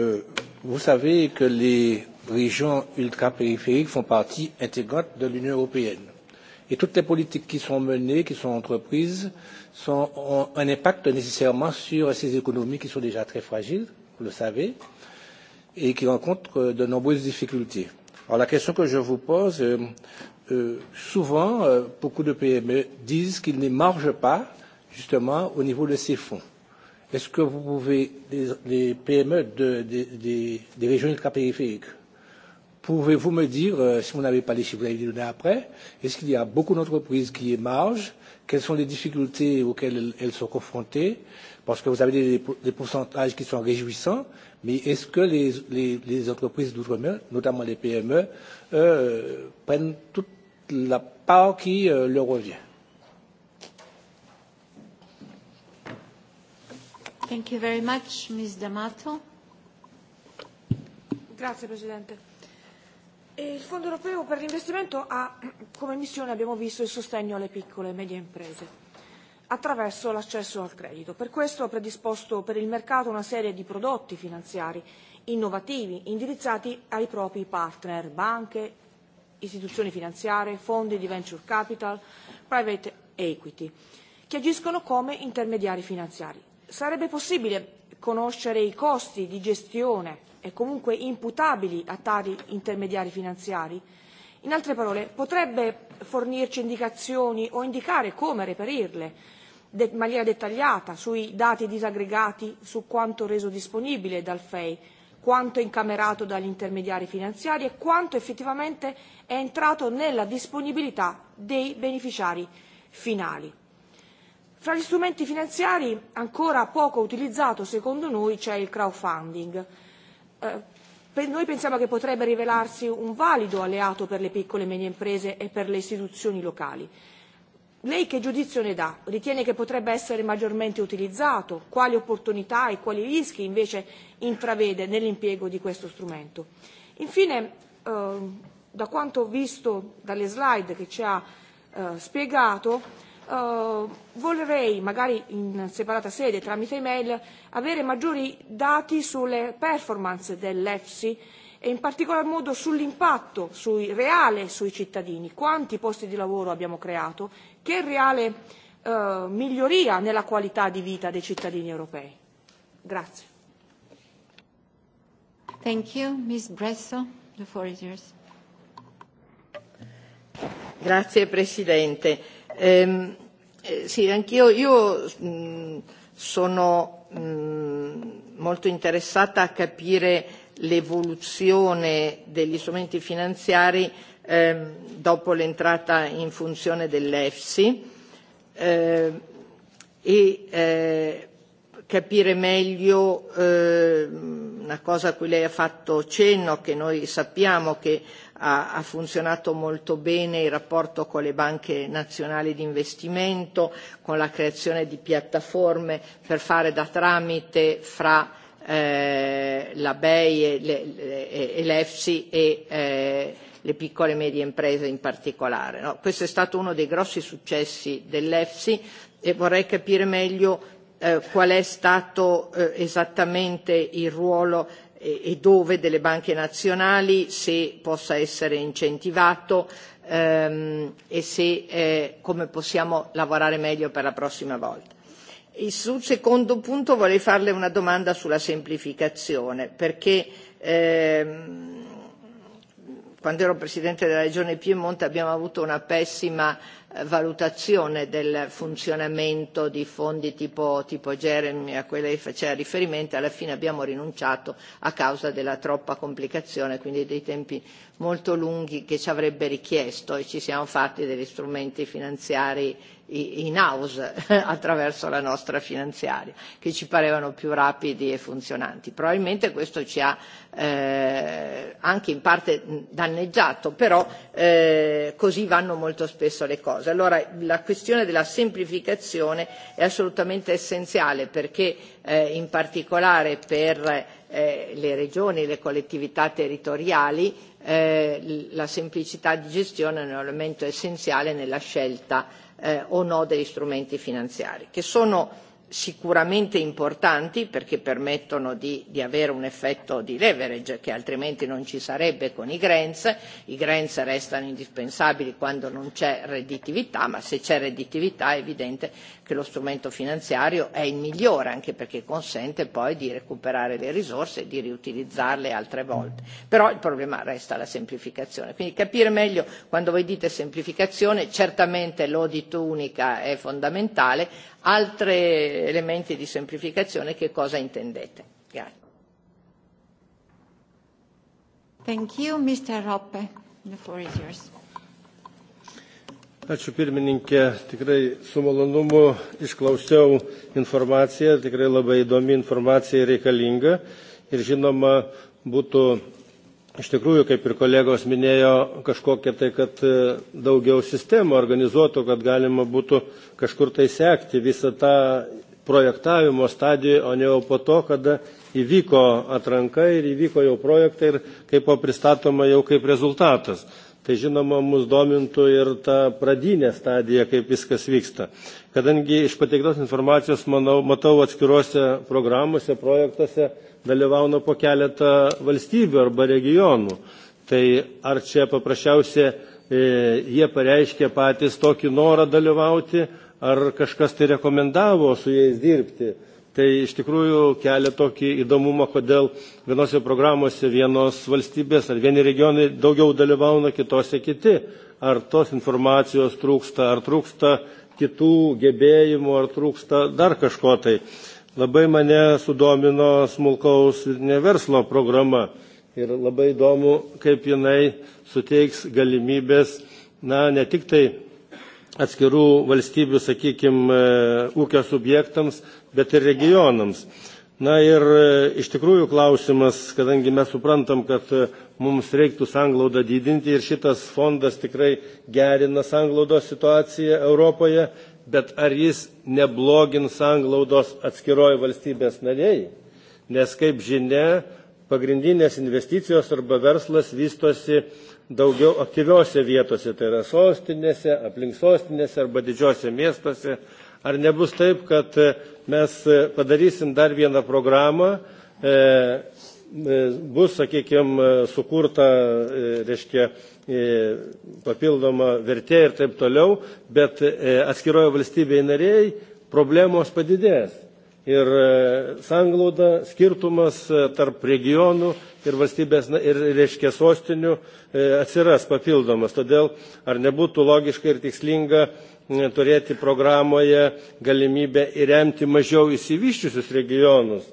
Euh, vous savez que les régions ultrapériphériques font partie intégrante de l'Union européenne. Et toutes les politiques qui sont menées, qui sont entreprises, sont, ont un impact nécessairement sur ces économies qui sont déjà très fragiles, vous le savez, et qui rencontrent euh, de nombreuses difficultés. Alors la question que je vous pose, euh, euh, souvent, euh, beaucoup de PME disent qu'ils ne margent pas euh, justement au niveau de ces fonds. Est-ce que vous pouvez, les, les PME de, de, de, des régions ultra-périphériques, pouvez-vous me dire, euh, si vous n'avez pas les chiffres, vous allez les donner après, est-ce qu'il y a beaucoup d'entreprises qui émargent Quelles sont les difficultés auxquelles elles, elles sont confrontées Parce que vous avez des, des pourcentages qui sont réjouissants, mais est-ce que les, les, les entreprises d'outre-mer, notamment les PME, euh, prennent toute la part qui euh, leur revient Thank you very much, Ms. D'Amato. Grazie Presidente. E il Fondo europeo per l'investimento ha come missione, abbiamo visto, il sostegno alle piccole e medie imprese attraverso l'accesso al credito. Per questo ha predisposto per il mercato una serie di prodotti finanziari innovativi indirizzati ai propri partner, banche, istituzioni finanziarie, fondi di venture capital, private equity, che agiscono come intermediari finanziari sarebbe possibile conoscere i costi di gestione e comunque imputabili a tali intermediari finanziari? In altre parole, potrebbe fornirci indicazioni o indicare come reperirle in maniera dettagliata sui dati disaggregati, su quanto reso disponibile dal FEI, quanto incamerato dagli intermediari finanziari e quanto effettivamente è entrato nella disponibilità dei beneficiari finali. Fra gli strumenti finanziari ancora poco utilizzato secondo noi c'è il crowdfunding. Eh, noi pensiamo che potrebbe rivelarsi un valido alleato per le piccole e medie imprese e per le istituzioni locali. Lei che giudizio ne dà? Ritiene che potrebbe essere maggiormente utilizzato? Quali opportunità e quali rischi invece intravede nell'impiego di questo strumento? Infine, eh, da quanto visto dalle slide che ci ha eh, spiegato, Eh, vorrei, magari in separata sede tramite email, avere maggiori dati sulle performance dell'EFSI e in particolar modo sull'impatto sui, reale sui cittadini, quanti posti di lavoro abbiamo creato, che reale uh, miglioria nella qualità di vita dei cittadini europei. Grazie. Thank you. Ms. Bresso, the floor is yours. Grazie Presidente Ehm, eh, sì, anch'io io, mh, mm, sono mh, mm, molto interessata a capire l'evoluzione degli strumenti finanziari ehm, dopo l'entrata in funzione dell'EFSI eh, e eh, capire meglio eh, una cosa a cui lei ha fatto cenno, che noi sappiamo che eh, ha, ha funzionato molto bene il rapporto con le banche nazionali di investimento, con la creazione di piattaforme per fare da tramite fra eh, la BEI e, le, e l'EFSI e eh, le piccole e medie imprese in particolare. No? Questo è stato uno dei grossi successi dell'EFSI e vorrei capire meglio eh, qual è stato eh, esattamente il ruolo E, e dove delle banche nazionali se possa essere incentivato ehm, e se, eh, come possiamo lavorare meglio per la prossima volta. E sul secondo punto vorrei farle una domanda sulla semplificazione perché ehm, quando ero Presidente della Regione Piemonte abbiamo avuto una pessima Eh, valutazione del funzionamento di fondi tipo, tipo Jeremy a cui lei faceva riferimento, alla fine abbiamo rinunciato a causa della troppa complicazione, quindi dei tempi molto lunghi che ci avrebbe richiesto e ci siamo fatti degli strumenti finanziari in house attraverso la nostra finanziaria che ci parevano più rapidi e funzionanti. Probabilmente questo ci ha eh, anche in parte danneggiato, però eh, così vanno molto spesso le cose cose. Allora la questione della semplificazione è assolutamente essenziale perché eh, in particolare per eh, le regioni, e le collettività territoriali, eh, la semplicità di gestione è un elemento essenziale nella scelta eh, o no degli strumenti finanziari, che sono sicuramente importanti perché permettono di, di avere un effetto di leverage che altrimenti non ci sarebbe con i grants. I grants restano indispensabili quando non c'è redditività, ma se c'è redditività è evidente che lo strumento finanziario è il migliore, anche perché consente poi di recuperare le risorse e di riutilizzarle altre volte. Però il problema resta la semplificazione. Quindi capire meglio quando voi dite semplificazione, certamente l'audit unica è fondamentale, altri elementi di semplificazione che cosa intendete? Grazie. Thank you, Mr. Roppe. The floor is yours. Ačiū pirmininkė, tikrai su malonumu išklausiau informaciją, tikrai labai įdomi informacija reikalinga ir žinoma būtų iš tikrųjų, kaip ir kolegos minėjo, kažkokia tai, kad e, daugiau sistemų organizuotų, kad galima būtų kažkur tai sekti visą tą projektavimo stadiją, o ne jau po to, kada įvyko atranka ir įvyko jau projektai ir kaip pristatoma jau kaip rezultatas tai žinoma mus domintų ir ta pradinė stadija, kaip viskas vyksta. Kadangi iš pateiktos informacijos, manau, matau atskiruose programuose, projektuose dalyvauna po keletą valstybių arba regionų. Tai ar čia paprasčiausia e, jie pareiškė patys tokį norą dalyvauti, ar kažkas tai rekomendavo su jais dirbti. Tai iš tikrųjų kelia tokį įdomumą, kodėl vienose programuose vienos valstybės ar vieni regionai daugiau dalyvauna, kitose kiti. Ar tos informacijos trūksta, ar trūksta kitų gebėjimų, ar trūksta dar kažko tai. Labai mane sudomino smulkaus verslo programa ir labai įdomu, kaip jinai suteiks galimybės, na, ne tik tai atskirų valstybių, sakykim e, ūkio subjektams, bet ir regionams. Na ir e, iš tikrųjų klausimas, kadangi mes suprantam, kad e, mums reiktų sanglaudą didinti ir šitas fondas tikrai gerina sanglaudos situaciją Europoje, bet ar jis neblogins sanglaudos atskiroji valstybės nariai? Nes kaip žinia, pagrindinės investicijos arba verslas vystosi daugiau aktyviose vietose, tai yra sostinėse, aplink sostinėse arba didžiosiuose miestuose. Ar nebus taip, kad e, mes e, padarysim dar vieną programą, e, bus, sakykime, sukurta, reiškia, papildoma vertė ir taip toliau, bet atskiroje valstybėje nariai problemos padidės. Ir sanglauda skirtumas tarp regionų ir valstybės, ir reiškia sostinių e, atsiras papildomas. Todėl ar nebūtų logiška ir tikslinga e, turėti programoje galimybę įremti mažiau įsivyščiusius regionus,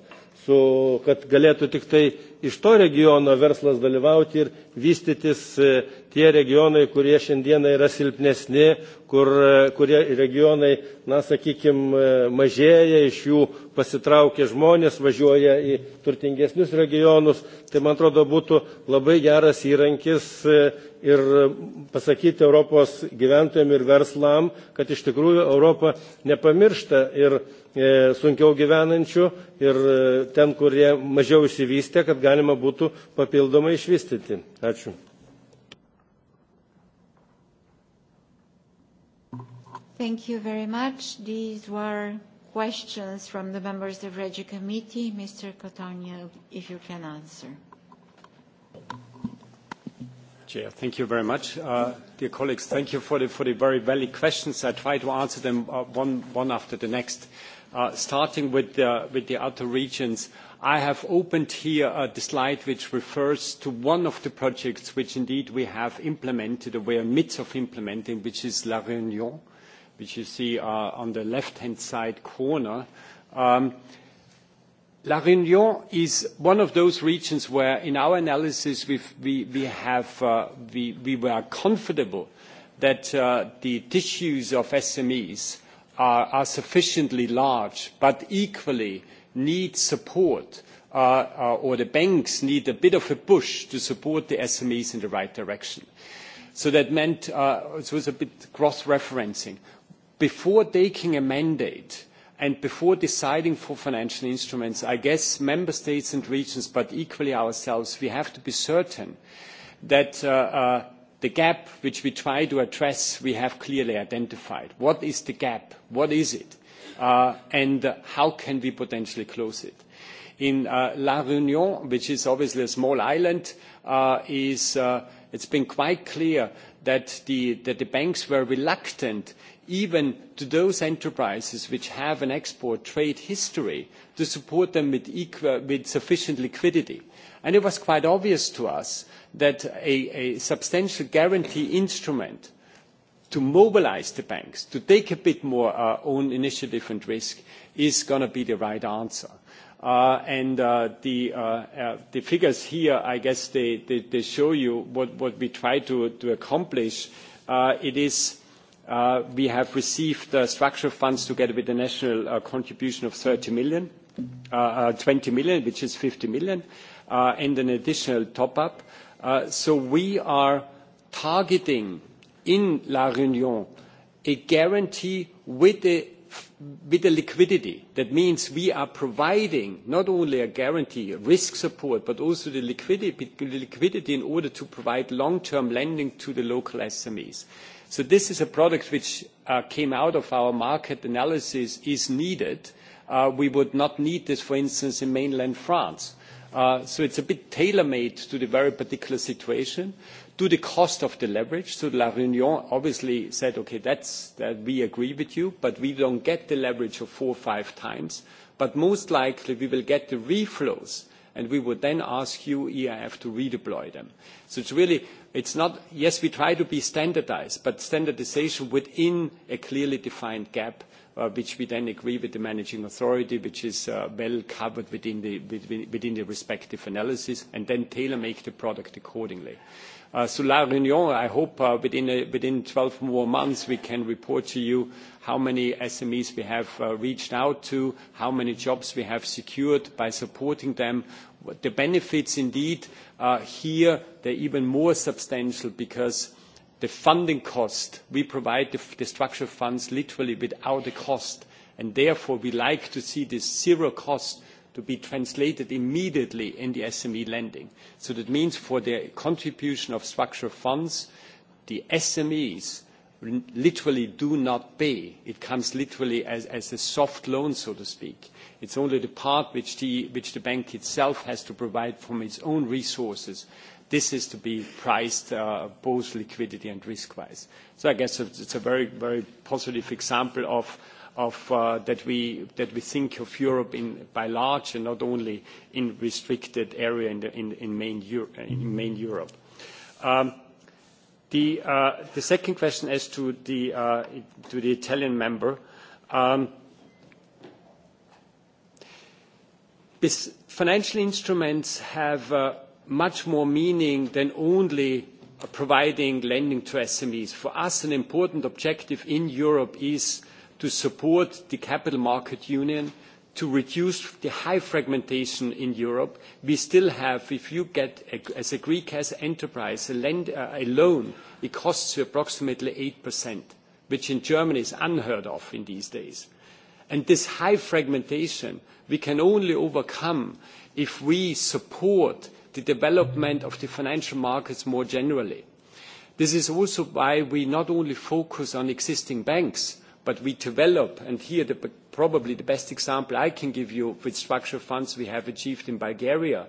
su, kad galėtų tik tai iš to regiono verslas dalyvauti ir vystytis e, tie regionai, kurie šiandieną yra silpnesni, kur, e, kurie regionai, na, sakykime, mažėja, iš jų pasitraukia žmonės, važiuoja į turtingesnius regionus. Tai, man atrodo, būtų labai geras įrankis e, ir pasakyti Europos gyventojim ir verslam, kad iš tikrųjų Europa nepamiršta ir sunkiau gyvenančių, ir ten, kurie mažiau įsivystė, kad galima galima būtų papildomai išvystyti. Ačiū. Thank you very much. These were questions from the members of Regi Committee. Mr. Cotonio, if you can answer. Chair, thank you very much. Uh, dear colleagues, thank you for the, for the very valid questions. I try to answer them uh, one, one after the next. Uh, Uh, starting with the, other outer regions, I have opened here uh, the slide which refers to one of the projects which indeed we have implemented or we are midst of implementing, which is La Réunion, which you see uh, on the left-hand side corner. Um, La Réunion is one of those regions where in our analysis we, were comfortable that the tissues of SMEs are, are sufficiently large, but equally need support, uh, uh, or the banks need a bit of a push to support the SMEs in the right direction. So that meant uh, it was a bit cross-referencing. Before taking a mandate, and before deciding for financial instruments, I guess member states and regions, but equally ourselves, we have to be certain that uh, uh, the gap which we try to address, we have clearly identified. What is the gap? What is it? Uh, and how can we potentially close it? In uh, La Réunion, which is obviously a small island, uh, it's been quite clear that the, banks were reluctant even to those enterprises which have an export trade history to support them with sufficient liquidity and it was quite obvious to us that a, substantial guarantee instrument to mobilise the banks to take a bit more uh, own initiative and risk is going to be the right answer. Uh, and uh, the, uh, uh, the figures here, I guess they, they, they show you what, what we try to, to accomplish. Uh, it is we have received structural funds together with the national contribution of 30 million, 20 million, which is 50 million. Uh, and an additional top-up. Uh, so we are targeting in La Réunion a guarantee with a the liquidity. That means we are providing not only a guarantee, risk support, but also the liquidity in order to provide long-term lending to the local SMEs. So This is a product which uh, came out of our market analysis is needed. we would not need this, for instance, in mainland France. Uh, so it's a bit tailor-made to the very particular situation, to the cost of the leverage. So La Réunion obviously said, "Okay, that's that we agree with you, but we don't get the leverage of four or five times. But most likely, we will get the reflows, and we would then ask you, EIF, to redeploy them." So it's really, it's not. Yes, we try to be standardized, but standardization within a clearly defined gap, Uh, which we then agree with the managing authority, which is uh, well covered within the, respective analysis, and then tailor-make the product accordingly. Uh, so La Réunion, I hope within 12 more months, we can report to you how many SMEs we have reached out to, how many jobs we have secured by supporting them. The benefits indeed here, they're even more substantial because the funding cost. We provide the, the structural funds literally without a cost, and therefore we like to see this zero cost to be translated immediately in the SME lending. So that means for the contribution of structural funds, the SMEs literally do not pay. It comes literally as, as a soft loan, so to speak. It's only the part which the, which the bank itself has to provide from its own resources This is to be priced uh, both liquidity and risk-wise. So I guess it's a very, very positive example of of uh, that we that we think of Europe in, by large and not only in restricted area in, the, in, in main, Euro, in main Europe. Um, the, uh, the second question as to the uh, to the Italian member. Um, this financial instruments have uh, much more meaning than only providing lending to SMEs. For us, an important objective in Europe is to support the capital market union, to reduce the high fragmentation in Europe. We still have, if you get, as a Greek as enterprise, a, uh, loan, it costs you approximately 8%, which in Germany is unheard of in these days. And this high fragmentation we can only overcome if we support the development of the financial markets more generally. This is also why we not only focus on existing banks, but we develop, and here the, probably the best example I can give you with structural funds we have achieved in Bulgaria.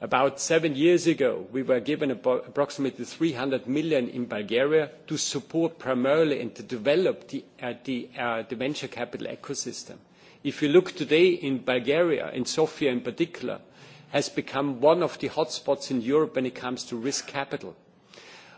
About seven years ago, we were given approximately 300 million in Bulgaria to support primarily and to develop the, uh, uh, the venture capital ecosystem. If you look today in Bulgaria, in Sofia in particular, has become one of the hotspots in Europe when it comes to risk capital.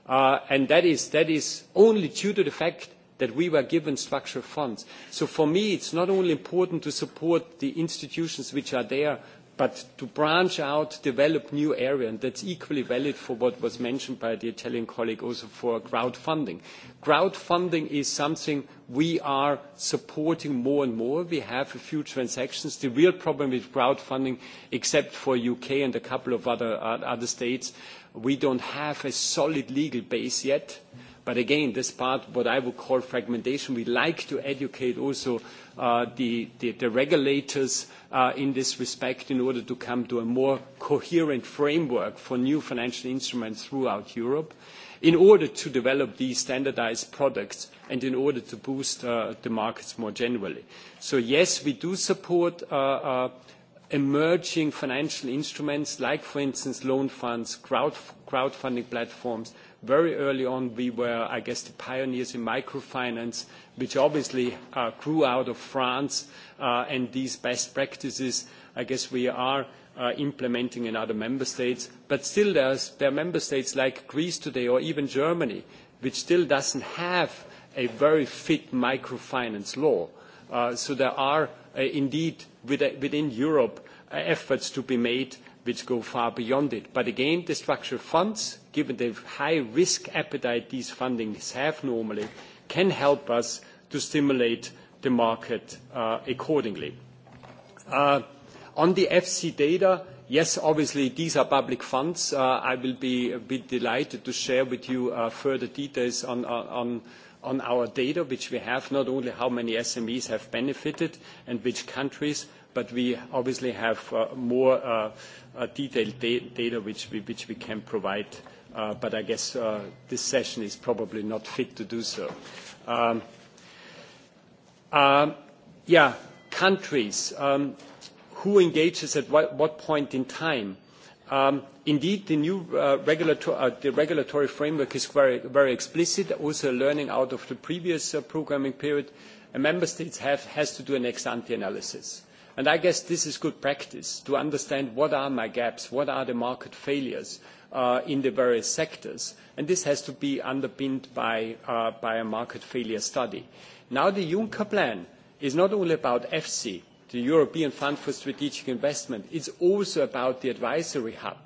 Uh, and that is, only due to the fact that we were given structural funds. So for me, it's not only important to support the institutions which are there but to branch out, develop new area, and that's equally valid for what was mentioned by the Italian colleague also for crowdfunding. Crowdfunding is something we are supporting more and more. We have a few transactions. The real problem with crowdfunding, except for U.K. and a couple of uh, other, states, we don't have a solid legal base yet. again, this part, what I would call fragmentation, we like to educate also uh, the regulators Uh, in this respect in order to come to a more coherent framework for new financial instruments throughout Europe in order to develop these standardized products and in order to boost uh, the markets more generally. So yes, we do support uh, emerging financial instruments like, for instance, loan funds, crowdfunding platforms, very early on, we were, I guess, the pioneers in microfinance, which obviously uh, grew out of France, uh, and these best practices, I guess we are uh, implementing in other member states. But still, there are member states like Greece today or even Germany, which still doesn't have a very fit microfinance law. Uh, so there are uh, indeed uh, within Europe efforts to be made which go far beyond it. But again, the structural funds given the high risk appetite these fundings have normally, can help us to stimulate the market uh, accordingly. Uh, on the FC data, yes, obviously, these are public funds. Uh, I will be a bit delighted to share with you further details on, our data, which we have, not only how many SMEs have benefited and which countries, but we obviously have more detailed data which we can provide Uh, but I guess uh, this session is probably not fit to do so. Um, uh, yeah, countries. Um, who engages at what, what point in time? Um, indeed, the new uh, regulator, uh, the regulatory framework is very, very explicit, also learning out of the previous uh, programming period. A member state have, has to do an ex-ante analysis. And I guess this is good practice to understand what are my gaps, what are the market failures, uh, in the various sectors. And this has to be underpinned by, uh, by a market failure study. Now the Juncker plan is not only about EFSI, the European Fund for Strategic Investment, it's also about the advisory hub.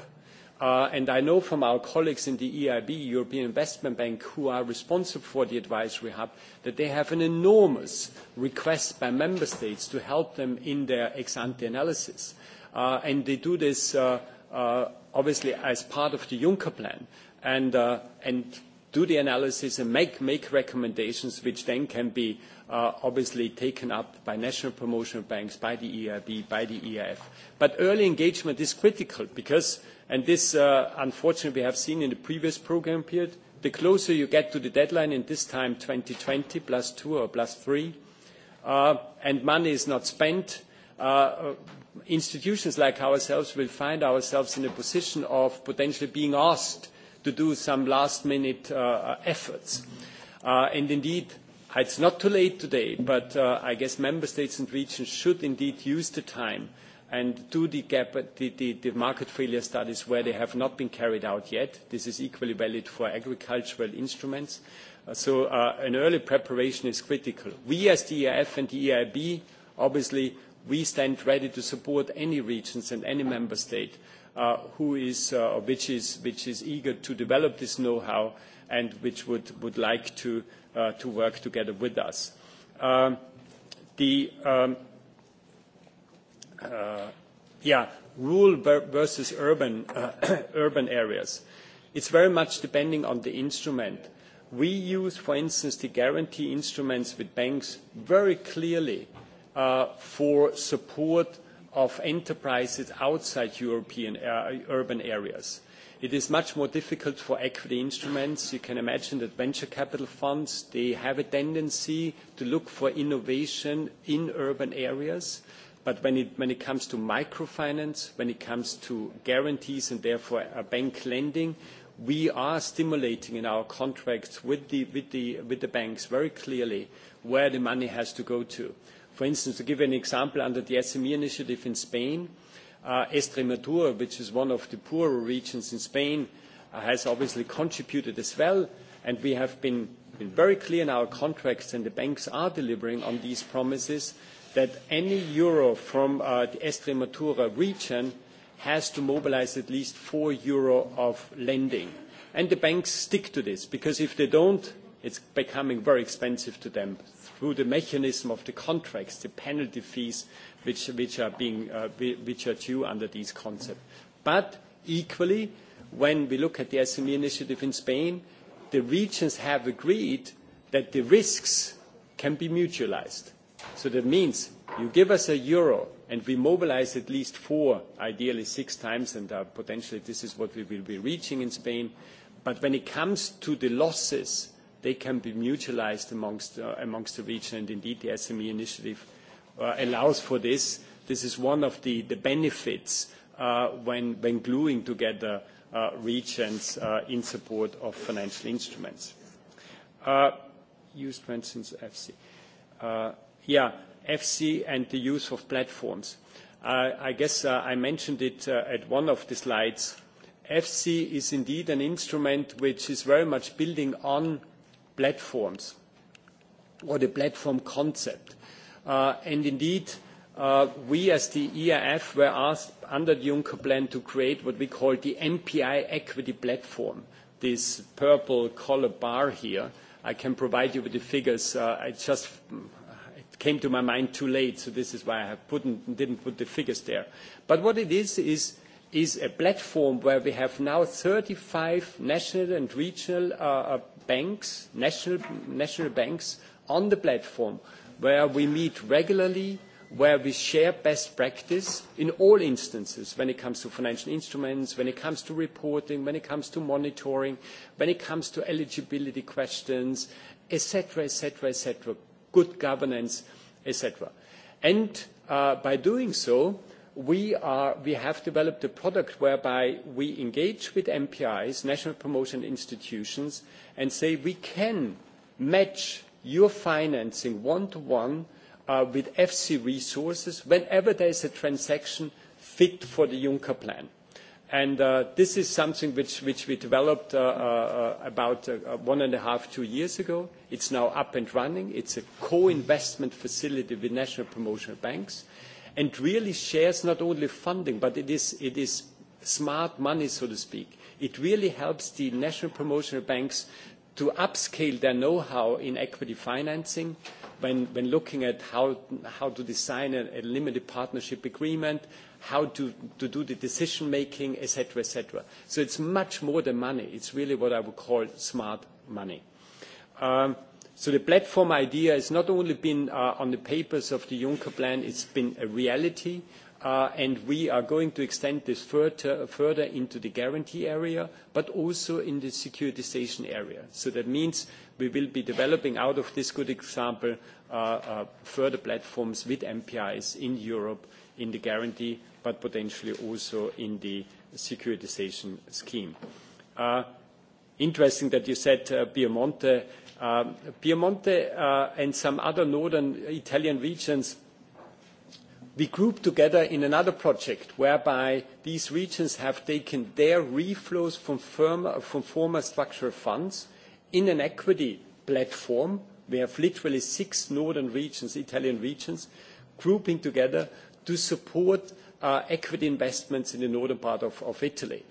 Uh, and I know from our colleagues in the EIB, European Investment Bank, who are responsible for the advisory hub, that they have an enormous request by member states to help them in their ex-ante analysis. Uh, and they do this uh, Uh, obviously as part of the Juncker plan and, uh, and do the analysis and make, make recommendations which then can be uh, obviously taken up by national promotional banks, by the EIB, by the EIF. But early engagement is critical because, and this uh, unfortunately we have seen in the previous program period, the closer you get to the deadline, in this time 2020 plus two or plus three, uh, and money is not spent, uh, institutions like ourselves will find ourselves in a position of potentially being asked to do some last-minute uh, uh, efforts. Uh, and indeed, it's not too late today, but uh, I guess member states and regions should indeed use the time and do the, gap, the, the, the market failure studies where they have not been carried out yet. This is equally valid for agricultural instruments. Uh, So uh, an early preparation is critical. We as the EIF and the EIB obviously we stand ready to support any regions and any member state uh, who is, uh, which, is, which is eager to develop this know-how and which would, would like to, uh, to work together with us. Um, the um, uh, yeah, rural versus urban, uh, urban areas. It's very much depending on the instrument. We use, for instance, the guarantee instruments with banks very clearly Uh, for support of enterprises outside European uh, urban areas. It is much more difficult for equity instruments. You can imagine that venture capital funds, they have a tendency to look for innovation in urban areas. But when it, when it comes to microfinance, when it comes to guarantees and therefore uh, bank lending, we are stimulating in our contracts with the, with the, with the banks very clearly where the money has to go to. For instance, to give an example, under the SME initiative in Spain, uh, Estremadura, which is one of the poorer regions in Spain, uh, has obviously contributed as well, and we have been, been very clear in our contracts, and the banks are delivering on these promises, that any euro from uh, the Estremadura region has to mobilize at least four euro of lending. And the banks stick to this, because if they don't, it's becoming very expensive to them through the mechanism of the contracts, the penalty fees which, are, being, uh, which are due under these concept, But equally, when we look at the SME initiative in Spain, the regions have agreed that the risks can be mutualized. So that means you give us a euro and we mobilize at least four, ideally six times, and uh, potentially this is what we will be reaching in Spain. But when it comes to the losses, they can be mutualized amongst, uh, amongst the region, and indeed the SME initiative uh, allows for this. This is one of the, the benefits uh, when, when gluing together uh, regions uh, in support of financial instruments. Uh, used, for instance, FC. Yeah, FC and the use of platforms. I guess I mentioned it at one of the slides. FC is indeed an instrument which is very much building on platforms or the platform concept. Uh, and indeed, uh, we as the EAF were asked under the Juncker plan to create what we call the MPI equity platform, this purple color bar here. I can provide you with the figures. It uh, I just mm, came to my mind too late, so this is why I have put didn't put the figures there. But what it is, is, is a platform where we have now 35 national and regional banks, national, national banks, on the platform where we meet regularly, where we share best practice in all instances when it comes to financial instruments, when it comes to reporting, when it comes to monitoring, when it comes to eligibility questions, etc., etc., etc., good governance, etc. And uh, by doing so, we, have developed a product whereby we engage with MPIs, national promotion institutions, and say, "We can match your financing one-to-one uh, with FC resources whenever there is a transaction fit for the Juncker plan." And uh, This is something which, we developed uh, about one and a half, two years ago. It's now up and running. It's a co-investment facility with national promotional banks and really shares not only funding, but it is, it is smart money, so to speak. It really helps the national promotional banks to upscale their know-how in equity financing when, when looking at how, how to design a, a limited partnership agreement, how to, to do the decision-making, etc etc. So it's much more than money. It's really what I would call smart money. Um, So the platform idea has not only been uh, on the papers of the Juncker plan, it's been a reality. Uh, and we are going to extend this further, further into the guarantee area, but also in the securitization area. So that means we will be developing out of this good example uh, further platforms with MPIs in Europe in the guarantee, but potentially also in the securitization scheme. Interesting that you said Piemonte Um, Piemonte uh, and some other northern Italian regions, we group together in another project whereby these regions have taken their reflows from, former structural funds in an equity platform. We have literally six northern regions, Italian regions, grouping together to support uh, equity investments in the northern part of Italy.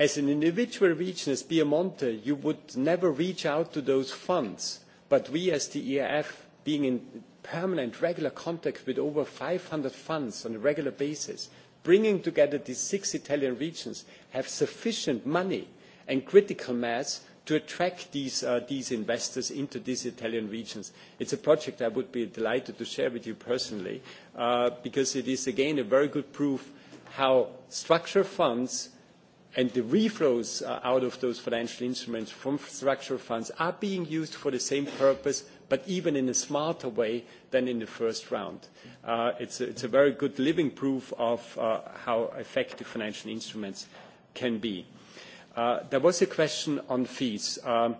As an individual region, as Piemonte, you would never reach out to those funds. But we as the EAF, being in permanent, regular contact with over 500 funds on a regular basis, bringing together these six Italian regions, have sufficient money and critical mass to attract these, uh, these investors into these Italian regions. It's a project I would be delighted to share with you personally, uh, because it is, again, a very good proof how structural funds – and the reflows uh, out of those financial instruments from structural funds are being used for the same purpose, but even in a smarter way than in the first round. Uh, it's, a, very good living proof of uh, how effective financial instruments can be. there was a question on fees. Um,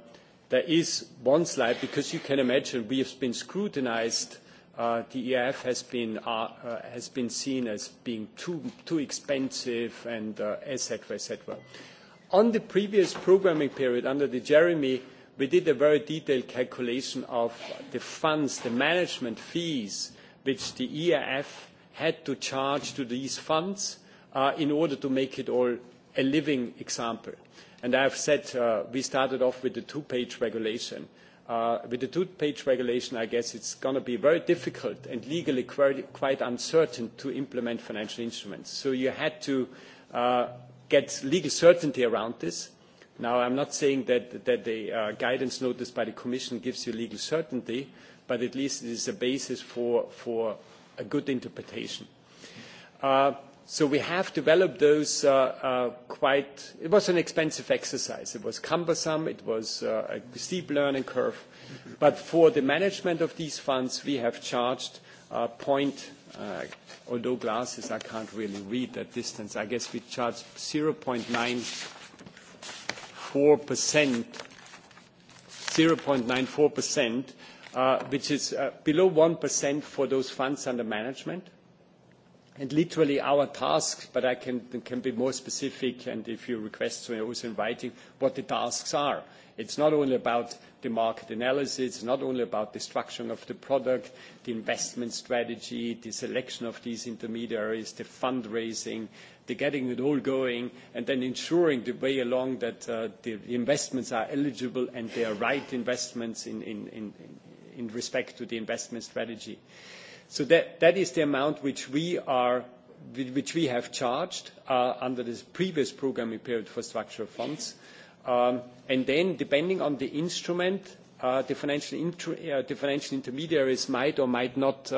there is one slide, because you can imagine we have been scrutinized Uh, DEF has been, uh, uh, has been seen as being too, too expensive and et cetera, et cetera. On the previous programming period under the Jeremy, we did a very detailed calculation of the funds, the management fees, which the EAF had to charge to these funds in order to make it all a living example. And I've said we started off with a two-page regulation Uh, with the two-page regulation, I guess it's going to be very difficult and legally quite uncertain to implement financial instruments. So you had to uh, get legal certainty around this. Now, I'm not saying that, that the uh, guidance notice by the Commission gives you legal certainty, but at least it is a basis for, for a good interpretation. Uh, So we have developed those uh, uh, quite. It was an expensive exercise. It was cumbersome. It was uh, a steep learning curve. But for the management of these funds, we have charged point, although glasses, I can't really read that distance. I guess we charged 0.94%, 0.94%, which is below 1% for those funds under management and literally our task, but I can, be more specific, and if you request so also in writing, what the tasks are. It's not only about the market analysis, it's not only about the structuring of the product, the investment strategy, the selection of these intermediaries, the fundraising, the getting it all going, and then ensuring the way along that uh, the investments are eligible and they are right investments in, respect to the investment strategy. So that, is the amount which we, are, which we have charged uh, under this previous programming period for structural funds. Um, and then depending on the instrument, uh, the, financial uh, the financial intermediaries might or might not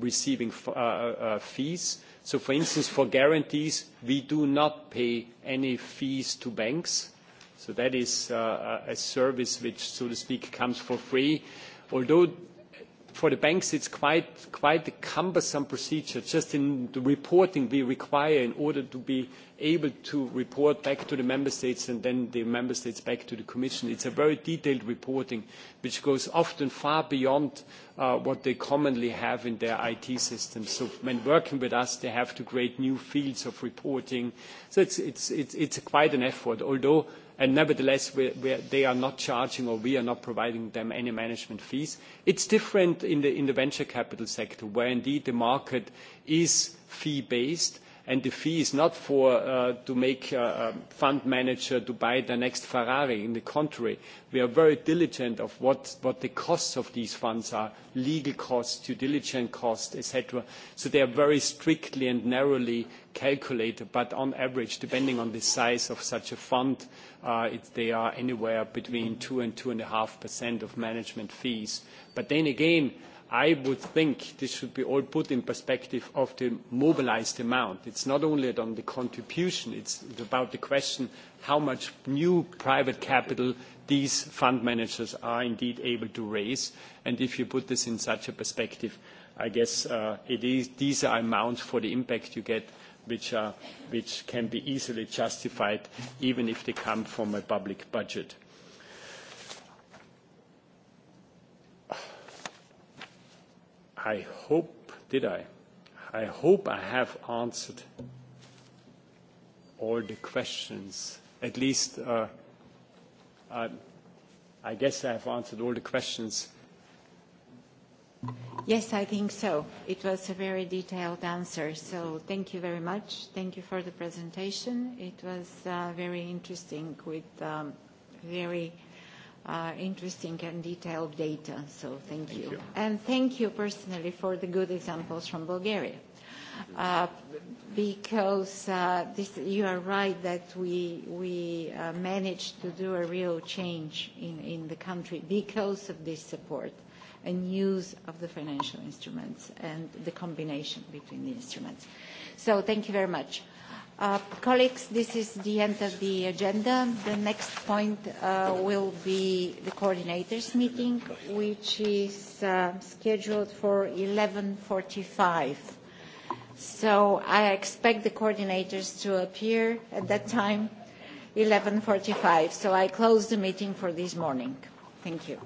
receiving fees. So for instance, for guarantees, we do not pay any fees to banks. So that is a service which, so to speak, comes for free. Although for the banks, it's quite, a cumbersome procedure. Just in the reporting we require in order to be able to report back to the member states and then the member states back to the Commission. It's a very detailed reporting, which goes often far beyond uh, what they commonly have in their IT systems. So when working with us, they have to create new fields of reporting. So it's quite an effort, although and nevertheless, they are not charging or we are not providing them any management fees. It's different in the venture capital sector, where indeed the market is fee-based, and the fee is not for uh, to make uh, a fund manager to buy the next Ferrari. In the contrary, we are very diligent of what, what the costs of these funds are, legal costs, due diligence costs, etc. So they are very strictly and narrowly calculated, but on average, depending on the size of such a fund, uh, it, they are anywhere between 2 and 2.5% of management fees. But then again, I would think this should be all put in perspective of the mobilized amount. It's not only on the contribution, it's about the question how much new private capital these fund managers are indeed able to raise. And if you put this in such a perspective, I guess uh, it is, these are amounts for the impact you get which, are, which can be easily justified even if they come from a public budget. I hope, did I? I hope I have answered all the questions. At least, uh, I, I guess I have answered all the questions. Yes, I think so. It was a very detailed answer, so thank you very much. Thank you for the presentation. It was uh, very interesting with um, very uh, interesting and detailed data. So thank, thank you. you. And thank you personally for the good examples from Bulgaria. Uh, because uh, this, you are right that we, we uh, managed to do a real change in, in the country because of this support and use of the financial instruments and the combination between the instruments. So thank you very much. Uh, colleagues, this is the end of the agenda. The next point uh, will be the coordinators' meeting, which is uh, scheduled for 11:45. A.M. I expect the coordinators to appear at that time, 11:45. A.M. I close the meeting for this morning. Thank you.